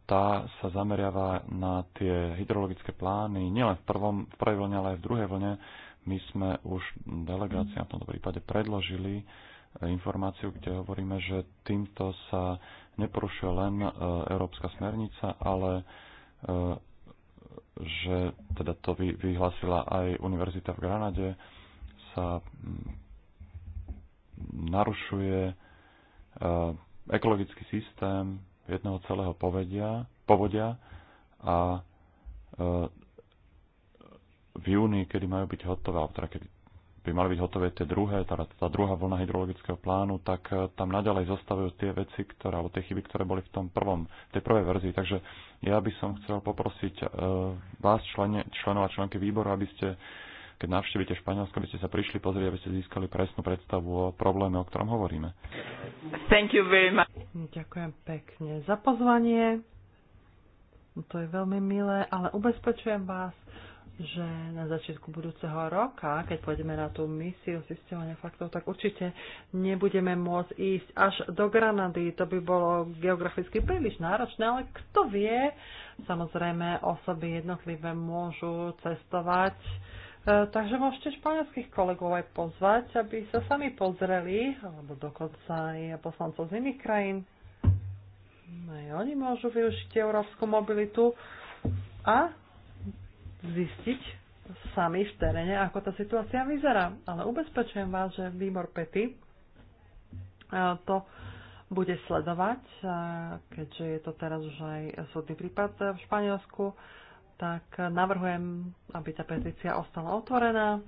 tá sa zameriava na tie hydrologické plány nielen v, prvom, v prvej vlne, ale aj v druhej vlne. My sme už delegácii na tomto prípade predložili e, informáciu, kde hovoríme, že týmto sa neporušuje len e, Európska smernica, ale e, že teda to vyhlásila aj Univerzita v Granade, sa narušuje e, ekologický systém jedného celého povedia, povodia a v júni, kedy majú byť hotové, teda kedy by mali byť hotové tie druhé, teda tá druhá vlna hydrologického plánu, tak eh, tam naďalej zostávajú tie veci, ktoré, alebo tie chyby, ktoré boli v tom prvom, tej prvej verzii. Takže ja by som chcel poprosiť eh, vás, člene, členov a členky výboru, aby ste, keď navštívite Španielsko, aby ste sa prišli pozrieť, aby ste získali presnú predstavu o probléme, o ktorom hovoríme. Thank you very much. Ďakujem pekne za pozvanie. To je veľmi milé, ale ubezpečujem vás, že na začiatku budúceho roka, keď pôjdeme na tú misiu zistovania faktov, tak určite nebudeme môcť ísť až do Granady. To by bolo geograficky príliš náročné, ale kto vie, samozrejme osoby jednotlivé môžu cestovať. E, takže môžete španielských kolegov aj pozvať, aby sa sami pozreli, alebo dokonca aj poslancov z iných krajín. No aj oni môžu využiť európsku mobilitu a zistiť sami v teréne, ako tá situácia vyzerá. Ale ubezpečujem vás, že výbor PETY e, to bude sledovať, e, keďže je to teraz už aj súdny prípad v Španielsku, tak navrhujem, aby tá petícia ostala otvorená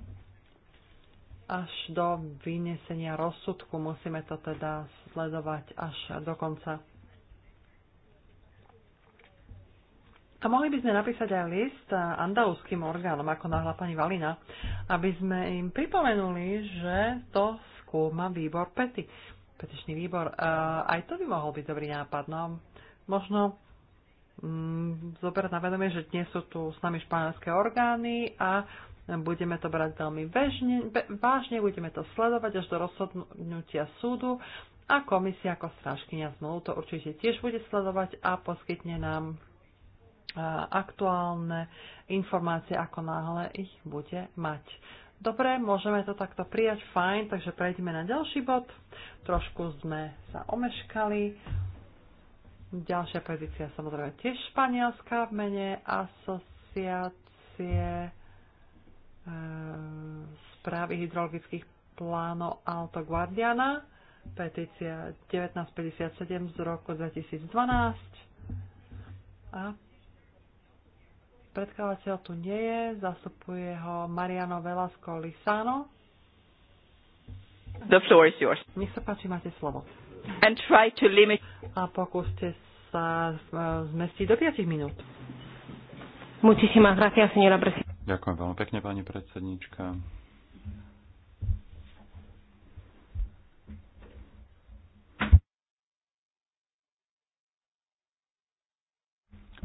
až do vynesenia rozsudku. Musíme to teda sledovať až do konca. A mohli by sme napísať aj list e, andalúským orgánom, ako nahla pani Valina, aby sme im pripomenuli, že to skúma výbor pety. petičný výbor. E, aj to by mohol byť dobrý nápad. No, možno mm, zobrať na vedomie, že dnes sú tu s nami španielské orgány a budeme to brať veľmi bežne, be, vážne, budeme to sledovať až do rozhodnutia súdu a komisia ako strážkynia zmluv to určite tiež bude sledovať a poskytne nám aktuálne informácie, ako náhle ich bude mať. Dobre, môžeme to takto prijať, fajn, takže prejdeme na ďalší bod. Trošku sme sa omeškali. Ďalšia petícia samozrejme tiež španielská v mene asociácie e, správy hydrologických plánov Alto Guardiana, petícia 1957 z roku 2012. A Predkladateľ tu nie je, zastupuje ho Mariano Velasco Lisano. The floor is yours. Nech sa páči, máte slovo. And try to limit... A pokúste sa e, zmestiť do 5 minút. Muchísimas gracias, señora presidenta. Ďakujem veľmi pekne, pani predsedníčka.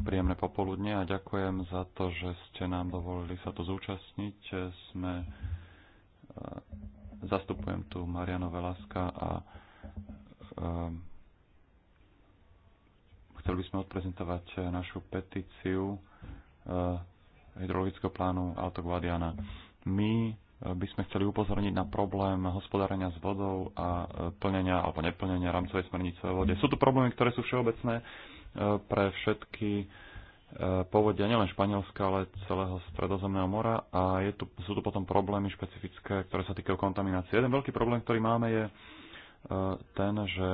príjemné popoludne a ďakujem za to, že ste nám dovolili sa tu zúčastniť. Sme, e, zastupujem tu Mariano Velaska a um, chceli by sme odprezentovať našu petíciu uh, hydrologického plánu Alto Guadiana. My by sme chceli upozorniť na problém hospodárenia s vodou a plnenia alebo neplnenia rámcovej smernice o vode. Sú tu problémy, ktoré sú všeobecné pre všetky e, povodia nielen Španielska, ale celého Stredozemného mora a je tu, sú tu potom problémy špecifické, ktoré sa týkajú kontaminácie. Jeden veľký problém, ktorý máme, je e, ten, že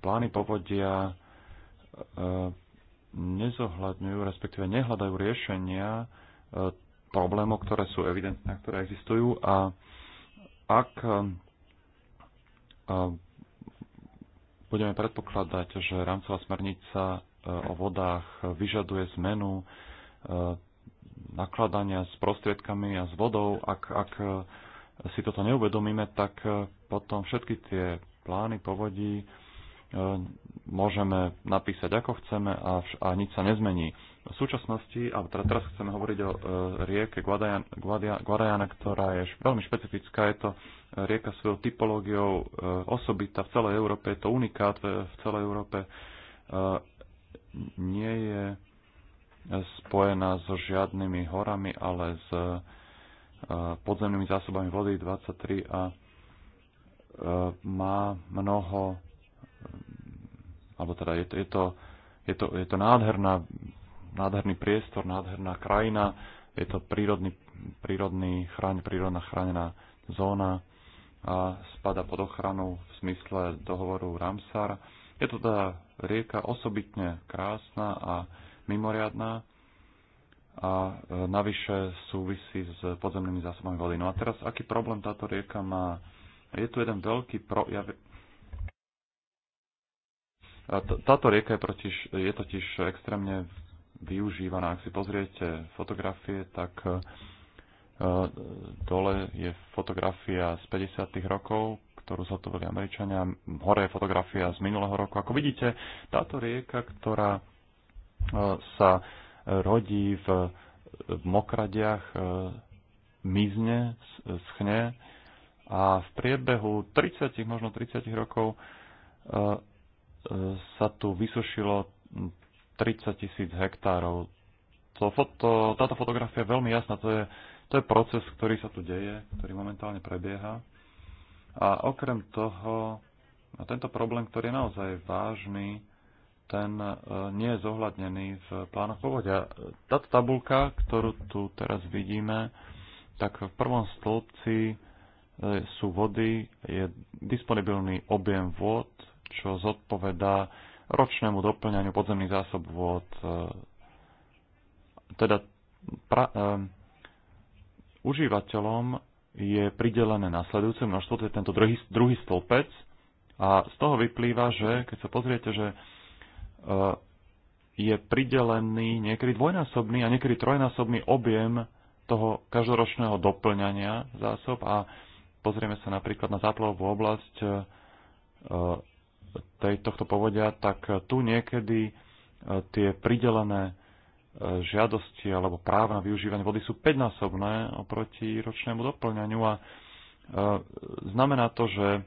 plány povodia e, nezohľadňujú, respektíve nehľadajú riešenia problémov, ktoré sú evidentné, ktoré existujú a ak budeme predpokladať, že rámcová smernica e, o vodách vyžaduje zmenu e, nakladania s prostriedkami a s vodou. Ak, ak e, si toto neuvedomíme, tak potom všetky tie plány povodí môžeme napísať ako chceme a, a nič sa nezmení. V súčasnosti, alebo teda teraz chceme hovoriť o e, rieke Guadajana, ktorá je veľmi špecifická. Je to e, rieka svojou typológiou e, osobitá v celej Európe, je to unikát v celej Európe. Nie je spojená so žiadnymi horami, ale s podzemnými zásobami vody 23 a má mnoho, alebo teda je to, je to, je to, je to nádherná nádherný priestor, nádherná krajina, je to prírodný, prírodný chráň, prírodná chránená zóna a spada pod ochranu v smysle dohovoru Ramsar. Je to teda rieka osobitne krásna a mimoriadná a e, navyše súvisí s podzemnými zásobami vody. No a teraz, aký problém táto rieka má? Je tu jeden veľký pro... Ja... Táto rieka je, protiž, je totiž extrémne využívaná. No, ak si pozriete fotografie, tak e, dole je fotografia z 50. rokov, ktorú zhotovili Američania. Hore je fotografia z minulého roku. Ako vidíte, táto rieka, ktorá e, sa rodí v mokradiach, e, mizne, schne a v priebehu 30, možno 30 rokov sa tu vysušilo 30 tisíc hektárov. To foto, táto fotografia je veľmi jasná, to je, to je proces, ktorý sa tu deje, ktorý momentálne prebieha. A okrem toho, a tento problém, ktorý je naozaj vážny, ten e, nie je zohľadnený v plánoch povodia. Táto tabulka, ktorú tu teraz vidíme, tak v prvom stĺpci e, sú vody, je disponibilný objem vôd, čo zodpovedá ročnému doplňaniu podzemných zásob vôd. E, teda pra, e, užívateľom je pridelené nasledujúce množstvo, to je tento druhý, druhý stĺpec a z toho vyplýva, že keď sa pozriete, že e, je pridelený niekedy dvojnásobný a niekedy trojnásobný objem toho každoročného doplňania zásob a pozrieme sa napríklad na záplavovú oblasť e, tej, tohto povodia, tak eh, tu niekedy eh, tie pridelené eh, žiadosti alebo práva na využívanie vody sú 5-násobné oproti ročnému doplňaniu a znamená to, že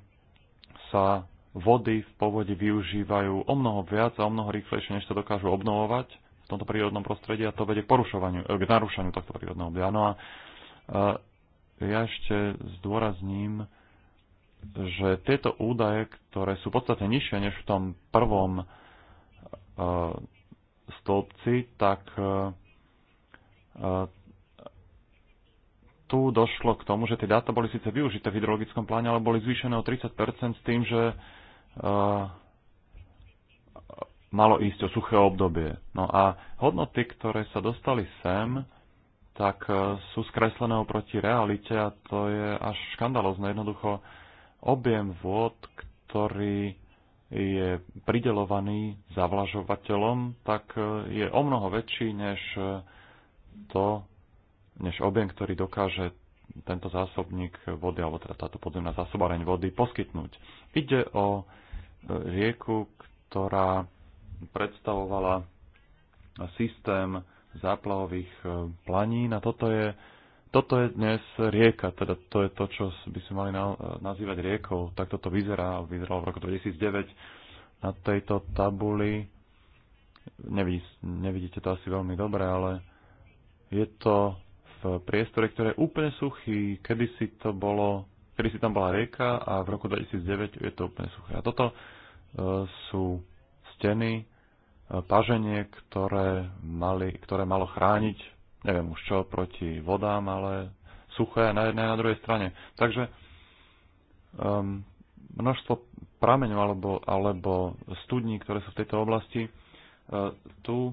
sa vody v povode využívajú o mnoho viac a o mnoho rýchlejšie, než sa dokážu obnovovať v tomto prírodnom prostredí a to vedie k, porušovaniu, k narušaniu tohto prírodného obdia. No a ja ešte zdôrazním že tieto údaje, ktoré sú podstate nižšie než v tom prvom e, stĺpci, tak e, e, tu došlo k tomu, že tie dáta boli síce využité v hydrologickom pláne, ale boli zvýšené o 30 s tým, že malo ísť o suché obdobie. No a hodnoty, ktoré sa dostali sem, tak sú skreslené oproti realite a to je až škandalozne. Jednoducho objem vôd, ktorý je pridelovaný zavlažovateľom, tak e, je o mnoho väčší než e, to, než objem, ktorý dokáže tento zásobník vody, alebo teda táto podzemná zásobareň vody poskytnúť. Ide o e, rieku, ktorá predstavovala systém záplavových planí a toto je toto je dnes rieka, teda to je to, čo by sme mali nazývať riekou. Tak toto vyzerá, vyzeralo v roku 2009 na tejto tabuli. Nevidí, nevidíte to asi veľmi dobre, ale je to v priestore, ktoré je úplne suchý. Kedysi to bolo, kedysi tam bola rieka a v roku 2009 je to úplne suché. A toto e, sú steny, e, paženie, ktoré, mali, ktoré malo chrániť neviem už čo, proti vodám, ale suché na jednej a na druhej strane. Takže um, množstvo prameňov alebo, alebo studní, ktoré sú v tejto oblasti, uh, tu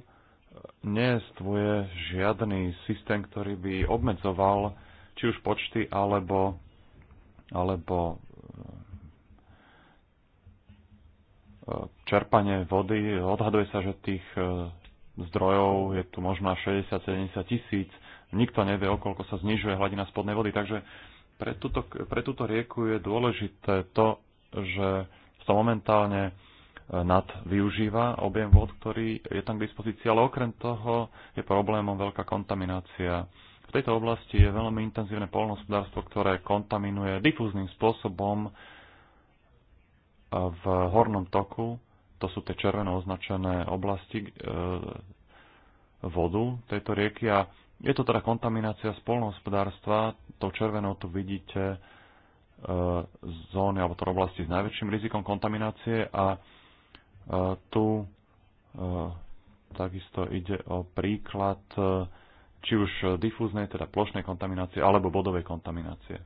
neestvuje žiadny systém, ktorý by obmedzoval či už počty alebo, alebo uh, čerpanie vody. Odhaduje sa, že tých uh, zdrojov, je tu možno 60-70 tisíc, nikto nevie, o koľko sa znižuje hladina spodnej vody, takže pre túto, pre túto rieku je dôležité to, že sa momentálne e, nad využíva objem vod, ktorý je tam k dispozícii, ale okrem toho je problémom veľká kontaminácia. V tejto oblasti je veľmi intenzívne polnospodárstvo, ktoré kontaminuje difúzným spôsobom e, v hornom toku to sú tie červeno označené oblasti e, vodu tejto rieky a je to teda kontaminácia spolnohospodárstva. To červenou tu vidíte e, zóny alebo to teda oblasti s najväčším rizikom kontaminácie a e, tu takisto ide o príklad či už difúznej, teda plošnej kontaminácie alebo bodovej kontaminácie.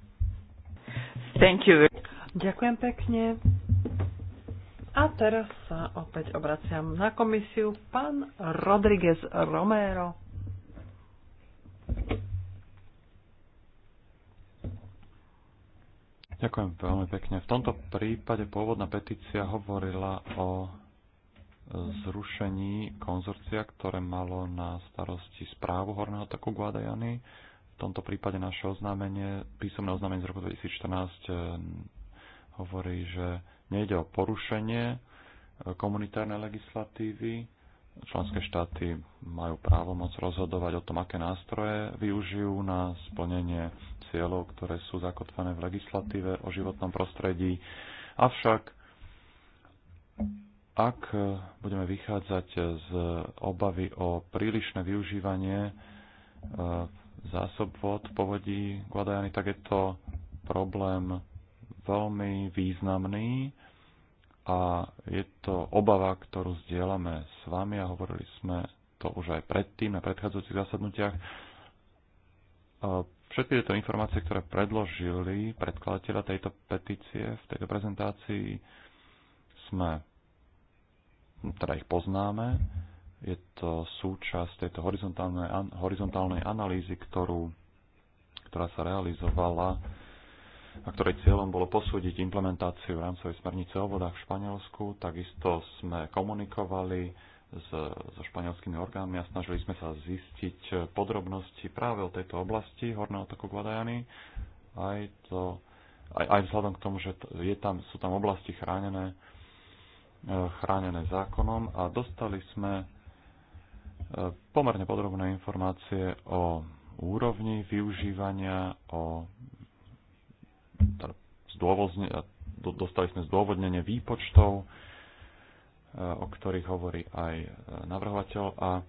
Thank you. Ďakujem pekne. A teraz sa opäť obraciam na komisiu. Pán Rodriguez Romero. Ďakujem veľmi pekne. V tomto prípade pôvodná petícia hovorila o zrušení konzorcia, ktoré malo na starosti správu Horného toku Guadajany. V tomto prípade naše oznámenie, písomné oznámenie z roku 2014 eh, hovorí, že Nejde o porušenie e, komunitárnej legislatívy. Členské štáty majú právo moc rozhodovať o tom, aké nástroje využijú na splnenie cieľov, ktoré sú zakotvené v legislatíve o životnom prostredí. Avšak ak e, budeme vychádzať z obavy o prílišné využívanie e, zásob vod povodí Guadajany, tak je to problém veľmi významný a je to obava, ktorú zdieľame s vami a hovorili sme to už aj predtým na predchádzajúcich zasadnutiach. E, všetky tieto informácie, ktoré predložili predkladateľa tejto petície v tejto prezentácii, sme, teda ich poznáme. Je to súčasť tejto horizontálnej, horizontálnej analýzy, ktorú, ktorá sa realizovala a ktorej cieľom bolo posúdiť implementáciu rámcovej smernice o vodách v Španielsku. Takisto sme komunikovali s, so španielskými orgánmi a snažili sme sa zistiť podrobnosti práve o tejto oblasti Horného toku Guadajany. Aj, to, aj, aj vzhľadom k tomu, že je tam, sú tam oblasti chránené, e, chránené zákonom a dostali sme e, pomerne podrobné informácie o úrovni využívania, o teda dostali sme zdôvodnenie výpočtov, e, o ktorých hovorí aj e, navrhovateľ a e,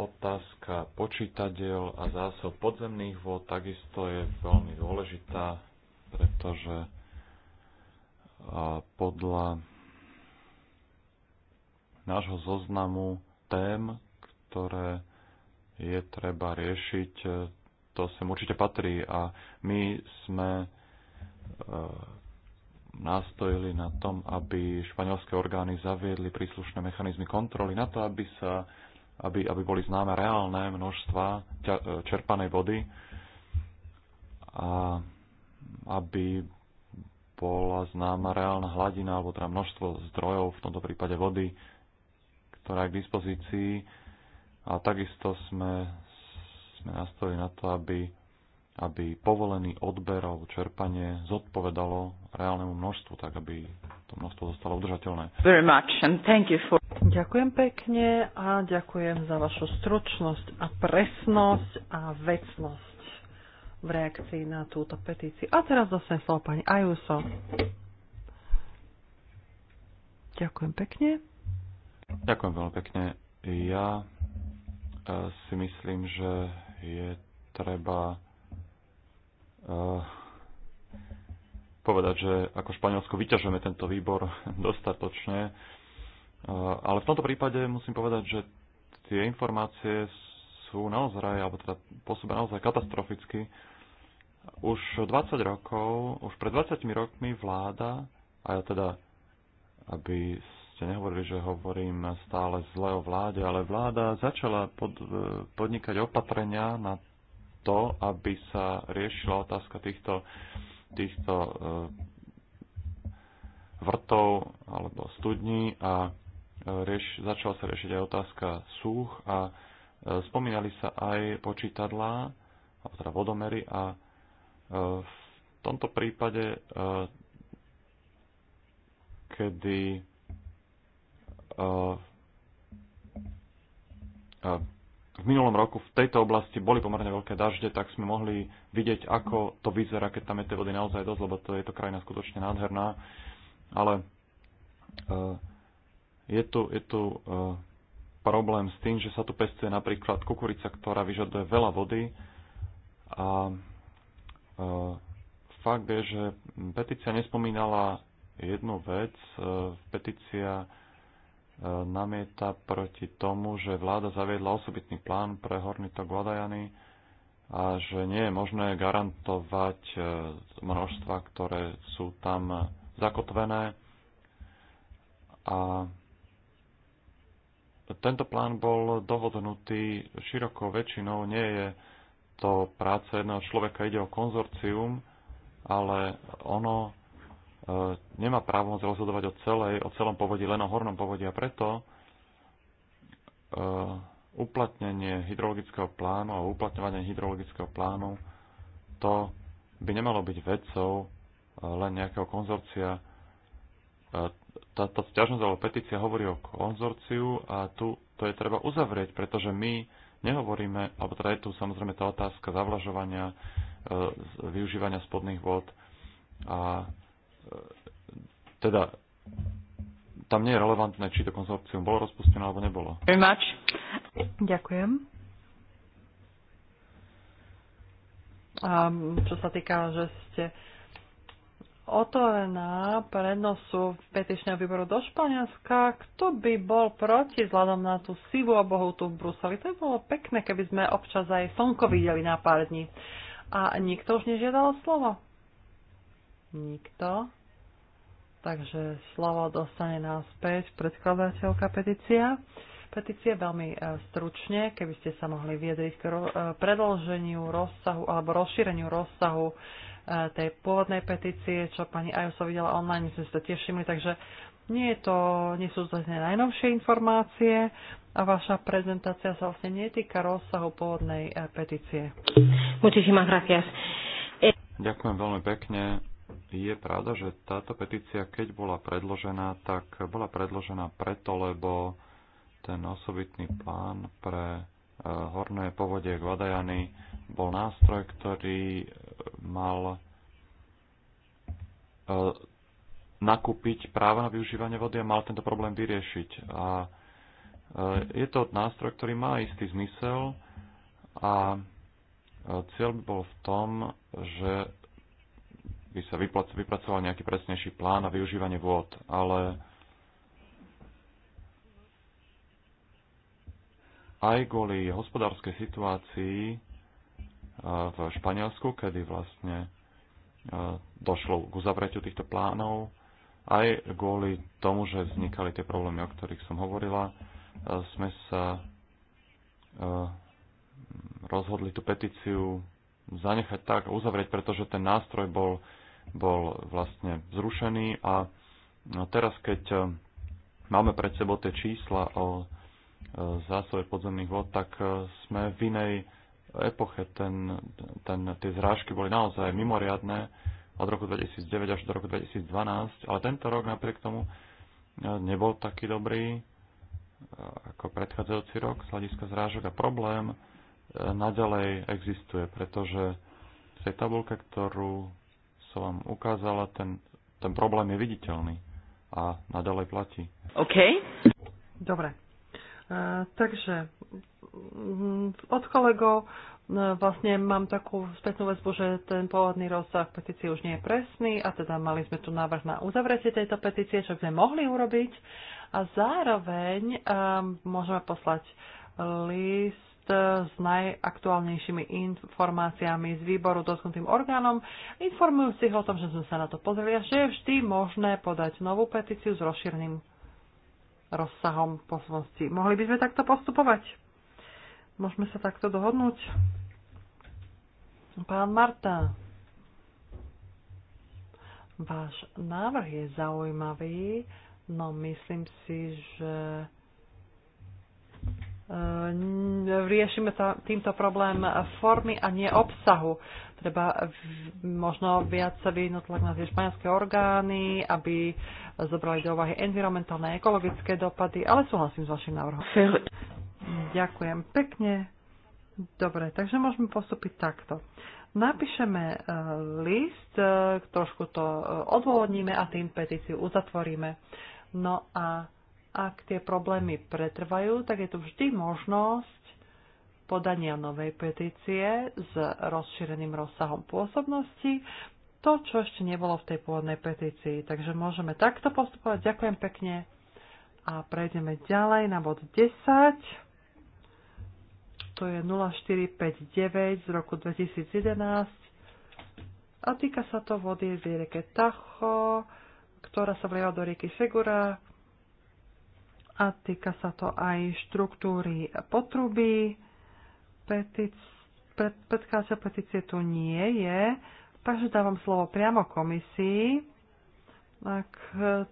otázka počítadiel a zásob podzemných vôd takisto je veľmi dôležitá, pretože podľa nášho zoznamu tém, ktoré je treba riešiť, to sem určite patrí a my sme e, nastojili na tom, aby španielské orgány zaviedli príslušné mechanizmy kontroly na to, aby, sa, aby, aby boli známe reálne množstva e, čerpanej vody a aby bola známa reálna hladina alebo teda množstvo zdrojov, v tomto prípade vody, ktorá je k dispozícii. A takisto sme sme nastojili na to, aby, aby povolený odber alebo čerpanie zodpovedalo reálnemu množstvu, tak aby to množstvo zostalo udržateľné. Very much and thank you for... Ďakujem pekne a ďakujem za vašu stručnosť a presnosť a vecnosť v reakcii na túto petíciu. A teraz zase slovo pani Ajuso. Ďakujem pekne. Ďakujem veľmi pekne. Ja eh, si myslím, že je treba eh, povedať, že ako Španielsko vyťažujeme tento výbor dostatočne, eh, ale v tomto prípade musím povedať, že tie informácie sú naozaj, alebo teda pôsobia naozaj katastroficky. Už 20 rokov, už pred 20 rokmi vláda, a ja teda, aby ste nehovorili, že hovorím stále zle o vláde, ale vláda začala pod, e, podnikať opatrenia na to, aby sa riešila otázka týchto, týchto e, vrtov alebo studní a e, rieš, začala sa riešiť aj otázka súch a spomínali sa aj počítadlá, teda vodomery a v tomto prípade, kedy v minulom roku v tejto oblasti boli pomerne veľké dažde, tak sme mohli vidieť, ako to vyzerá, keď tam je tej vody naozaj dosť, lebo to je to krajina skutočne nádherná. Ale e, je tu, je tu e, problém s tým, že sa tu pestuje napríklad kukurica, ktorá vyžaduje veľa vody a e, fakt je, že petícia nespomínala jednu vec. Petícia E, namieta proti tomu, že vláda zaviedla osobitný plán pre horný tok Guadajany a že nie je možné garantovať e, množstva, ktoré sú tam zakotvené. A tento plán bol dohodnutý širokou väčšinou. Nie je to práca jedného človeka, ide o konzorcium, ale ono E, nemá právomoc rozhodovať o, celej, o celom povodí, len o hornom povodí a preto e, uplatnenie hydrologického plánu a uplatňovanie hydrologického plánu to by nemalo byť vecou e, len nejakého konzorcia. Táto stiažnosť alebo petícia hovorí o konzorciu a tu to je treba uzavrieť, pretože my nehovoríme, alebo teda je tu samozrejme tá otázka zavlažovania, využívania spodných vod a E, teda tam nie je relevantné, či to konzorcium bolo rozpustené alebo nebolo. Ďakujem. A čo sa týka, že ste otvorená prenosu petičného výboru do Španielska, kto by bol proti vzhľadom na tú sivú obohu tu v Bruseli? To by bolo pekné, keby sme občas aj slnko videli na pár dní. A nikto už nežiadal slovo nikto. Takže slovo dostane náspäť predkladateľka petícia. Petície veľmi e, stručne, keby ste sa mohli viedriť k e, predlženiu rozsahu alebo rozšíreniu rozsahu e, tej pôvodnej petície, čo pani Ajuso videla online, sme si to tešili, takže nie, je to, nie sú to najnovšie informácie a vaša prezentácia sa vlastne netýka rozsahu pôvodnej petície. Ďakujem veľmi pekne je pravda, že táto petícia, keď bola predložená, tak bola predložená preto, lebo ten osobitný plán pre e, horné povodie Guadajany bol nástroj, ktorý e, mal e, nakúpiť právo na využívanie vody a mal tento problém vyriešiť. A je to nástroj, ktorý má istý zmysel a cieľ by bol v tom, že by sa vypracoval nejaký presnejší plán na využívanie vôd, ale aj kvôli hospodárskej situácii e, v Španielsku, kedy vlastne e, došlo k uzavretiu týchto plánov, aj kvôli tomu, že vznikali tie problémy, o ktorých som hovorila, e, sme sa rozhodli tú petíciu zanechať tak, uzavrieť, pretože ten nástroj bol bol vlastne zrušený a teraz keď e, máme pred sebou tie čísla o e, zásobe podzemných vod, tak e, sme v inej epoche. Ten, ten, tie zrážky boli naozaj mimoriadné od roku 2009 až do roku 2012, ale tento rok napriek tomu nebol taký dobrý ako predchádzajúci rok z hľadiska zrážok a problém naďalej existuje, pretože v tej tabulke, ktorú som vám ukázala, ten, ten problém je viditeľný a nadalej platí. OK. Dobre. Uh, takže mm, od kolegov e, vlastne mám takú spätnú väzbu, že ten pôvodný rozsah petície už nie je presný a teda mali sme tu návrh na uzavretie tejto petície, čo sme mohli urobiť a zároveň um, môžeme poslať list s najaktuálnejšími informáciami z výboru dotknutým orgánom, informujúcich o tom, že sme sa na to pozreli a že je vždy možné podať novú petíciu s rozšírnym rozsahom posobnosti. Mohli by sme takto postupovať? Môžeme sa takto dohodnúť? Pán Marta, váš návrh je zaujímavý, no myslím si, že Ehm, riešime to, týmto problém formy a nie obsahu. Treba možno viac sa vynotlať na tie španielské orgány, aby zobrali do úvahy environmentálne a ekologické dopady, ale súhlasím s vašim návrhom. Ďakujem pekne. Dobre, takže môžeme postúpiť takto. Napíšeme eh, list, eh, trošku to eh, odôvodníme a tým petíciu uzatvoríme. No a ak tie problémy pretrvajú, tak je tu vždy možnosť podania novej petície s rozšíreným rozsahom pôsobnosti, to, čo ešte nebolo v tej pôvodnej petícii. Takže môžeme takto postupovať. Ďakujem pekne a prejdeme ďalej na bod 10. To je 0459 z roku 2011 a týka sa to vody z rieke Tacho, ktorá sa vlieva do rieky Segura a týka sa to aj štruktúry potruby. Petic, pred, predkáža petície tu nie je, takže dávam slovo priamo komisii. Ak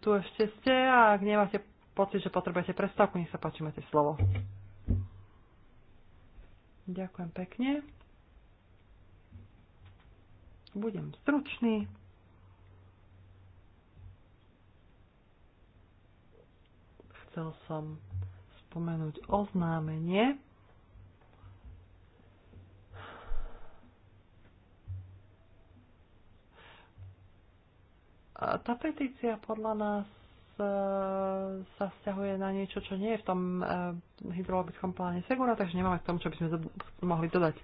tu ešte ste a ak nemáte pocit, že potrebujete prestávku, nech sa páči, máte slovo. Ďakujem pekne. Budem stručný. Chcel som spomenúť oznámenie. tá petícia podľa nás e, sa vzťahuje na niečo, čo nie je v tom e, hydrologickom pláne Segura, takže nemáme k tomu, čo by sme mohli dodať.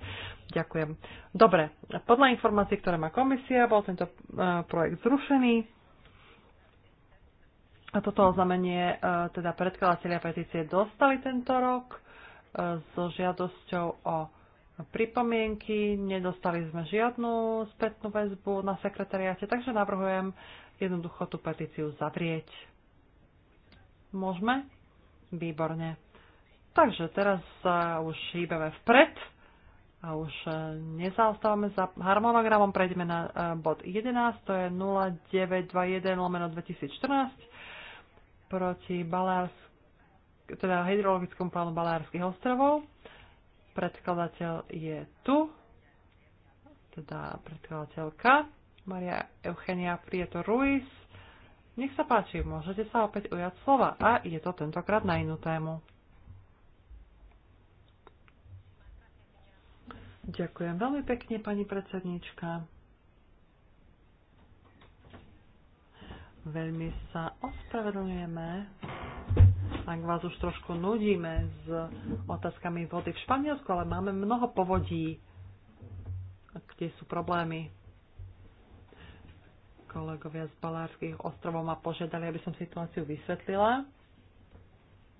Ďakujem. Dobre, podľa informácií, ktoré má komisia, bol tento e, projekt zrušený a toto oznámenie e, teda predkladatelia petície dostali tento rok e, so žiadosťou o pripomienky. Nedostali sme žiadnu spätnú väzbu na sekretariáte, takže navrhujem jednoducho tú petíciu zavrieť. Môžeme? Výborne. Takže teraz sa e, už hýbeme vpred a už nezaostávame za harmonogramom. Prejdeme na bod 11, to je 0921 lomeno 2014 proti Balársk, teda hydrologickom plánu Balárskych ostrovov. Predkladateľ je tu, teda predkladateľka Maria Eugenia Prieto Ruiz. Nech sa páči, môžete sa opäť ujať slova a je to tentokrát na inú tému. Ďakujem veľmi pekne, pani predsedníčka. Veľmi sa ospravedlňujeme, ak vás už trošku nudíme s otázkami vody v Španielsku, ale máme mnoho povodí, kde sú problémy. Kolegovia z Balárskych ostrovov ma požiadali, aby som situáciu vysvetlila.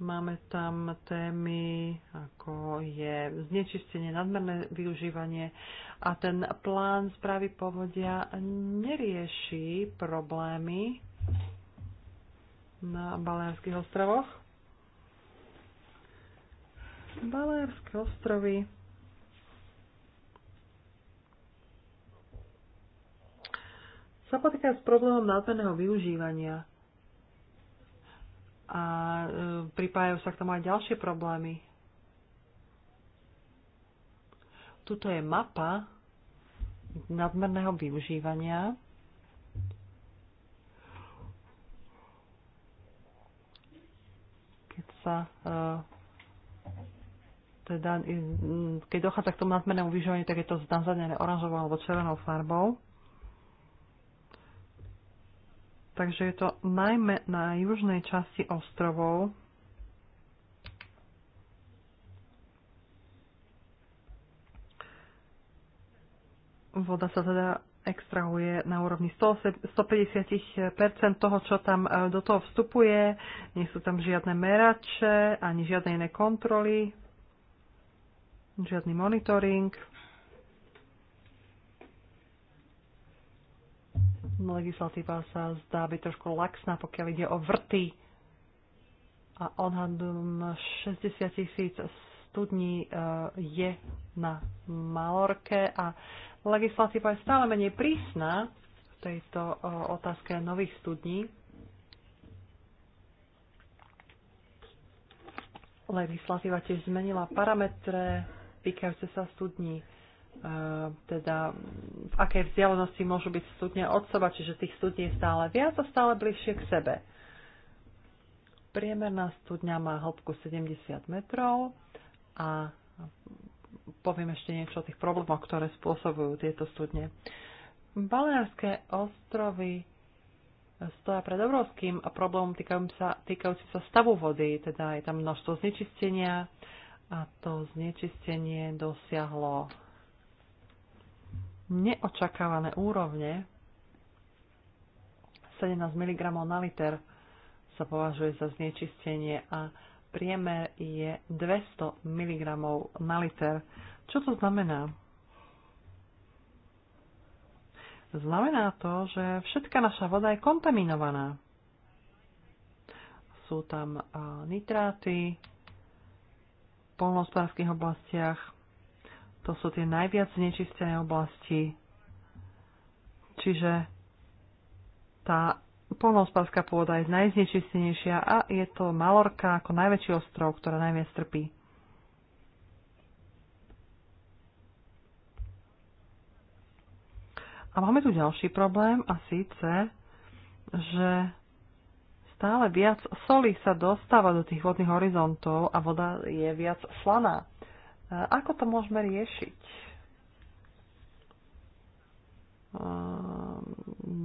Máme tam témy, ako je znečistenie, nadmerné využívanie a ten plán správy povodia nerieši problémy, na Balearských ostrovoch. Balearské ostrovy sa potýkajú s problémom nadmerného využívania a e, pripájajú sa k tomu aj ďalšie problémy. Tuto je mapa nadmerného využívania sa eh, teda, keď dochádza k tomu nadmernému vyžovaniu, tak je to nazadnené oranžovou alebo červenou farbou. Takže je to najmä na južnej časti ostrovov. Voda sa teda extrahuje na úrovni 150% toho, čo tam e, do toho vstupuje. Nie sú tam žiadne merače, ani žiadne iné kontroly, žiadny monitoring. Legislatíva sa zdá byť trošku laxná, pokiaľ ide o vrty a odhadom 60 tisíc studní e, je na Malorke a Legislatíva je stále menej prísna v tejto otázke nových studní. Legislatíva tiež zmenila parametre týkajúce sa studní e, teda v akej vzdialenosti môžu byť studne od seba, čiže tých studní je stále viac a stále bližšie k sebe. Priemerná studňa má hĺbku 70 metrov a poviem ešte niečo o tých problémoch, ktoré spôsobujú tieto studne. Balneárske ostrovy stoja pred obrovským problémom týkajúcim sa, týkajúcim sa stavu vody, teda je tam množstvo znečistenia a to znečistenie dosiahlo neočakávané úrovne 17 mg na liter sa považuje za znečistenie a priemer je 200 mg na liter. Čo to znamená? Znamená to, že všetka naša voda je kontaminovaná. Sú tam nitráty v polnohospodárských oblastiach. To sú tie najviac znečistené oblasti. Čiže tá Polnohospodárska pôda je najznečistenejšia a je to Malorka ako najväčší ostrov, ktorá najviac trpí. A máme tu ďalší problém a síce, že stále viac soli sa dostáva do tých vodných horizontov a voda je viac slaná. Ako to môžeme riešiť?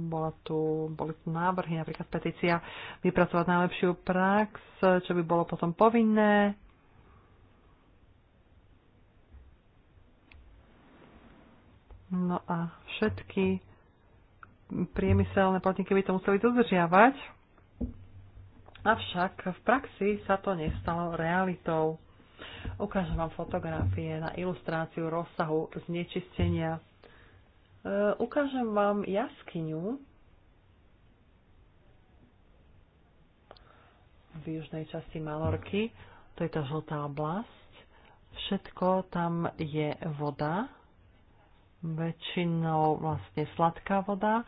bola tu, boli tu návrhy, napríklad petícia vypracovať najlepšiu prax, čo by bolo potom povinné. No a všetky priemyselné podniky by to museli dodržiavať. Avšak v praxi sa to nestalo realitou. Ukážem vám fotografie na ilustráciu rozsahu znečistenia E, ukážem vám jaskyňu v južnej časti Malorky. To je tá žltá oblasť. Všetko tam je voda. Väčšinou vlastne sladká voda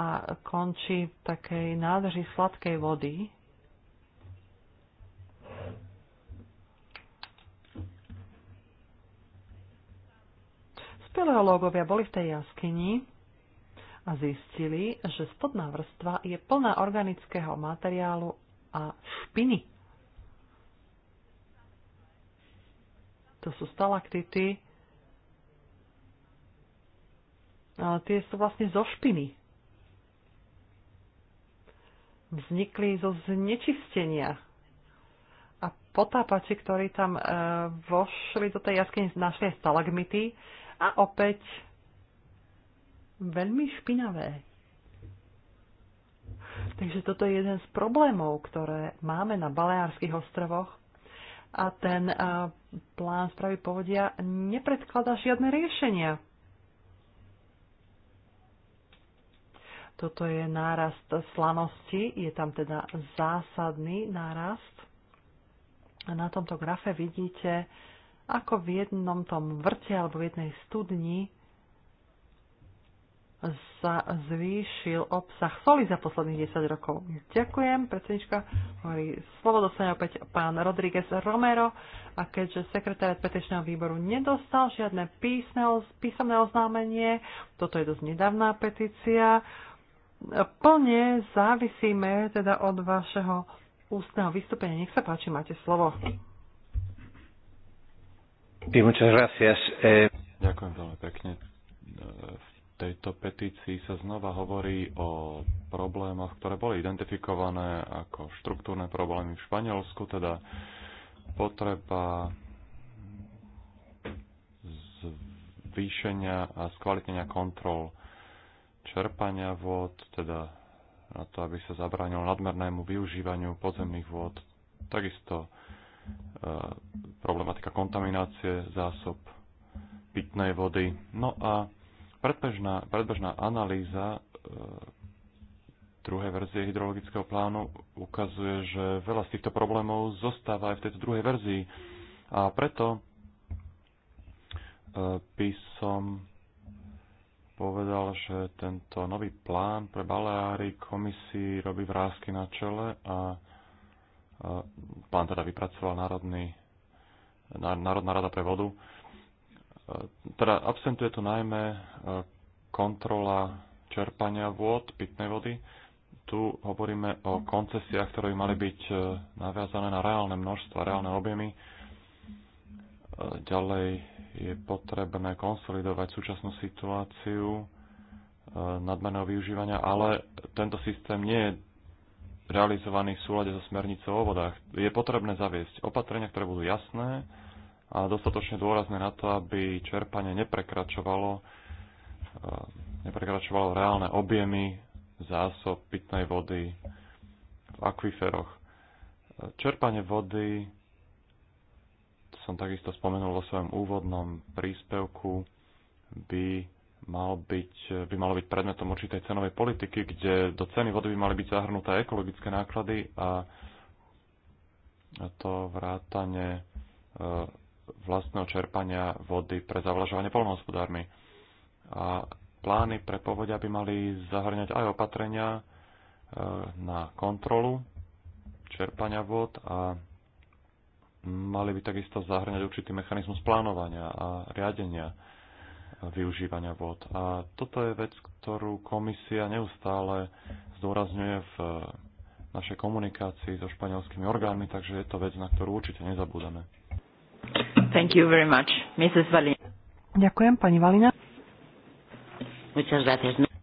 a končí v takej nádrži sladkej vody, Speleológovia boli v tej jaskyni a zistili, že spodná vrstva je plná organického materiálu a špiny. To sú stalaktity, ale tie sú vlastne zo špiny. Vznikli zo znečistenia. A potápači, ktorí tam e, vošli do tej jaskyne, našli aj stalagmity, a opäť veľmi špinavé. Takže toto je jeden z problémov, ktoré máme na Baleárskych ostrovoch a ten a, plán spravy povodia nepredkladá žiadne riešenia. Toto je nárast slanosti, je tam teda zásadný nárast. A na tomto grafe vidíte, ako v jednom tom vrte alebo v jednej studni sa zvýšil obsah soli za posledných 10 rokov. Ďakujem, predsednička. Hovorí, slovo dostane opäť pán Rodríguez Romero a keďže sekretár petičného výboru nedostal žiadne písne, písomné oznámenie, toto je dosť nedávna petícia, plne závisíme teda od vašeho ústneho vystúpenia. Nech sa páči, máte slovo. Eh, Ďakujem veľmi pekne. V tejto petícii sa znova hovorí o problémoch, ktoré boli identifikované ako štruktúrne problémy v Španielsku, teda potreba zvýšenia a skvalitnenia kontrol čerpania vôd, teda na to, aby sa zabránilo nadmernému využívaniu podzemných vôd. Takisto E, problematika kontaminácie zásob pitnej vody. No a predbežná, predbežná analýza e, druhej verzie hydrologického plánu ukazuje, že veľa z týchto problémov zostáva aj v tejto druhej verzii. A preto e, by som povedal, že tento nový plán pre Baleári komisii robí vrázky na čele a E, plán teda vypracoval Národný, Národná rada pre vodu. E, teda absentuje tu najmä e, kontrola čerpania vôd, pitnej vody. Tu hovoríme o koncesiách, ktoré by mali byť naviazané na reálne množstva, reálne objemy. Ďalej je potrebné konsolidovať súčasnú situáciu nadmerného využívania, ale tento systém nie je realizovaný v súlade so smernicou o vodách. Je potrebné zaviesť opatrenia, ktoré budú jasné a dostatočne dôrazné na to, aby čerpanie neprekračovalo, eh, neprekračovalo reálne objemy zásob pitnej vody v akviferoch. Eh, čerpanie vody som takisto spomenul vo svojom úvodnom príspevku, by mal byť, by malo byť predmetom určitej cenovej politiky, kde do ceny vody by mali byť zahrnuté ekologické náklady a to vrátanie e, vlastného čerpania vody pre zavlažovanie polnohospodármi. A plány pre povodia by mali zahrňať aj opatrenia e, na kontrolu čerpania vod a mali by takisto zahrňať určitý mechanizmus plánovania a riadenia využívania vod. A toto je vec, ktorú komisia neustále zdôrazňuje v našej komunikácii so španielskými orgánmi, takže je to vec, na ktorú určite nezabúdame. Thank you very much. Mrs. Valina. Ďakujem, pani Valina.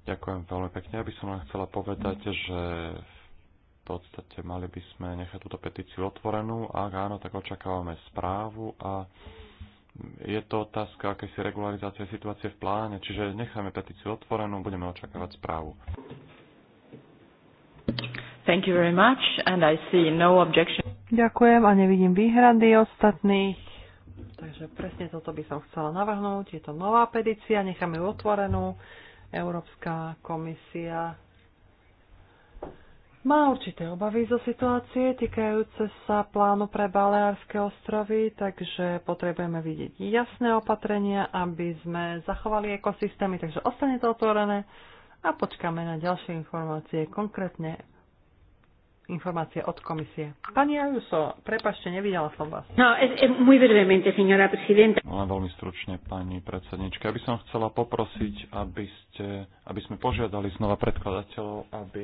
Ďakujem veľmi pekne. Ja by som len chcela povedať, že v podstate mali by sme nechať túto petíciu otvorenú. Ak áno, tak očakávame správu a je to otázka akési regularizácie situácie v pláne, čiže necháme petíciu otvorenú, budeme očakávať správu. Thank you very much and I see no objection. Ďakujem a nevidím výhrady ostatných. Takže presne toto by som chcela navrhnúť. Je to nová petícia, necháme ju otvorenú. Európska komisia má určité obavy zo situácie týkajúce sa plánu pre Baleárske ostrovy, takže potrebujeme vidieť jasné opatrenia, aby sme zachovali ekosystémy, takže ostane to otvorené a počkáme na ďalšie informácie, konkrétne informácie od komisie. Pani Ajuso, prepašte, nevidela som vás. No, es, es muy brevemente, señora presidenta. Len veľmi stručne, pani predsednička. Ja by som chcela poprosiť, aby, ste, aby sme požiadali znova predkladateľov, aby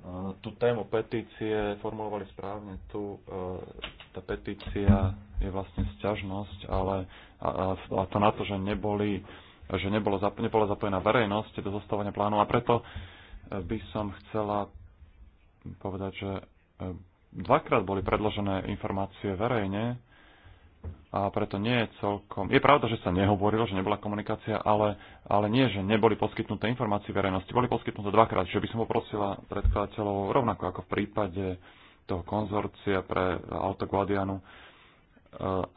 Eh, tú tému petície formulovali správne. Tu eh, tá petícia je vlastne sťažnosť, ale a, a to na to, že neboli že nebolo, nebola zapojená verejnosť do zostavovania plánu a preto eh, by som chcela povedať, že dvakrát boli predložené informácie verejne a preto nie je celkom... Je pravda, že sa nehovorilo, že nebola komunikácia, ale, ale nie, že neboli poskytnuté informácie verejnosti. Boli poskytnuté dvakrát, že by som poprosila predkladateľov rovnako ako v prípade toho konzorcia pre auto Guadianu, e,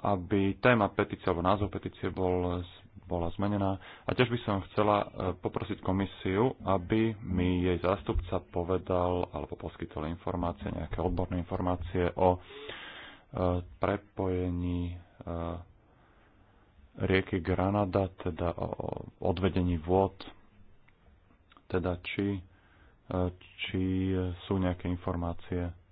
aby téma petície alebo názov petície bol, bola zmenená. A tiež by som chcela e, poprosiť komisiu, aby mi jej zástupca povedal alebo poskytol informácie, nejaké odborné informácie o e, prepojení Eh, rieky Granada, teda o odvedení vôd, teda či, eh, či sú nejaké informácie